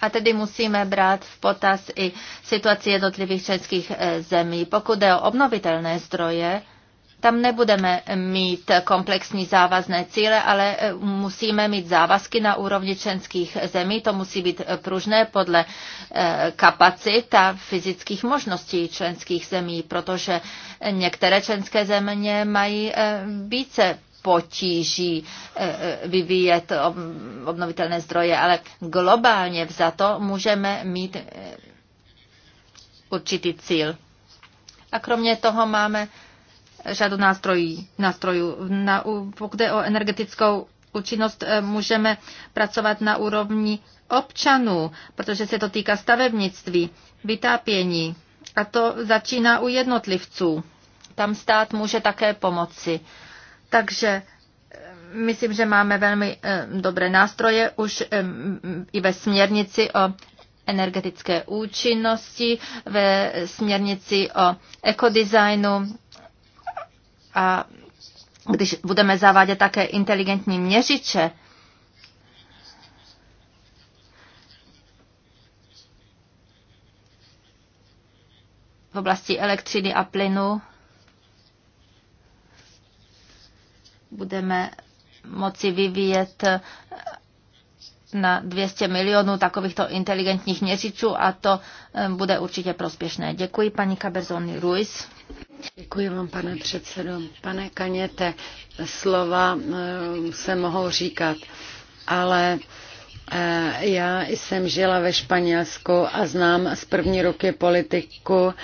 A tedy musíme brát v potaz i situaci jednotlivých českých eh, zemí. Pokud jde o obnovitelné zdroje, tam nebudeme mít komplexní závazné cíle, ale eh, musíme mít závazky na úrovni členských zemí. To musí být eh, pružné podle kapacit a fyzických možností členských zemí, protože některé členské země mají více potíží eh, eh, vyvíjet obnovitelné zdroje, ale globálně vzato můžeme mít eh, určitý cíl. A kromě toho máme řadu nástrojů. nástrojů. Na, pokud je o energetickou účinnost, můžeme pracovat na úrovni občanů, protože se to týká stavebnictví, vytápění. A to začíná u jednotlivců. Tam stát může také pomoci. Takže eh, myslím, že máme velmi eh, dobré nástroje už eh, i ve směrnici o energetické účinnosti, ve směrnici o ekodesignu a když budeme zavádět také inteligentní měřiče, v oblasti elektřiny a plynu, budeme moci vyvíjet na 200 milionů takovýchto inteligentních měsíčů a to eh, bude určitě prospěšné. Děkuji paní Kaberzoni Ruiz. Děkuji vám, pane předsedo. Pane Kaněte, slova eh, se mohou říkat, ale eh, já jsem žila ve Španělsku a znám z první ruky politiku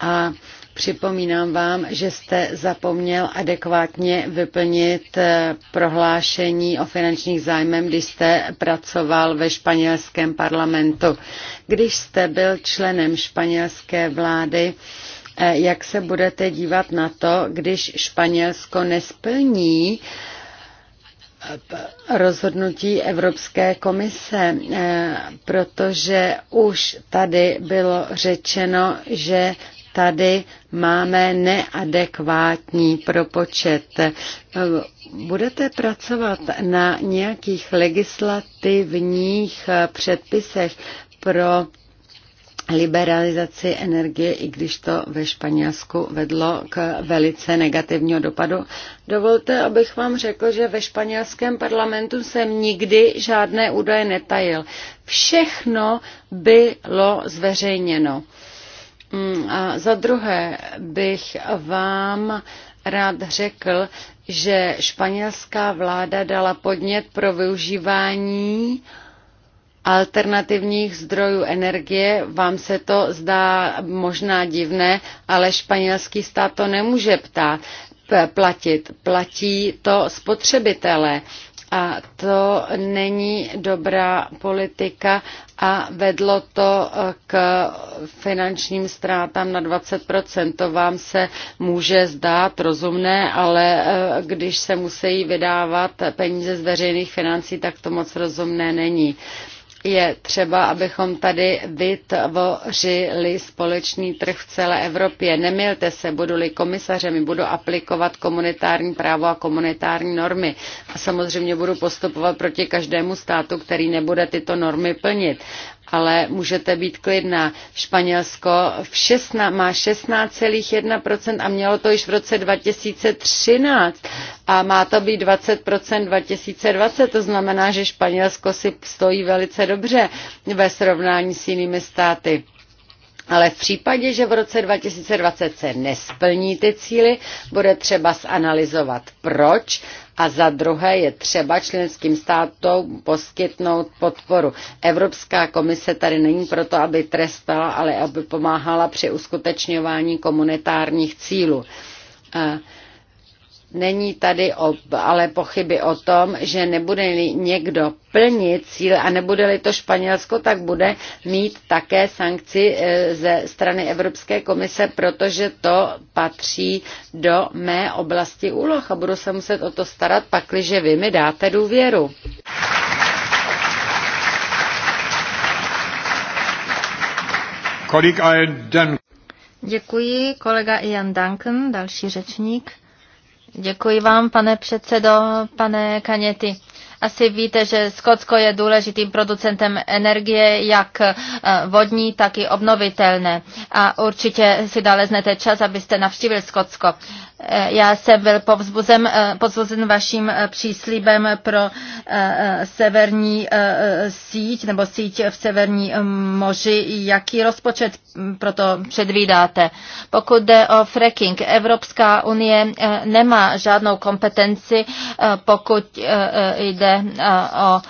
a Připomínám vám, že jste zapomněl adekvátně vyplnit eh, prohlášení o finančních zájmem, když jste pracoval ve španělském parlamentu. Když jste byl členem španělské vlády, eh, jak se budete dívat na to, když Španělsko nesplní eh, rozhodnutí Evropské komise, protože už tady bylo řečeno, že tady máme neadekvátní propočet. Budete pracovat na nějakých legislativních předpisech pro liberalizaci energie, i když to ve Španělsku vedlo k velice negativního dopadu. Dovolte, abych vám řekl, že ve španělském parlamentu jsem nikdy žádné údaje netajil. Všechno bylo zveřejněno. Mm, a za druhé bych vám rád řekl, že španělská vláda dala podnět pro využívání alternativních zdrojů energie. Vám se to zdá možná divné, ale španělský stát to nemůže ptát, platit. Platí to spotřebitele a to není dobrá politika a vedlo to eh, k finančním ztrátám na 20%. To vám se může zdát rozumné, ale eh, když se musí vydávat peníze z veřejných financí, tak to moc rozumné není je třeba, abychom tady vytvořili společný trh v celé Evropě. Nemilte se, budu-li komisařem, budu aplikovat komunitární právo a komunitární normy. A samozřejmě budu postupovat proti každému státu, který nebude tyto normy plnit ale můžete být klidná. Španělsko v šestna, má 16,1% a mělo to již v roce 2013 a má to být 20% 2020, to znamená, že Španělsko si stojí velice dobře ve srovnání s jinými státy. Ale v případě, že v roce 2020 se nesplní ty cíly, bude třeba zanalizovat proč a za druhé je třeba členským státům poskytnout podporu. Evropská komise tady není proto, aby trestala, ale aby pomáhala při uskutečňování komunitárních cílů. Uh, Není tady o, ale pochyby o tom, že nebude-li někdo plnit cíl a nebude-li to Španělsko, tak bude mít také sankci eh, ze strany Evropské komise, protože to patří do mé oblasti úloh a budu se muset o to starat, pakliže vy mi dáte důvěru. Kolik Děkuji, kolega Ian Duncan, další řečník. Děkuji vám, pane předsedo, pane Kaněty. Asi víte, že Skotsko je důležitým producentem energie, jak eh, vodní, tak i obnovitelné. A určitě si naleznete čas, abyste navštívil Skotsko. Eh, já jsem byl povzbuzen, eh, povzbuzen vaším příslíbem pro severní síť nebo síť v severní moři. Jaký rozpočet hm, proto předvídáte? Pokud jde o fracking, Evropská unie nemá žádnou kompetenci, pokud jde o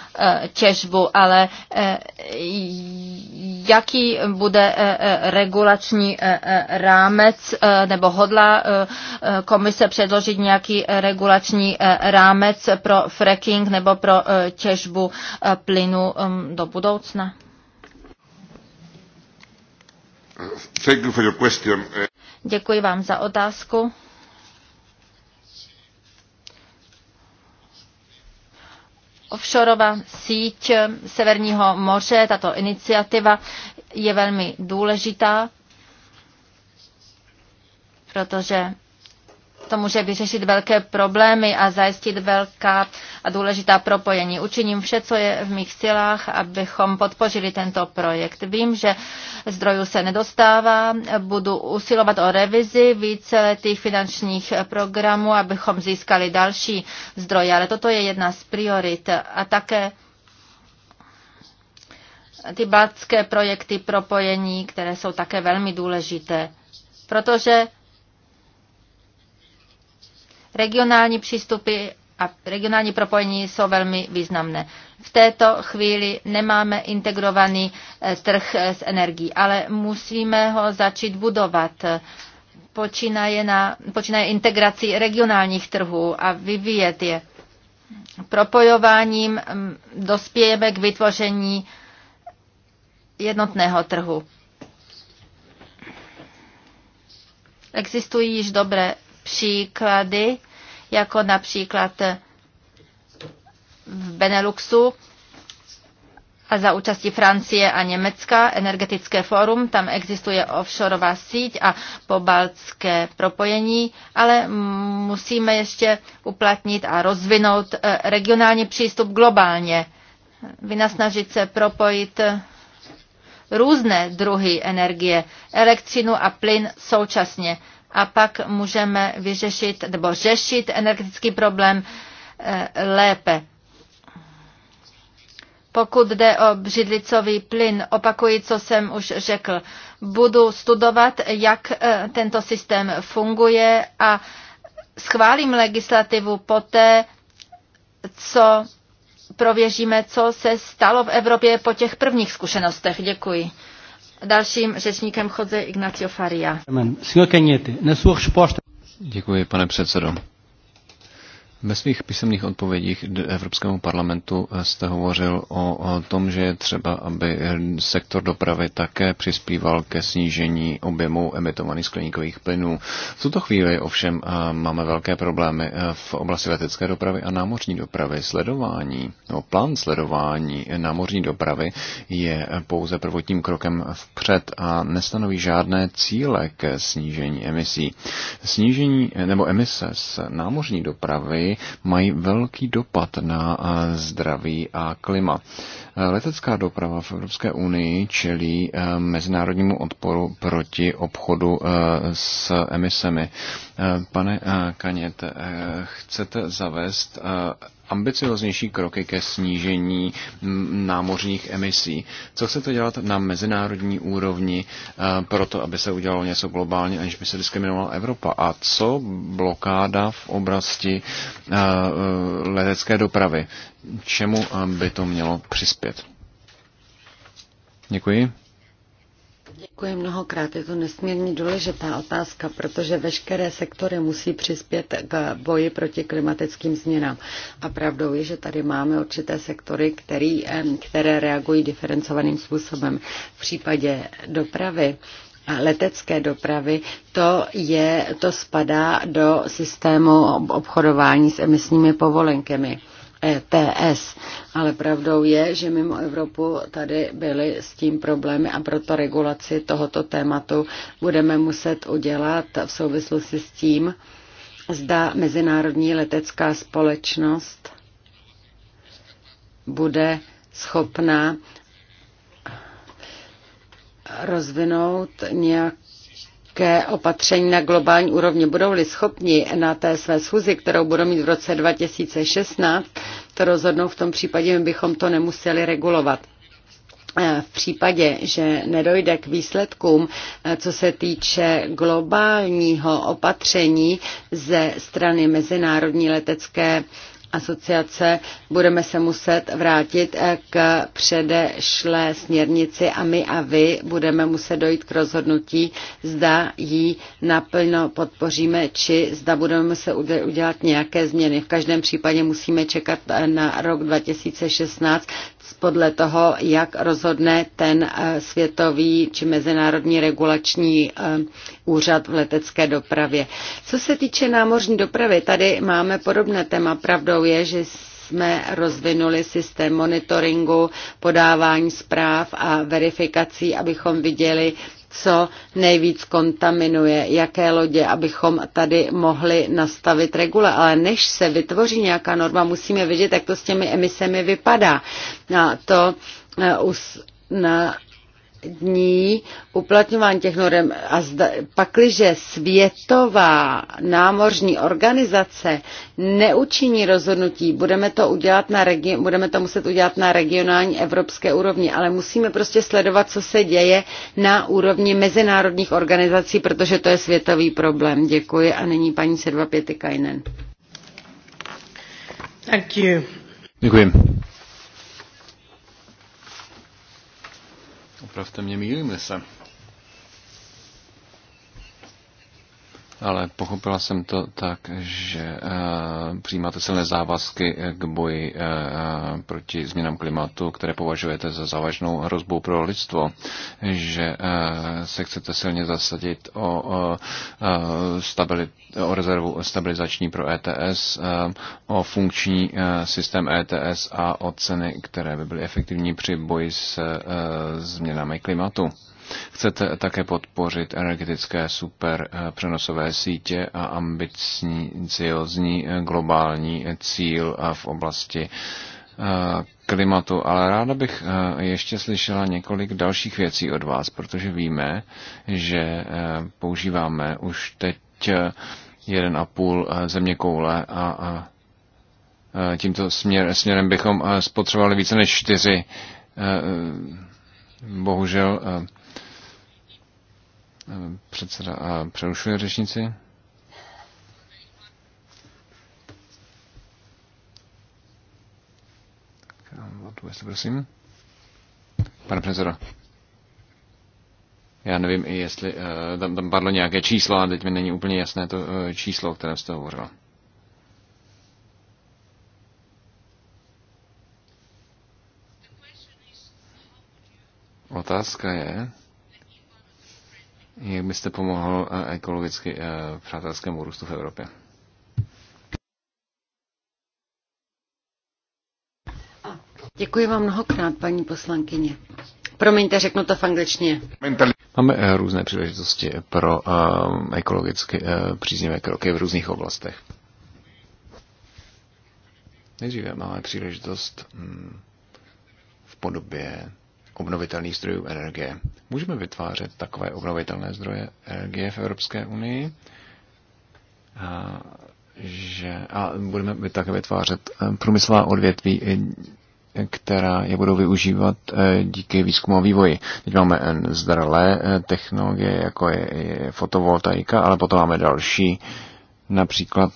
těžbu, ale e, jaký bude e, e, regulační rámec nebo hodla komise předložit nějaký regulační rámec pro fracking nebo pro těžbu plynu um, do budoucna? Děkuji vám za otázku. Offshoreová síť Severního moře, tato iniciativa je velmi důležitá, protože to může vyřešit velké problémy a zajistit velká a důležitá propojení. Učiním vše, co je v mých silách, abychom podpořili tento projekt. Vím, že zdrojů se nedostává, budu usilovat o revizi víceletých finančních programů, abychom získali další zdroje, ale toto je jedna z priorit a také ty baltské projekty propojení, které jsou také velmi důležité, protože Regionální přístupy a regionální propojení jsou velmi významné. V této chvíli nemáme integrovaný eh, trh eh, s energií, ale musíme ho začít budovat. Počínaje, na, počínaje integrací regionálních trhů a vyvíjet je. Propojováním mm, dospějeme k vytvoření jednotného trhu. Existují již dobré příklady, jako například v Beneluxu a za účasti Francie a Německa, energetické fórum, tam existuje offshoreová síť a pobaltské propojení, ale musíme ještě uplatnit a rozvinout eh, regionální přístup globálně, vynasnažit se propojit různé druhy energie, elektřinu a plyn současně a pak můžeme vyřešit nebo řešit energetický problém eh, lépe. Pokud jde o břidlicový plyn, opakuji, co jsem už řekl. Budu studovat, jak eh, tento systém funguje a schválím legislativu poté, co prověříme, co se stalo v Evropě po těch prvních zkušenostech. Děkuji. Dalším řečníkem chodze Ignacio Faria. Děkuji, pane předsedo. Ve svých písemných odpovědích Evropskému parlamentu eh, jste hovořil o tom, že je třeba, aby eh, sektor dopravy také přispíval ke snížení objemu emitovaných skleníkových plynů. V tuto chvíli ovšem eh, máme velké problémy v oblasti letecké dopravy a námořní dopravy. Sledování, no, plán sledování námořní dopravy je pouze prvotním krokem vpřed a nestanoví žádné cíle ke snížení emisí. Snížení nebo emise z námořní dopravy mají velký dopad na eh, zdraví a klima. Eh, letecká doprava v Evropské unii čelí eh, mezinárodnímu odporu proti obchodu s emisemi. Pane Kanět, chcete zavést ambicioznější kroky ke snížení námořních emisí. Co chcete dělat na mezinárodní úrovni eh, pro to, aby se udělalo něco globálně, aniž by se diskriminovala Evropa? A co blokáda v oblasti eh, eh, letecké dopravy? Čemu by to mělo přispět? Děkuji. Děkuji mnohokrát. Je to nesmírně důležitá otázka, protože veškeré sektory musí přispět k boji proti klimatickým změnám. A pravdou je, že tady máme určité sektory, který, které reagují diferencovaným způsobem. V případě dopravy a letecké dopravy, to, je, to spadá do systému obchodování s emisními povolenkami ETS. Ale pravdou je, že mimo Evropu tady byly s tím problémy a proto regulaci tohoto tématu budeme muset udělat v souvislosti s tím, zda Mezinárodní letecká společnost bude schopná rozvinout nějak ke opatření na globální úrovni. Budou-li schopni na té své schůzi, kterou budou mít v roce 2016, to rozhodnou v tom případě, my bychom to nemuseli regulovat eh, v případě, že nedojde k výsledkům, eh, co se týče globálního opatření ze strany Mezinárodní letecké asociace budeme se muset vrátit eh, k předešlé směrnici a my a vy budeme muset dojít k rozhodnutí, zda ji naplno podpoříme, či zda budeme muset udělat nějaké změny. V každém případě musíme čekat eh, na rok 2016, podle toho, jak rozhodne ten eh, světový či mezinárodní regulační eh, úřad v letecké dopravě. Co se týče námořní dopravy, tady máme podobné téma. Pravdou je, že jsme rozvinuli systém monitoringu, podávání zpráv a verifikací, abychom viděli, co nejvíc kontaminuje, jaké lodě, abychom tady mohli nastavit regule. Ale než se vytvoří nějaká norma, musíme vědět, jak to s těmi emisemi vypadá. A to eh, na dní uplatňování těch norm a zda, pakliže světová námořní organizace neučiní rozhodnutí, budeme to, udělat na regi- budeme to muset udělat na regionální evropské úrovni, ale musíme prostě sledovat, co se děje na úrovni mezinárodních organizací, protože to je světový problém. Děkuji a nyní paní Sedva Pětikajnen. Thank you. Děkuji. Opravte mě, mýlíme se. ale pochopila jsem to tak, že eh, přijímáte silné závazky eh, k boji eh, proti změnám klimatu, které považujete za závažnou hrozbu pro lidstvo, že se chcete silně zasadit o, stabilit, o rezervu stabilizační pro ETS, o funkční systém ETS a o ceny, které by byly efektivní při boji s změnami klimatu. Chcete také podpořit energetické super eh, přenosové sítě a ambiciozní eh, globální eh, cíl v oblasti klimatu, ale ráda bych ještě slyšela několik dalších věcí od vás, protože víme, že používáme už teď 1,5 země koule a tímto směr, směrem bychom spotřebovali více než 4. Bohužel Předseda a přerušuje řečnici. prosím. Pane předsedo. Já nevím, jestli eh, tam, tam padlo nějaké číslo a teď mi není úplně jasné to eh, číslo, o kterém jste hovořil. Otázka je, jak byste pomohl eh, ekologicky eh, přátelskému růstu v Evropě? Děkuji vám mnohokrát, paní poslankyně. Promiňte, řeknu to v angličtině. Máme eh, různé příležitosti pro um, ekologicky uh, příznivé kroky v různých oblastech. Nejdříve máme příležitost hm, v podobě obnovitelných zdrojů energie. Můžeme vytvářet takové obnovitelné zdroje energie v Evropské unii, a, že, a budeme také vytvářet eh, průmyslová odvětví, eh, která je budou využívat eh, díky výzkumu a vývoji. Teď máme zdralé technologie, jako je, je fotovoltaika, ale potom máme další, například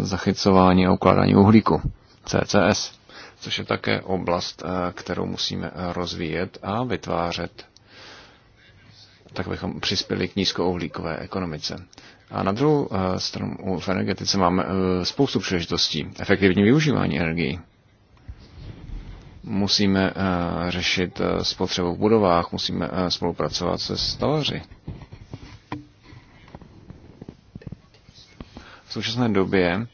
zachycování a ukládání uhlíku, CCS což je také oblast, eh, kterou musíme eh, rozvíjet a vytvářet, tak bychom přispěli k nízkouhlíkové ekonomice. A na druhou eh, stranu v energetice máme spoustu příležitostí. Efektivní využívání energii. Musíme řešit spotřebu v budovách, musíme spolupracovat se stavaři. V současné době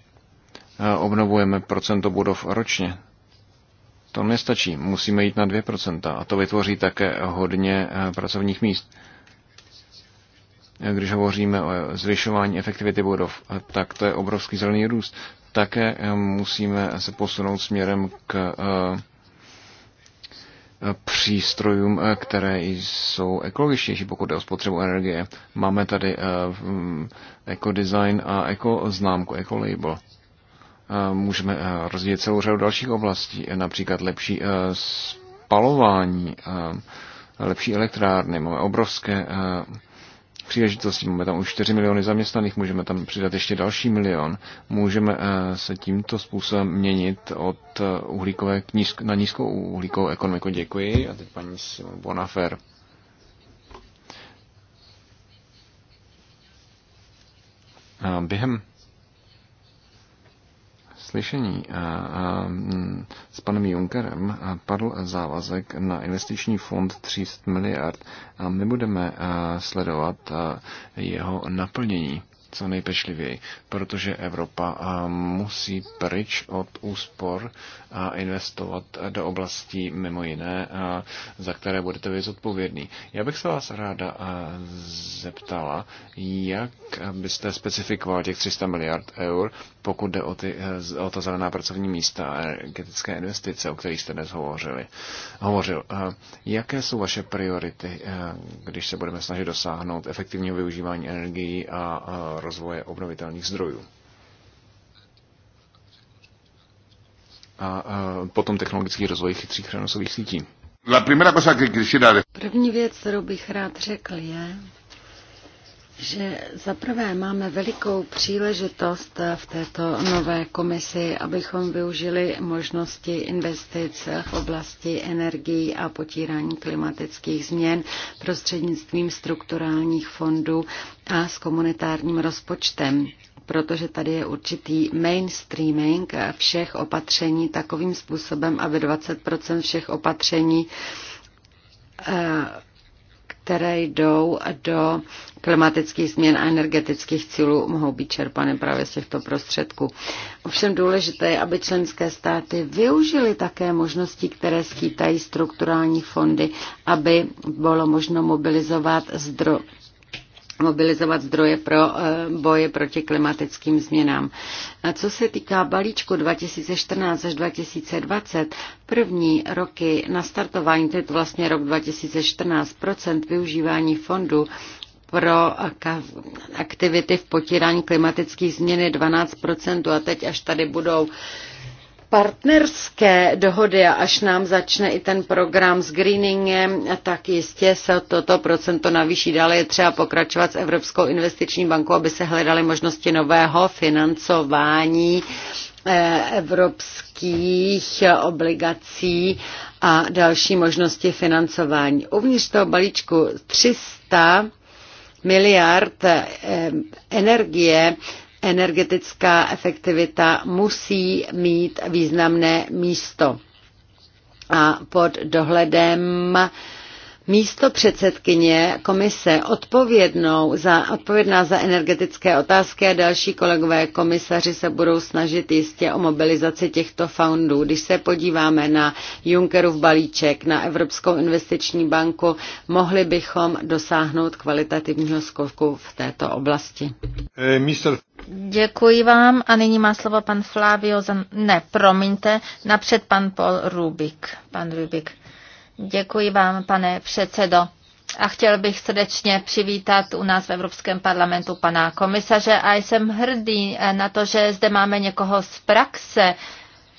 obnovujeme procento budov ročně. To nestačí. Musíme jít na 2% a to vytvoří také hodně eh, pracovních míst. Eh, když hovoříme o zvyšování efektivity budov, eh, tak to je obrovský zelený růst. Také musíme se posunout směrem k přístrojům, které jsou ekologičtější, pokud jde o spotřebu energie. Máme tady ekodesign mm, a ekoznámku, ekolabel. Eh, můžeme eh, rozvíjet celou řadu dalších oblastí, eh, například lepší spalování, lepší elektrárny. Máme obrovské příležitosti. Máme tam už 4 miliony zaměstnaných, můžeme tam přidat ještě další milion. Můžeme se tímto způsobem měnit od uhlíkové knížk, na nízkou uhlíkovou ekonomiku. Děkuji. A teď paní Simon Bonafer. během slyšení mm, s panem Junkerem padl závazek na investiční fond 300 miliard a my budeme sledovat jeho naplnění co nejpečlivěji, protože Evropa musí pryč od úspor a investovat do oblastí mimo jiné, za které budete vy zodpovědný. Já bych se vás ráda zeptala, jak byste specifikoval těch 300 miliard eur pokud jde o, ty, eh, o to zelená pracovní místa a energetické investice, o kterých jste dnes hovořili, hovořil. Eh, jaké jsou vaše priority, eh, když se budeme snažit dosáhnout efektivního využívání energií a rozvoje obnovitelných zdrojů? A potom technologický rozvoj chytřích přenosových sítí. První věc, kterou bych rád řekl, je, že zaprvé máme velikou příležitost v této nové komisi, abychom využili možnosti investic v oblasti energií a potírání klimatických změn prostřednictvím strukturálních fondů a s komunitárním rozpočtem protože tady je určitý mainstreaming všech opatření takovým způsobem, aby 20 všech opatření eh, které jdou do klimatických změn a energetických cílů, mohou být čerpané právě z těchto prostředků. Ovšem důležité je, aby členské státy využily také možnosti, které skýtají strukturální fondy, aby bylo možno mobilizovat zdroje mobilizovat zdroje pro eh, boje proti klimatickým změnám. A co se týká balíčku 2014 až 2020, první roky nastartování, to je to vlastně rok 2014, procent využívání fondu pro aktivity v potírání klimatických změn je 12%, a teď až tady budou partnerské dohody a až nám začne i ten program s greeningem, tak jistě se toto procento navýší. Dále je třeba pokračovat s Evropskou investiční bankou, aby se hledaly možnosti nového financování eh, evropských obligací a další možnosti financování. Uvnitř toho balíčku 300 miliard eh, energie energetická efektivita musí mít významné místo. A pod dohledem uh, místo předsedkyně komise odpovědnou za, odpovědná za energetické otázky a další kolegové komisaři se budou snažit jistě o mobilizaci těchto fondů. Když se podíváme na Junckerův balíček, na Evropskou investiční banku, mohli bychom dosáhnout kvalitativního skoku v této oblasti. Eh, Děkuji vám a nyní má slovo pan Flavio, ne, promiňte, napřed pan Paul Rubik. Pan Rubik. Děkuji vám, pane předsedo. A chtěl bych srdečně přivítat u nás v Evropském parlamentu pana komisaře a jsem hrdý eh, na to, že zde máme někoho z praxe,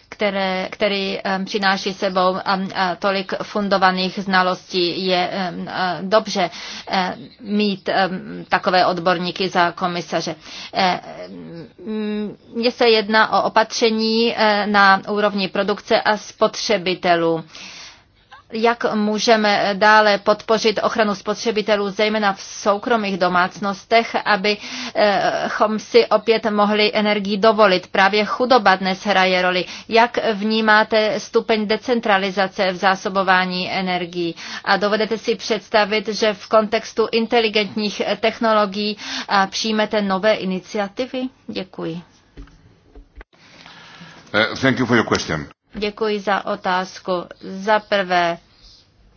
které, který eh, přináší sebou eh, tolik fundovaných znalostí. Je dobře mít takové odborníky za komisaře. Mm, mně se jedná o opatření na úrovni produkce a spotřebitelů jak můžeme dále podpořit ochranu spotřebitelů, zejména v soukromých domácnostech, abychom si opět mohli energii dovolit. Právě chudoba dnes hraje roli. Jak vnímáte stupeň decentralizace v zásobování energií? A dovedete si představit, že v kontextu inteligentních technologií přijmete nové iniciativy? Děkuji. Uh, thank you for your question. Děkuji za otázku. Za prvé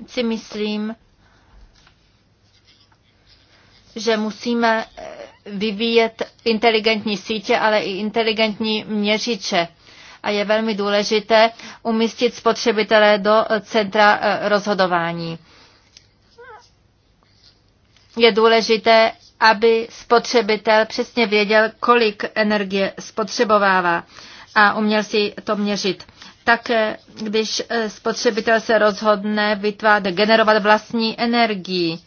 si myslím, že musíme eh, vyvíjet inteligentní sítě, ale i inteligentní měřiče. A je velmi důležité umístit spotřebitele do eh, centra eh, rozhodování. Je důležité, aby spotřebitel přesně věděl, kolik energie spotřebovává a uměl si to měřit. Tak když eh, spotřebitel se rozhodne vytvářet, generovat vlastní energii.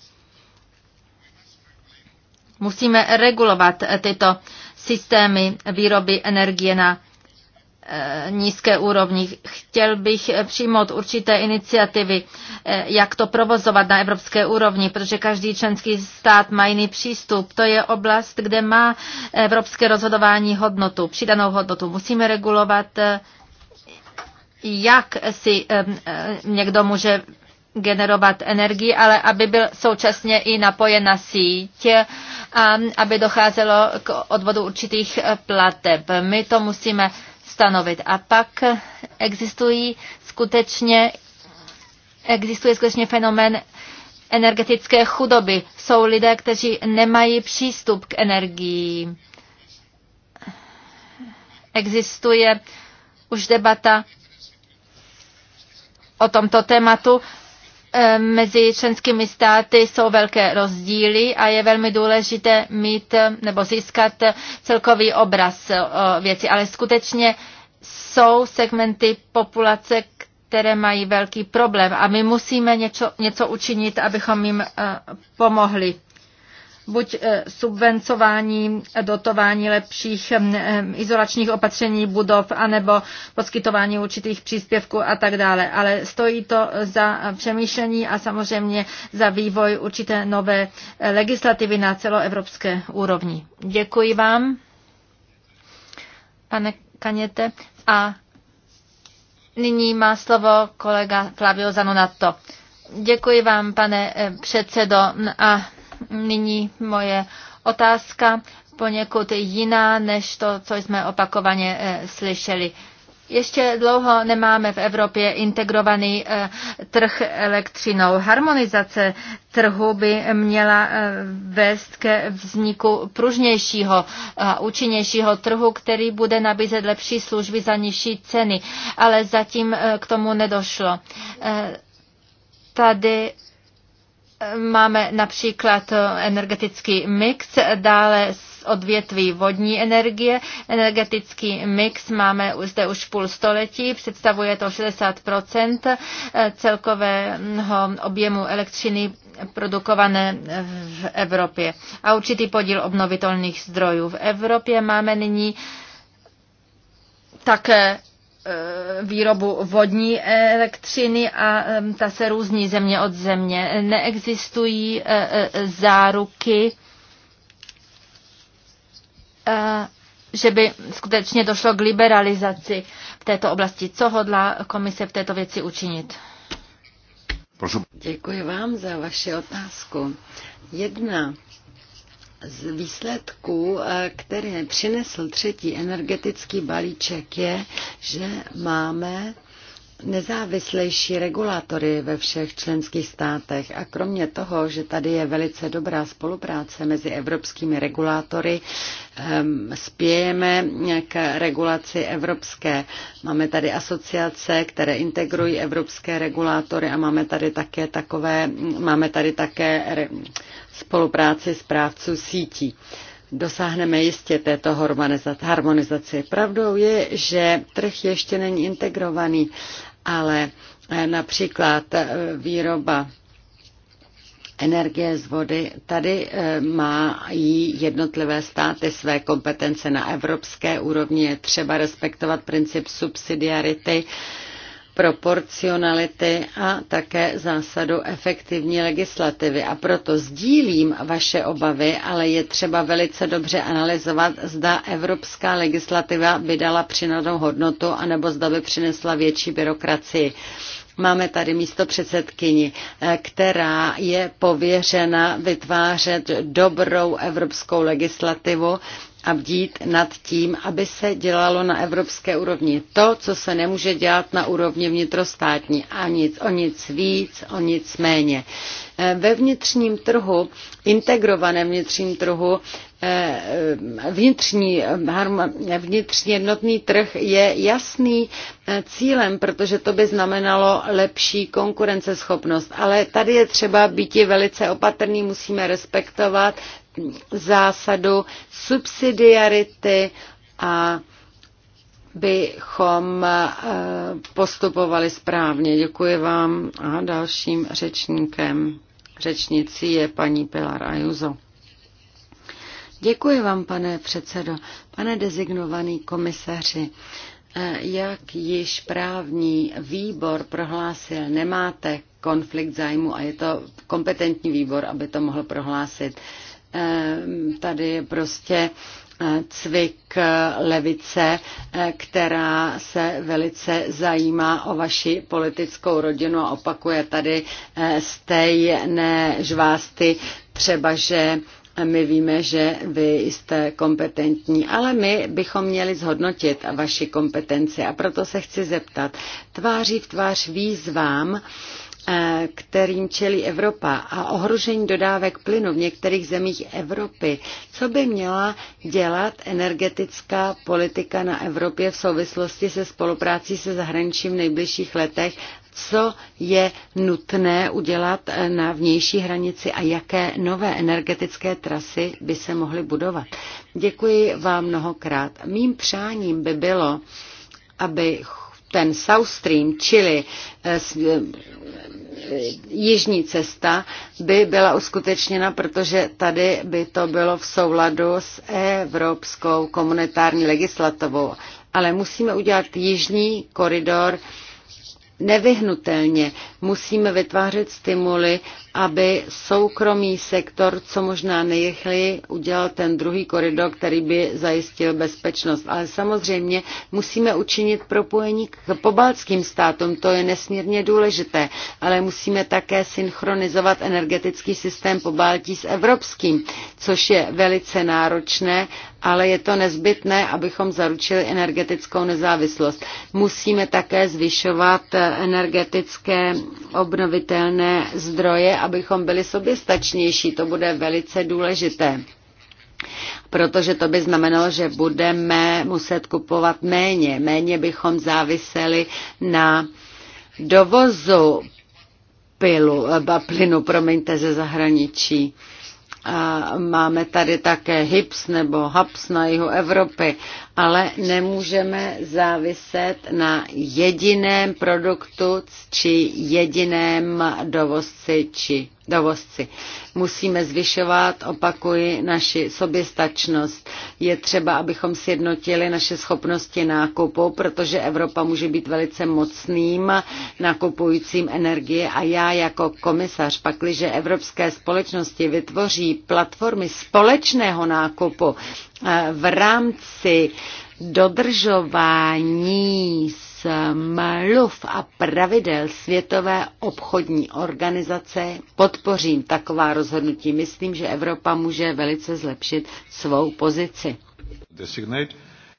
Musíme regulovat eh, tyto systémy výroby energie na eh, nízké úrovni. Chtěl bych přijmout určité iniciativy, jak to provozovat na evropské úrovni, protože každý členský stát má jiný přístup. To je oblast, kde má evropské rozhodování hodnotu, přidanou hodnotu. Musíme regulovat jak si eh, někdo může generovat energii, ale aby byl současně i napojen na síť a aby docházelo k odvodu určitých eh, plateb. My to musíme stanovit. A pak existují skutečně, existuje skutečně fenomén energetické chudoby. Jsou lidé, kteří nemají přístup k energii. Existuje už debata o tomto tématu. E, mezi členskými státy jsou velké rozdíly a je velmi důležité mít e, nebo získat e, celkový obraz věci. Ale skutečně jsou segmenty populace, které mají velký problém a my musíme něco, něco učinit, abychom jim pomohli buď eh, subvencování, dotování lepších eh, izolačních opatření budov, anebo poskytování určitých příspěvků a tak dále. Ale stojí to za přemýšlení a samozřejmě za vývoj určité nové eh, legislativy na celoevropské úrovni. Děkuji vám, pane Kaněte. A nyní má slovo kolega Flavio Zanonato. Děkuji vám, pane předsedo, a Nyní moje otázka poněkud jiná než to, co jsme opakovaně eh, slyšeli. Ještě dlouho nemáme v Evropě integrovaný eh, trh elektřinou. Harmonizace trhu by měla eh, vést ke vzniku pružnějšího a účinnějšího trhu, který bude nabízet lepší služby za nižší ceny, ale zatím k tomu nedošlo. Tady Máme například energetický mix, dále odvětví vodní energie. Energetický mix máme zde už půl století, představuje to 60 celkového objemu elektřiny produkované v Evropě a určitý podíl obnovitelných zdrojů. V Evropě máme nyní také Eh, výrobu vodní elektřiny a ta se různí země od země. Neexistují eh, eh, záruky, že by skutečně došlo k liberalizaci v této oblasti. Co hodlá komise v této věci učinit? Děkuji vám za vaši otázku. Jedna z výsledků, eh, které přinesl třetí energetický balíček, je, že máme nezávislejší regulátory ve všech členských státech a kromě toho, že tady je velice dobrá spolupráce mezi evropskými regulátory, ehm, spějeme k regulaci evropské. Máme tady asociace, které integrují evropské regulátory a máme tady také takové, máme tady také spolupráci správců sítí dosáhneme jistě této harmonizace. Pravdou je, že trh ještě není integrovaný, ale eh, například eh, výroba energie z vody. Tady eh, mají jednotlivé státy své kompetence na evropské úrovni. Je třeba respektovat princip subsidiarity proporcionality a také zásadu efektivní legislativy. A proto sdílím vaše obavy, ale je třeba velice dobře analyzovat, zda evropská legislativa by dala přinadou hodnotu, anebo zda by přinesla větší byrokracii. Máme tady místo předsedkyni, eh, která je pověřena vytvářet dobrou evropskou legislativu a bdít nad tím, aby se dělalo na evropské úrovni to, co se nemůže dělat na úrovni vnitrostátní a nic, o nic víc, o nic méně. Eh, ve vnitřním trhu, integrovaném vnitřním trhu, eh, eh, vnitřní, vnitřní jednotný trh je jasný cílem, protože to by znamenalo lepší konkurenceschopnost. Ale tady je třeba být velice opatrný, musíme respektovat zásadu subsidiarity a bychom eh, postupovali správně. Děkuji vám a dalším řečníkem. Řečnicí je paní Pilar Ajuzo. Děkuji vám, pane předsedo. Pane dezignovaný komisaři, eh, jak již právní výbor prohlásil, nemáte konflikt zájmu a je to kompetentní výbor, aby to mohl prohlásit. Tady je prostě eh, cvik eh, levice, eh, která se velice zajímá o vaši politickou rodinu a opakuje tady stejné žvásty, třeba že my víme, že vy jste kompetentní, ale my bychom měli zhodnotit vaši kompetenci a proto se chci zeptat. Tváří v tvář výzvám, vám Eh, kterým čelí Evropa a ohrožení dodávek plynu v některých zemích Evropy, co by měla dělat energetická politika na Evropě v souvislosti se spoluprácí se zahraničím v nejbližších letech, co je nutné udělat eh, na vnější hranici a jaké nové energetické trasy by se mohly budovat. Děkuji vám mnohokrát. Mým přáním by bylo, abych ten South Stream, čili eh, eh, jižní cesta, by byla uskutečněna, protože tady by to bylo v souladu s evropskou komunitární legislativou. Ale musíme udělat jižní koridor nevyhnutelně musíme vytvářet stimuly, aby soukromý sektor co možná nejrychleji udělal ten druhý koridor, který by zajistil bezpečnost. Ale samozřejmě musíme učinit propojení k pobaltským státům, to je nesmírně důležité, ale musíme také synchronizovat energetický systém pobaltí s evropským, což je velice náročné ale je to nezbytné, abychom zaručili energetickou nezávislost. Musíme také zvyšovat energetické obnovitelné zdroje, abychom byli soběstačnější. To bude velice důležité protože to by znamenalo, že budeme muset kupovat méně. Méně bychom záviseli na dovozu pilu, eh, plynu promiňte, ze zahraničí máme tady také HIPS nebo HAPS na jihu Evropy, ale nemůžeme záviset na jediném produktu či jediném dovozci či dovozci. Musíme zvyšovat, opakuji, naši soběstačnost. Je třeba, abychom sjednotili naše schopnosti nákupu, protože Evropa může být velice mocným nakupujícím energie a já jako komisař, pakliže evropské společnosti vytvoří platformy společného nákupu eh, v rámci Dodržování smluv a pravidel Světové obchodní organizace podpořím taková rozhodnutí. Myslím, že Evropa může velice zlepšit svou pozici. Designate.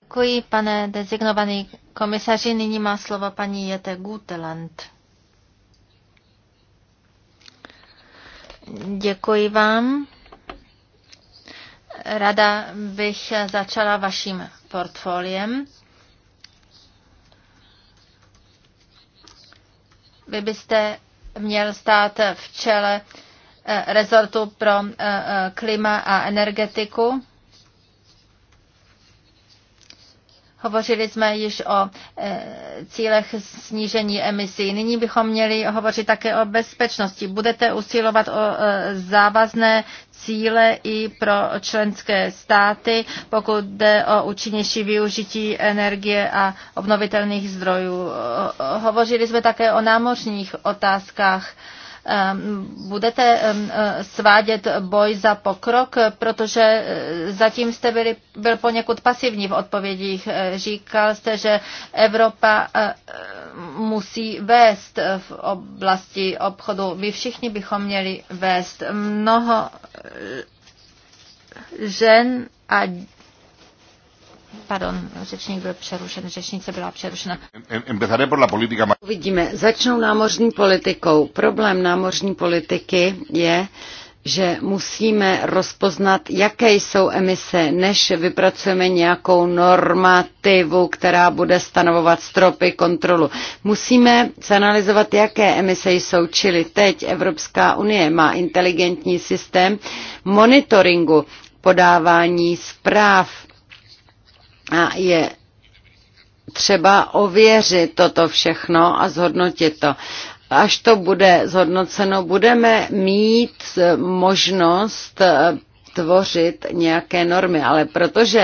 Děkuji, pane designovaný komisaři. Nyní má slovo paní Jete Guteland. Děkuji vám. Rada bych začala vaším portfoliem. Vy byste měl stát v čele eh, rezortu pro eh, eh, klima a energetiku. Hovořili jsme již o e, cílech snížení emisí. Nyní bychom měli hovořit také o bezpečnosti. Budete usilovat o e, závazné cíle i pro členské státy, pokud jde o účinnější využití energie a obnovitelných zdrojů. Hovořili jsme také o námořních otázkách Ehm, budete ehm, e, svádět boj za pokrok, protože e, zatím jste byli, byl poněkud pasivní v odpovědích. E, říkal jste, že Evropa musí vést v oblasti obchodu. My všichni bychom měli vést mnoho žen a Pardon, řečník byl přerušen, řečnice byla přerušena. Uvidíme, začnou námořní politikou. Problém námořní politiky je, že musíme rozpoznat, jaké jsou emise, než vypracujeme nějakou normativu, která bude stanovovat stropy kontrolu. Musíme zanalizovat, jaké emise jsou, čili teď Evropská unie má inteligentní systém monitoringu podávání zpráv a je třeba ověřit toto všechno a zhodnotit to. Až to bude zhodnoceno, budeme mít možnost eh, tvořit nějaké normy, ale protože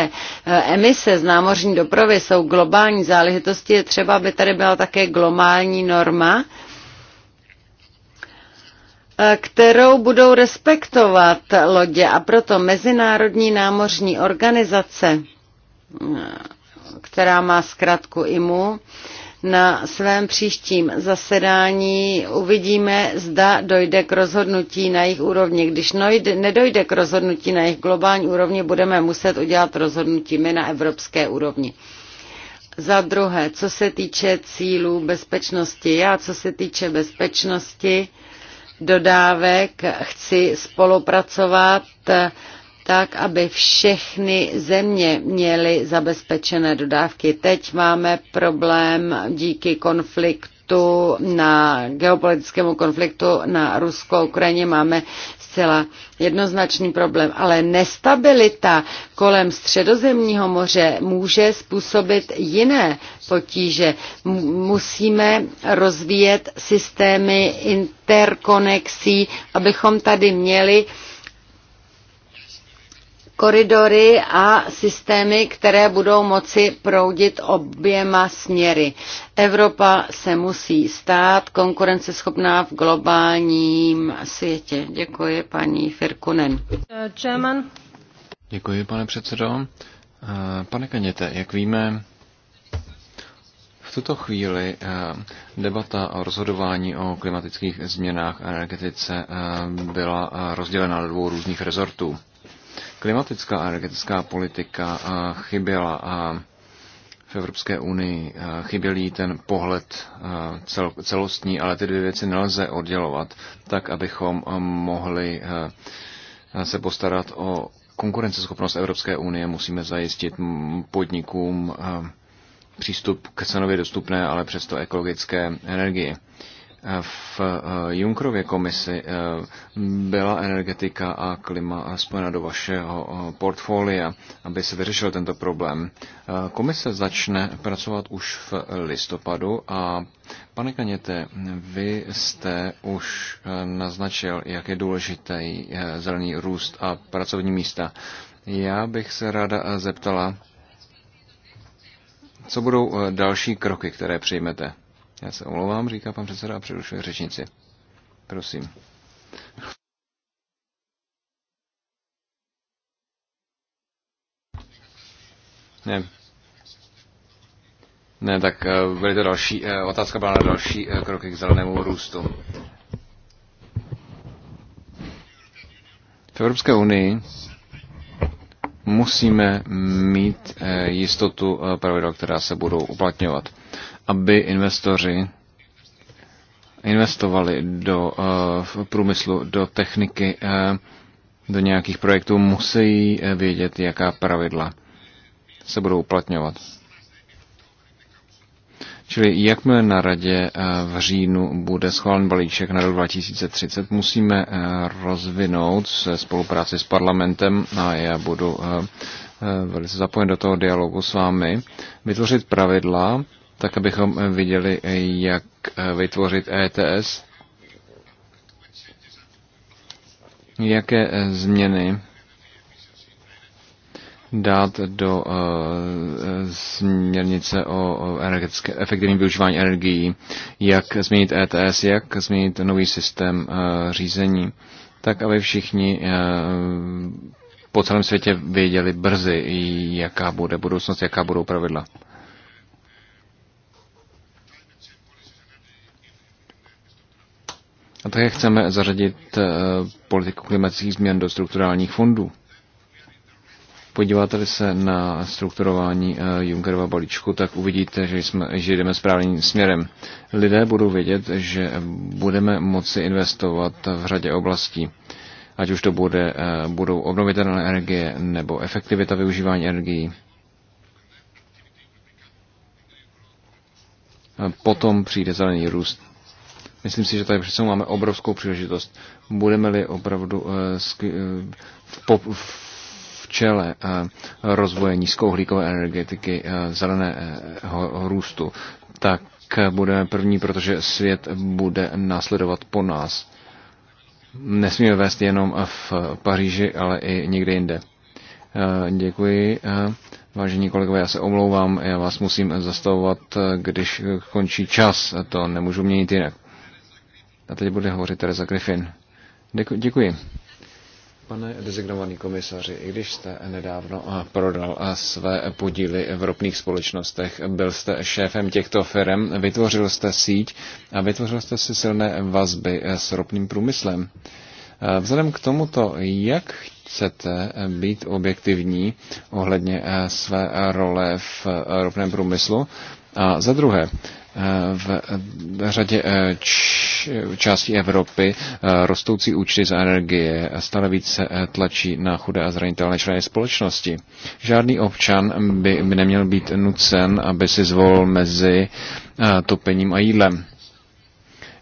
eh, emise z námořní dopravy jsou globální záležitosti, je třeba, aby tady byla také globální norma, eh, kterou budou respektovat lodě a proto Mezinárodní námořní organizace která má zkratku IMU, na svém příštím zasedání uvidíme, zda dojde k rozhodnutí na jejich úrovni. Když nedojde k rozhodnutí na jejich globální úrovni, budeme muset udělat rozhodnutí my na evropské úrovni. Za druhé, co se týče cílů bezpečnosti, já co se týče bezpečnosti dodávek, chci spolupracovat tak, aby všechny země měly zabezpečené dodávky. Teď máme problém díky konfliktu na geopolitickému konfliktu na Rusko-Ukrajině máme zcela jednoznačný problém, ale nestabilita kolem středozemního moře může způsobit jiné potíže. Musíme rozvíjet systémy interkonexí, abychom tady měli uh, koridory a systémy, které budou moci proudit oběma směry. Evropa se musí stát konkurenceschopná v globálním světě. Děkuji paní Firkunen. Čeman. Děkuji, pane předsedo. Eh, pane Kaněte, jak víme, v tuto chvíli eh, debata o rozhodování o klimatických změnách a energetice eh, byla rozdělena do dvou různých rezortů klimatická a energetická politika chyběla a v Evropské unii. Chyběl jí ten pohled celostní, ale ty dvě věci nelze oddělovat tak, abychom mohli se postarat o konkurenceschopnost Evropské unie. Musíme zajistit podnikům přístup k cenově dostupné, ale přesto ekologické energii v eh, Junkrově komisi eh, byla energetika a klima spojena do vašeho eh, portfolia, aby se vyřešil tento problém. Komise začne pracovat už v listopadu a pane Kaněte, vy jste už naznačil, jak je důležitý zelený růst a pracovní místa. Já bych se ráda zeptala, co budou další kroky, které přijmete? Já se omlouvám, říká pan předseda a přerušuje řečnici. Prosím. Ne. Ne, tak eh, byly to další, eh, otázka byla na další eh, kroky k zelenému růstu. V Evropské unii musíme mít jistotu pravidel, která se budou uplatňovat aby investoři investovali do uh, průmyslu, do techniky, uh, do nějakých projektů, musí eh, vědět, jaká pravidla se budou uplatňovat. Čili jakmile na radě v říjnu bude schválen balíček na rok 2030, musíme rozvinout se spolupráci s parlamentem a já budu velice zapojen do toho dialogu s vámi, vytvořit pravidla, tak abychom viděli, jak vytvořit ETS, jaké změny dát do eh, směrnice o energetické, efektivním využívání energií, jak změnit ETS, jak změnit nový systém eh, řízení, tak aby všichni eh, po celém světě věděli brzy, jaká bude budoucnost, jaká budou pravidla. A také chceme zařadit eh, politiku klimatických změn do strukturálních fondů. Podíváte-li se na strukturování eh, Junckerova balíčku, tak uvidíte, že, jsme, že jdeme správným směrem. Lidé budou vědět, že budeme moci investovat v řadě oblastí. Ať už to bude, eh, budou obnovitelné energie nebo efektivita využívání energií. Potom přijde zelený růst Myslím si, že tady přece máme obrovskou příležitost. Budeme-li opravdu eh, eh, v čele eh, rozvoje nízkouhlíkové energetiky, zeleného růstu, tak budeme první, protože svět bude následovat po nás. Nesmíme vést jenom v Paříži, ale i někde jinde. Děkuji. Vážení kolegové, já se omlouvám, já vás musím zastavovat, když končí čas, to nemůžu měnit jinak. A teď bude hovořit Teresa Griffin. Děkuji. Pane designovaný komisaři, i když jste nedávno eh, prodal eh, své podíly v ropných společnostech, byl jste šéfem těchto firm, vytvořil jste síť a vytvořil jste si silné vazby eh, s ropným průmyslem. Vzhledem k tomuto, jak chcete být objektivní ohledně své role v ropném průmyslu? A za druhé, Eh, v řadě eh, částí Evropy eh, rostoucí účty za energie stále více tlačí na chudé a zranitelné členy společnosti. Žádný občan by neměl být nucen, aby si zvolil mezi topením a jídlem.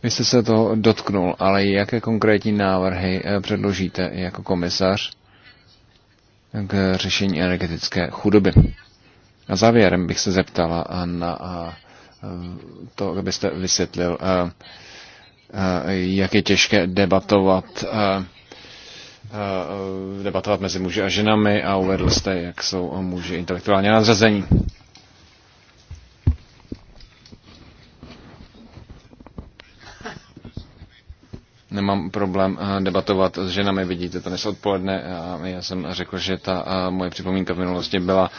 Vy jste se to dotknul, ale jaké konkrétní návrhy předložíte jako komisař k řešení energetické chudoby? A závěrem bych se zeptala na Eh, to, abyste vysvětlil, eh, eh, jak je těžké debatovat debatovat mezi muži a ženami a uvedl jste, jak jsou muži intelektuálně nadřazení. nemám problém debatovat s ženami, vidíte to dnes odpoledne. Já jsem řekl, že ta moje připomínka v minulosti byla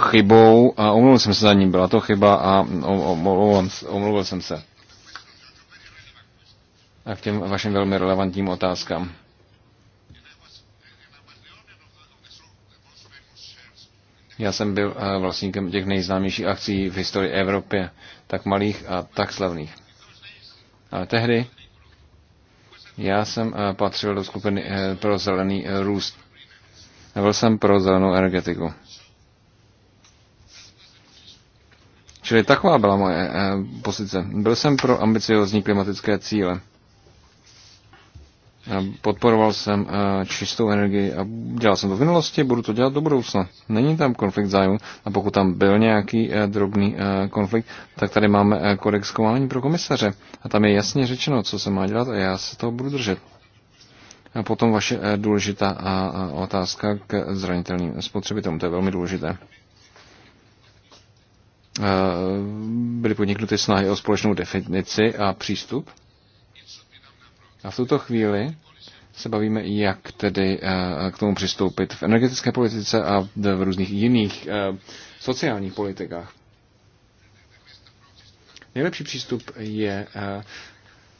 chybou a omluvil jsem se za ní, byla to chyba a omluvil jsem se. A k těm vašim velmi relevantním otázkám. Já jsem byl eh, vlastníkem těch nejznámějších akcí v historii Evropy, tak malých a tak slavných. Ale tehdy já jsem eh, patřil do skupiny eh, pro zelený růst. Byl jsem pro zelenou energetiku. Čili taková byla moje eh, pozice. Byl jsem pro ambiciozní klimatické cíle. Podporoval jsem eh, čistou energii a dělal jsem to v minulosti, budu to dělat do budoucna. Není tam konflikt zájmu a pokud tam byl nějaký eh, drobný konflikt, tak tady máme kodex chování pro komisaře a tam je jasně řečeno, co se má dělat a já se toho budu držet. A potom vaše důležitá otázka k zranitelným spotřebitelům, to je velmi důležité. Eh, byly podniknuty snahy o společnou definici a přístup. A v tuto chvíli se bavíme, jak tedy eh, k tomu přistoupit v energetické politice a v různých jiných eh, sociálních politikách. Nejlepší přístup je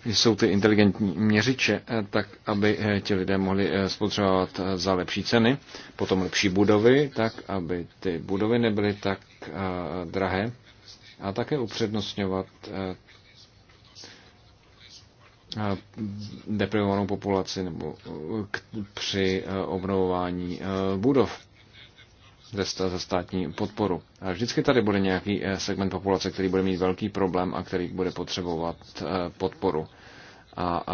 jsou ty inteligentní měřiče, eh, tak aby eh, ti lidé mohli eh, spotřebovat za lepší ceny, potom lepší budovy, tak aby ty budovy nebyly tak drahé a také upřednostňovat deprivovanou populaci nebo při obnovování budov ze státní podporu. A vždycky tady bude nějaký eh, segment populace, který bude mít velký problém a který bude potřebovat eh, podporu. A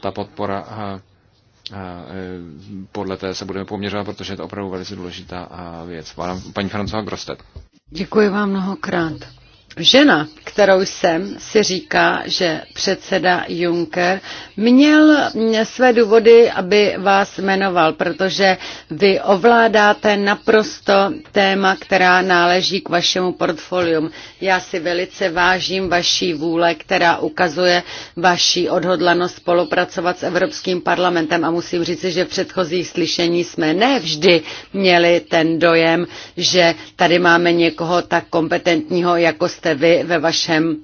ta podpora eh, podle té se budeme poměřovat, protože je to opravdu velice důležitá věc. Paní Francova Grostet. Děkuji vám mnohokrát. Žena, kterou jsem, si říká, že předseda Juncker měl své důvody, aby vás jmenoval, protože vy ovládáte naprosto téma, která náleží k vašemu portfolium. Já si velice vážím vaší vůle, která ukazuje vaší odhodlanost spolupracovat s Evropským parlamentem a musím říci, že v předchozích slyšení jsme nevždy měli ten dojem, že tady máme někoho tak kompetentního, jako jste máte vy ve vašem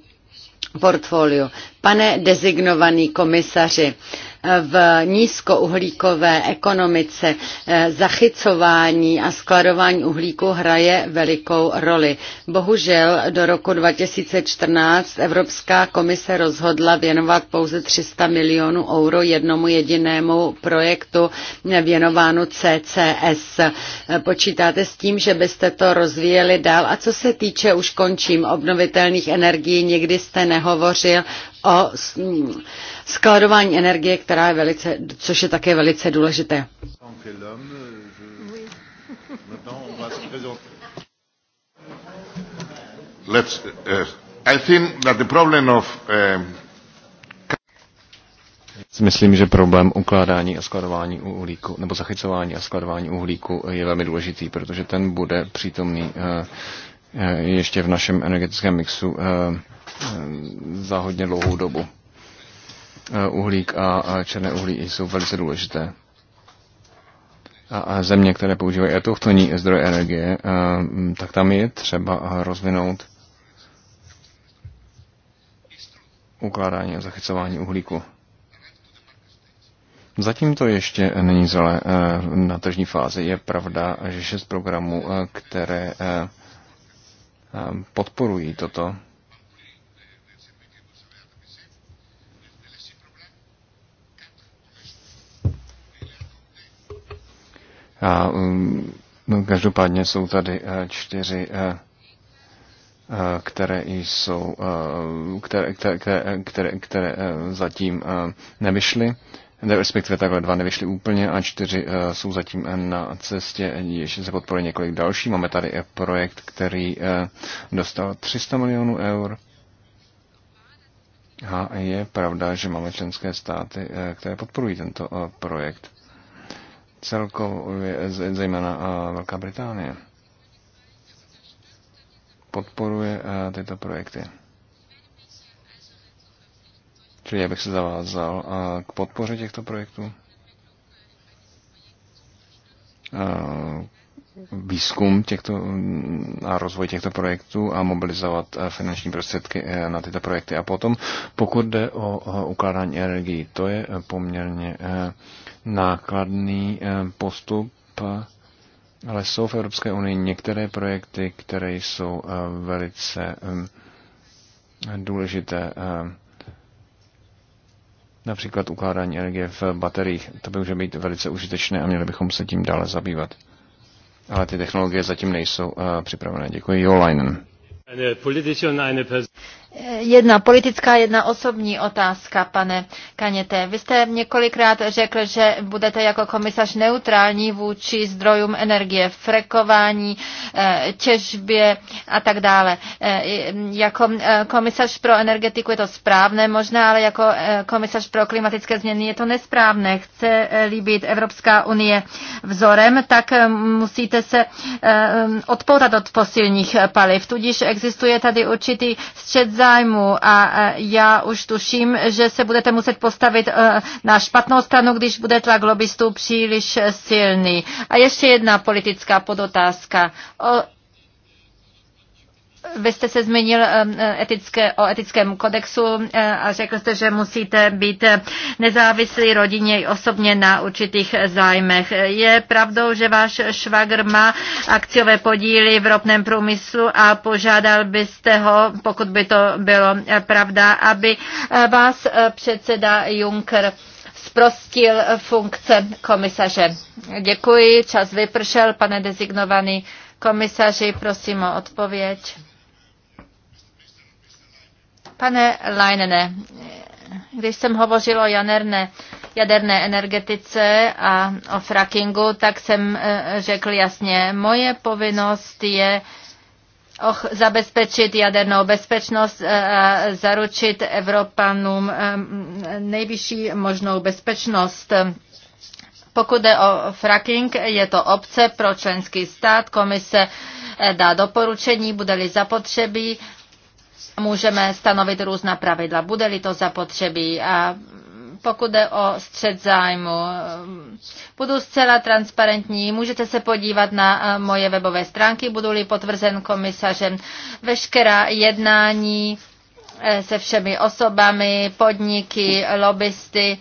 portfoliu. Pane designovaný komisaři, v nízkouhlíkové ekonomice eh, zachycování a skladování uhlíku hraje velikou roli. Bohužel do roku 2014 Evropská komise rozhodla věnovat pouze 300 milionů euro jednomu jedinému projektu eh, věnovánu CCS. Eh, počítáte s tím, že byste to rozvíjeli dál? A co se týče, už končím, obnovitelných energií, nikdy jste nehovořil o skladování energie, která je velice, což je také velice důležité. Let's, uh, I think that the problem of, uh... Myslím, že problém ukládání a skladování uhlíku, nebo zachycování a skladování uhlíku je velmi důležitý, protože ten bude přítomný uh, ještě v našem energetickém mixu za hodně dlouhou dobu. Eh, uhlík a černé uhlí jsou velice důležité. A země, které používají autochtonní zdroje energie, eh, tak tam je třeba eh, rozvinout ukládání a zachycování uhlíku. Zatím to ještě není zralé na tržní fázi. Je pravda, že šest programů, které podporují toto, A um, no, každopádně jsou tady eh, čtyři eh, eh, které jsou, které, které, které, které zatím nevyšly, respektive takhle dva nevyšly úplně a čtyři jsou zatím na cestě, ještě se podporuje několik dalších. Máme tady projekt, který dostal 300 milionů eur. A je pravda, že máme členské státy, které podporují tento projekt celkově, zejména eh, Velká Británie, podporuje eh, tyto projekty. Čili já bych se zavázal eh, k podpoře těchto projektů, výzkum těchto mm, a rozvoj těchto projektů a mobilizovat finanční prostředky na tyto projekty. A potom, pokud jde o ukládání energií, to je poměrně nákladný eh, postup, ale jsou v Evropské unii některé projekty, které jsou eh, velice důležité. Eh, například ukládání energie v bateriích. To by může být velice užitečné a měli bychom se tím dále zabývat. Ale ty technologie zatím nejsou připravené. Děkuji, Jo Jedna politická, jedna osobní otázka, pane Kaněte. Vy jste několikrát řekl, že budete jako komisař neutrální vůči zdrojům energie, frekování, eh, těžbě a tak dále. Eh, jako eh, komisař pro energetiku je to správné, možná, ale jako komisař pro klimatické změny je to nesprávné. Chce-li být Evropská unie vzorem, tak musíte se odpoutat od fosilních paliv. Tudíž existuje tady určitý střed zájmu a e, já už tuším, že se budete muset postavit e, na špatnou stranu, když bude tlak lobbystů příliš silný. A ještě jedna politická podotázka. Vy jste se zmínil eh, etické, o etickém kodexu eh, a řekl jste, že musíte být nezávislí rodině i osobně na určitých zájmech. Je pravdou, že váš švagr má akciové podíly v ropném průmyslu a požádal byste ho, pokud by to bylo pravda, aby vás předseda Juncker zprostil funkce komisaře. Děkuji, čas vypršel, pane dezignovaný komisaři, prosím o odpověď. Pane Leinene, když jsem hovořil o jaderné, jaderné energetice a o frackingu, tak jsem eh, řekl jasně, moje povinnost je och, zabezpečit jadernou bezpečnost eh, a zaručit Evropanům eh, nejvyšší možnou bezpečnost. Pokud jde o fracking, je to obce pro členský stát, komise dá doporučení, bude-li zapotřebí můžeme stanovit různá pravidla, bude-li to zapotřebí a pokud jde o střed zájmu. Budu zcela transparentní, můžete se podívat na eh, moje webové stránky, budu-li potvrzen komisařem. Veškerá jednání eh, se všemi osobami, podniky, lobbysty,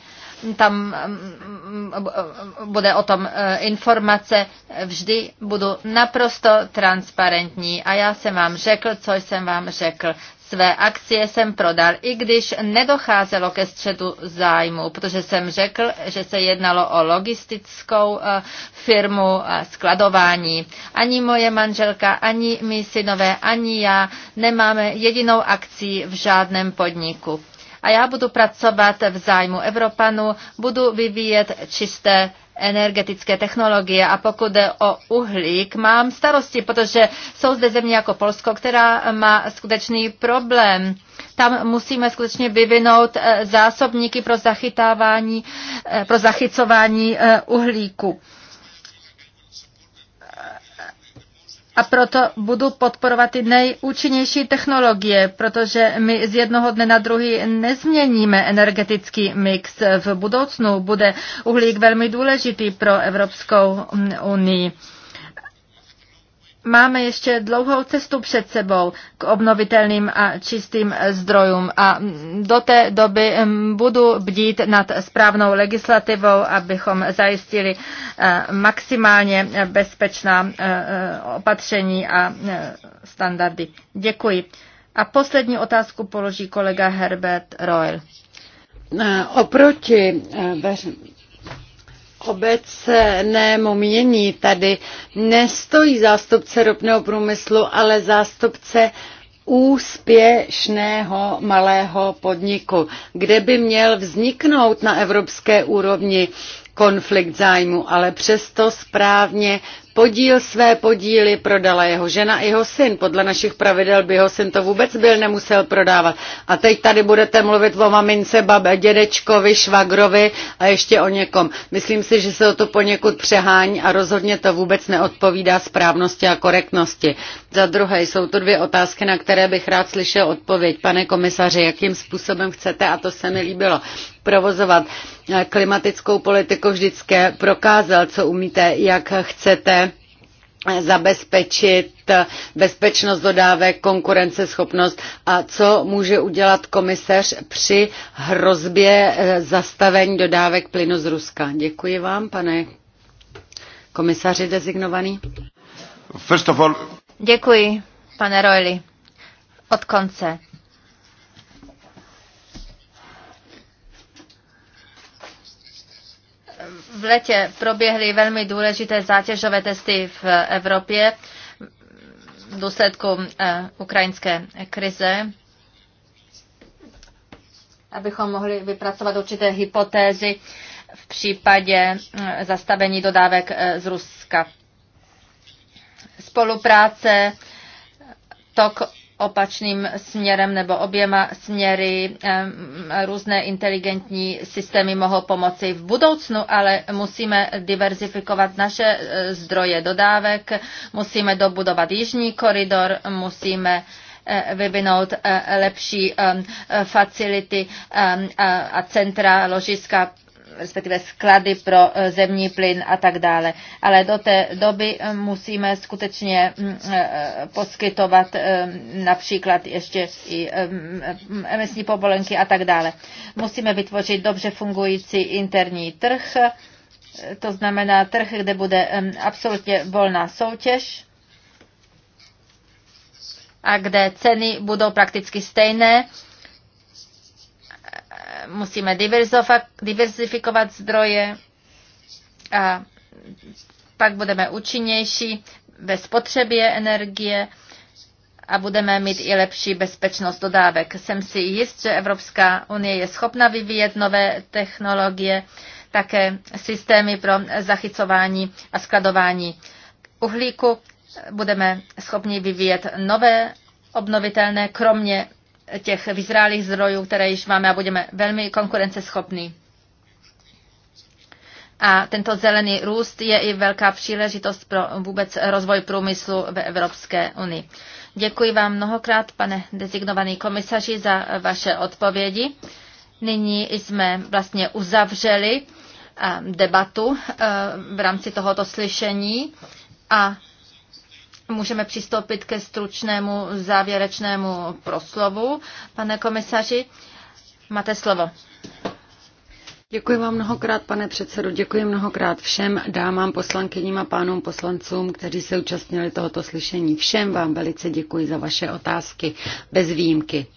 tam mm, mm, mm, bude o tom eh, informace, vždy budu naprosto transparentní a já jsem vám řekl, co jsem vám řekl. Své akcie jsem prodal, i když nedocházelo ke střetu zájmu, protože jsem řekl, že se jednalo o logistickou eh, firmu eh, skladování. Ani moje manželka, ani mý synové, ani já nemáme jedinou akci v žádném podniku a já budu pracovat v zájmu Evropanu, budu vyvíjet čisté energetické technologie a pokud jde o uhlík, mám starosti, protože jsou zde země jako Polsko, která má skutečný problém. Tam musíme skutečně vyvinout eh, zásobníky pro zachytávání, eh, pro zachycování eh, uhlíku. a proto budu podporovat i nejúčinnější technologie, protože my z jednoho dne na druhý nezměníme energetický mix. V budoucnu bude uhlík velmi důležitý pro Evropskou unii. Máme ještě dlouhou cestu před sebou k obnovitelným a čistým zdrojům a do té doby mm, budu bdít nad správnou legislativou, abychom zajistili eh, maximálně bezpečná eh, eh, opatření a standardy. Děkuji. A poslední otázku položí kolega Herbert Royal. Oproti obecnému mění tady nestojí zástupce ropného průmyslu, ale zástupce úspěšného malého podniku, kde by měl vzniknout na evropské úrovni konflikt zájmu, ale přesto správně podíl své podíly prodala jeho žena i jeho syn. Podle našich pravidel by jeho syn to vůbec byl nemusel prodávat. A teď tady budete mluvit o mamince, babe, dědečkovi, švagrovi a ještě o někom. Myslím si, že se o to poněkud přehání a rozhodně to vůbec neodpovídá správnosti a korektnosti. Za druhé, jsou to dvě otázky, na které bych rád slyšel odpověď. Pane komisaři, jakým způsobem chcete, a to se mi líbilo, provozovat. Klimatickou politiku vždycky prokázal, co umíte, jak chcete zabezpečit bezpečnost dodávek, konkurenceschopnost a co může udělat komisař při hrozbě eh, zastavení dodávek plynu z Ruska. Děkuji vám, pane komisaři designovaný. First of all... Děkuji, pane Royli. Od konce. V letě proběhly velmi důležité zátěžové testy v Evropě v důsledku eh, ukrajinské krize, abychom mohli vypracovat určité hypotézy v případě eh, zastavení dodávek eh, z Ruska. Spolupráce tok opačným směrem nebo oběma směry. Různé inteligentní systémy mohou pomoci v budoucnu, ale musíme diverzifikovat naše e, zdroje dodávek, musíme dobudovat jižní koridor, musíme e, vyvinout e, lepší facility a centra, ložiska respektive sklady pro eh, zemní plyn a tak dále. Ale do té doby eh, musíme skutečně mm, eh, poskytovat například ještě i mm, emisní povolenky a tak dále. Musíme vytvořit dobře fungující interní trh, to znamená trh, kde bude absolutně volná soutěž a kde ceny budou prakticky stejné musíme diverzifikovat zdroje a pak budeme účinnější ve spotřebě energie a budeme mít i lepší bezpečnost dodávek. Jsem si jist, že Evropská unie je schopna vyvíjet nové technologie, také systémy pro zachycování a skladování uhlíku. Budeme schopni vyvíjet nové obnovitelné, kromě těch vyzrálých zdrojů, které již máme a budeme velmi konkurenceschopní. A tento zelený růst je i velká příležitost pro vůbec rozvoj průmyslu v Evropské unii. Děkuji vám mnohokrát, pane designovaný komisaři, za vaše odpovědi. Nyní jsme vlastně uzavřeli eh, debatu eh, v rámci tohoto slyšení a můžeme přistoupit ke stručnému závěrečnému proslovu. Pane komisaři, máte slovo. Děkuji vám mnohokrát, pane předsedo, děkuji mnohokrát všem dámám, poslankyním a pánům poslancům, kteří se účastnili tohoto slyšení. Všem vám velice děkuji za vaše otázky, bez výjimky.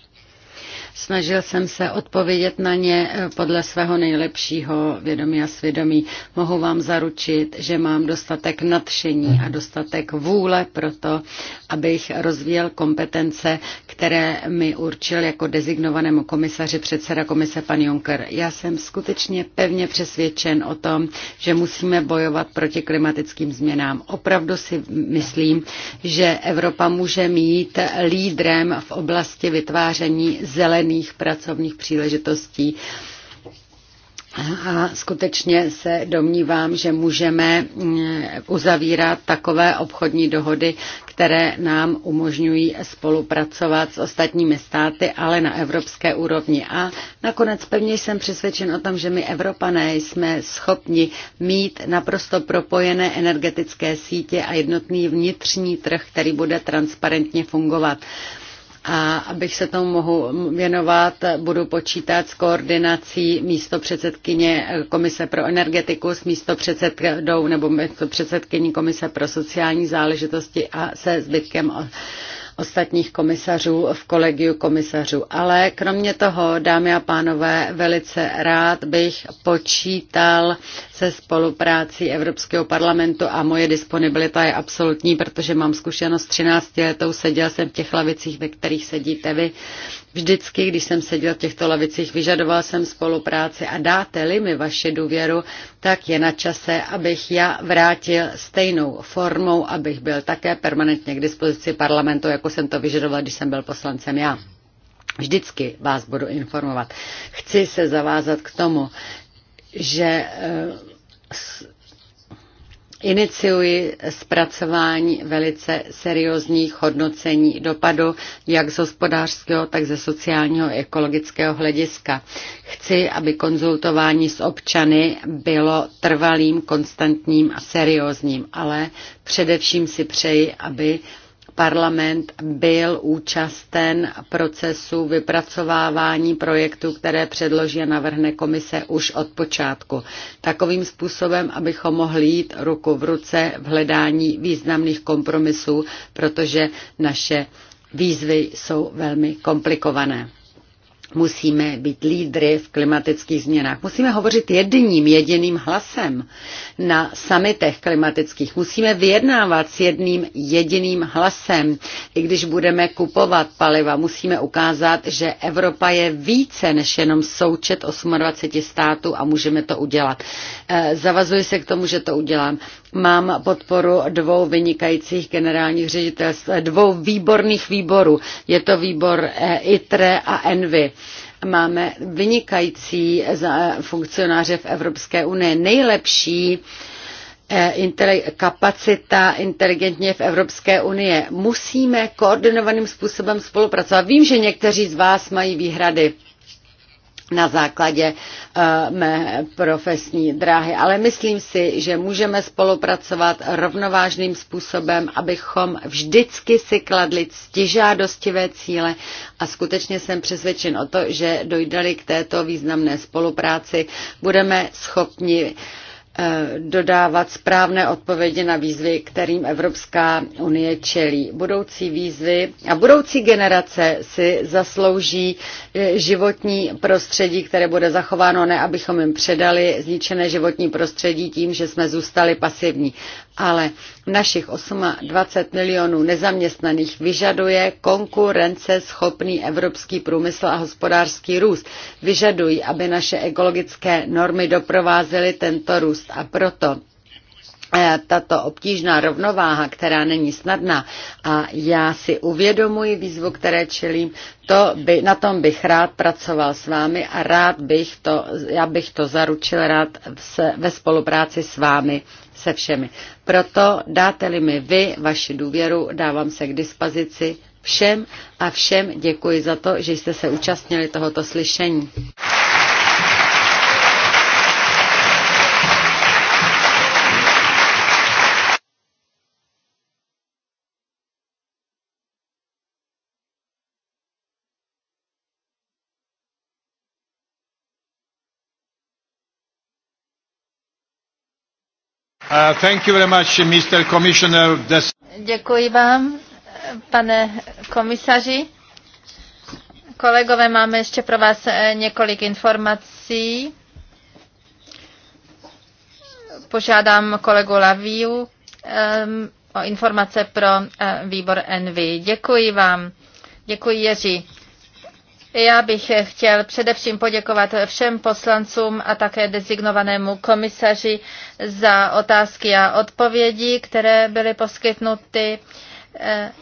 Snažil jsem se odpovědět na ně eh, podle svého nejlepšího vědomí a svědomí. Mohu vám zaručit, že mám dostatek nadšení a dostatek vůle pro to, abych rozvíjel kompetence, které mi určil jako dezignovanému komisaři předseda komise pan Juncker. Já jsem skutečně pevně přesvědčen o tom, že musíme bojovat proti klimatickým změnám. Opravdu si myslím, že Evropa může mít lídrem v oblasti vytváření zelených zelených pracovních příležitostí. A skutečně se domnívám, že můžeme mm, uzavírat takové obchodní dohody, které nám umožňují spolupracovat s ostatními státy, ale na evropské úrovni. A nakonec pevně jsem přesvědčen o tom, že my Evropané jsme schopni mít naprosto propojené energetické sítě a jednotný vnitřní trh, který bude transparentně fungovat a abych se tomu mohu věnovat, budu počítat s koordinací místo předsedkyně Komise pro energetiku s místo předsedkou nebo místo předsedkyní Komise pro sociální záležitosti a se zbytkem ostatních komisařů v kolegiu komisařů. Ale kromě toho, dámy a pánové, velice rád bych počítal se spoluprácí Evropského parlamentu a moje disponibilita je absolutní, protože mám zkušenost 13 letou, seděl jsem v těch lavicích, ve kterých sedíte vy. Vždycky, když jsem seděl v těchto lavicích, vyžadoval jsem spolupráci a dáte-li mi vaši důvěru, tak je na čase, abych já vrátil stejnou formou, abych byl také permanentně k dispozici parlamentu, jako jsem to vyžadoval, když jsem byl poslancem já. Vždycky vás budu informovat. Chci se zavázat k tomu, že eh, iniciuji zpracování velice seriózních hodnocení dopadu jak z hospodářského, tak ze sociálního a ekologického hlediska. Chci, aby konzultování s občany bylo trvalým, konstantním a seriózním, ale především si přeji, aby Parlament byl účasten procesu vypracovávání projektu, které předloží a navrhne komise už od počátku. Takovým způsobem, abychom mohli jít ruku v ruce v hledání významných kompromisů, protože naše výzvy jsou velmi komplikované. Musíme být lídry v klimatických změnách. Musíme hovořit jedním jediným hlasem na samitech klimatických. Musíme vyjednávat s jedním jediným hlasem. I když budeme kupovat paliva, musíme ukázat, že Evropa je více než jenom součet 28 států a můžeme to udělat. Eh, zavazuji se k tomu, že to udělám mám podporu dvou vynikajících generálních ředitelství, dvou výborných výborů. Je to výbor eh, ITRE a ENVY máme vynikající eh, funkcionáře v Evropské unii, nejlepší eh, kapacita inteligentně v Evropské unii. Musíme koordinovaným způsobem spolupracovat. Vím, že někteří z vás mají výhrady na základě eh, mé profesní dráhy. Ale myslím si, že můžeme spolupracovat rovnovážným způsobem, abychom vždycky si kladli ctižádostivé cíle a skutečně jsem přesvědčen o to, že dojdeli k této významné spolupráci, budeme schopni uh, Eh, dodávat správné odpovědi na výzvy, kterým Evropská unie čelí. Budoucí výzvy a budoucí generace si zaslouží eh, životní prostředí, které bude zachováno, ne abychom jim předali zničené životní prostředí tím, že jsme zůstali pasivní ale našich 28 milionů nezaměstnaných vyžaduje konkurenceschopný evropský průmysl a hospodářský růst. Vyžadují, aby naše ekologické normy doprovázely tento růst a proto eh, tato obtížná rovnováha, která není snadná a já si uvědomuji výzvu, které čelím, to by, na tom bych rád pracoval s vámi a rád bych to, já bych to zaručil rád v, ve spolupráci s vámi se všemi. Proto dáte-li mi vy vaši důvěru, dávám se k dispozici všem a všem děkuji za to, že jste se účastnili tohoto slyšení. Uh, Děkuji vám, pane komisaři. Kolegové, máme ještě pro vás eh, několik informací. Požádám kolegu Laviu um, o informace pro uh, výbor NV. Děkuji vám. Děkuji Jiří. Já bych chtěl především poděkovat všem poslancům a také designovanému komisaři za otázky a odpovědi, které byly poskytnuty eh,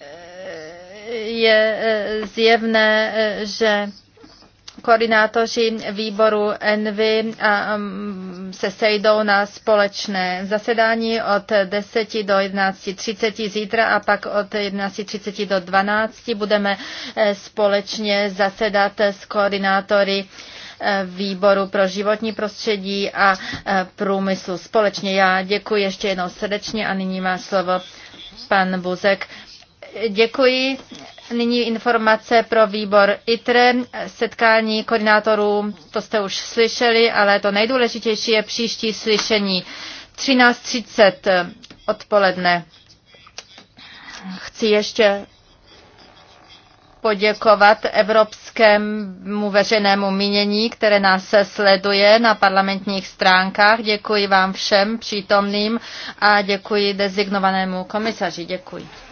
eh, je eh, zjevné, že koordinátoři výboru Envy se sejdou na společné zasedání od 10 do 11.30 zítra a pak od 11.30 do 12 budeme e, společně zasedat s koordinátory e, výboru pro životní prostředí a e, průmyslu. Společně já děkuji ještě jednou srdečně a nyní má slovo pan Buzek. Děkuji. Nyní informace pro výbor ITRE, setkání koordinátorů, to jste už slyšeli, ale to nejdůležitější je příští slyšení 13.30 eh, odpoledne. Chci ještě poděkovat Evropskému veřejnému mínění, které nás sleduje na parlamentních stránkách. Děkuji vám všem přítomným a děkuji dezignovanému komisaři. Děkuji.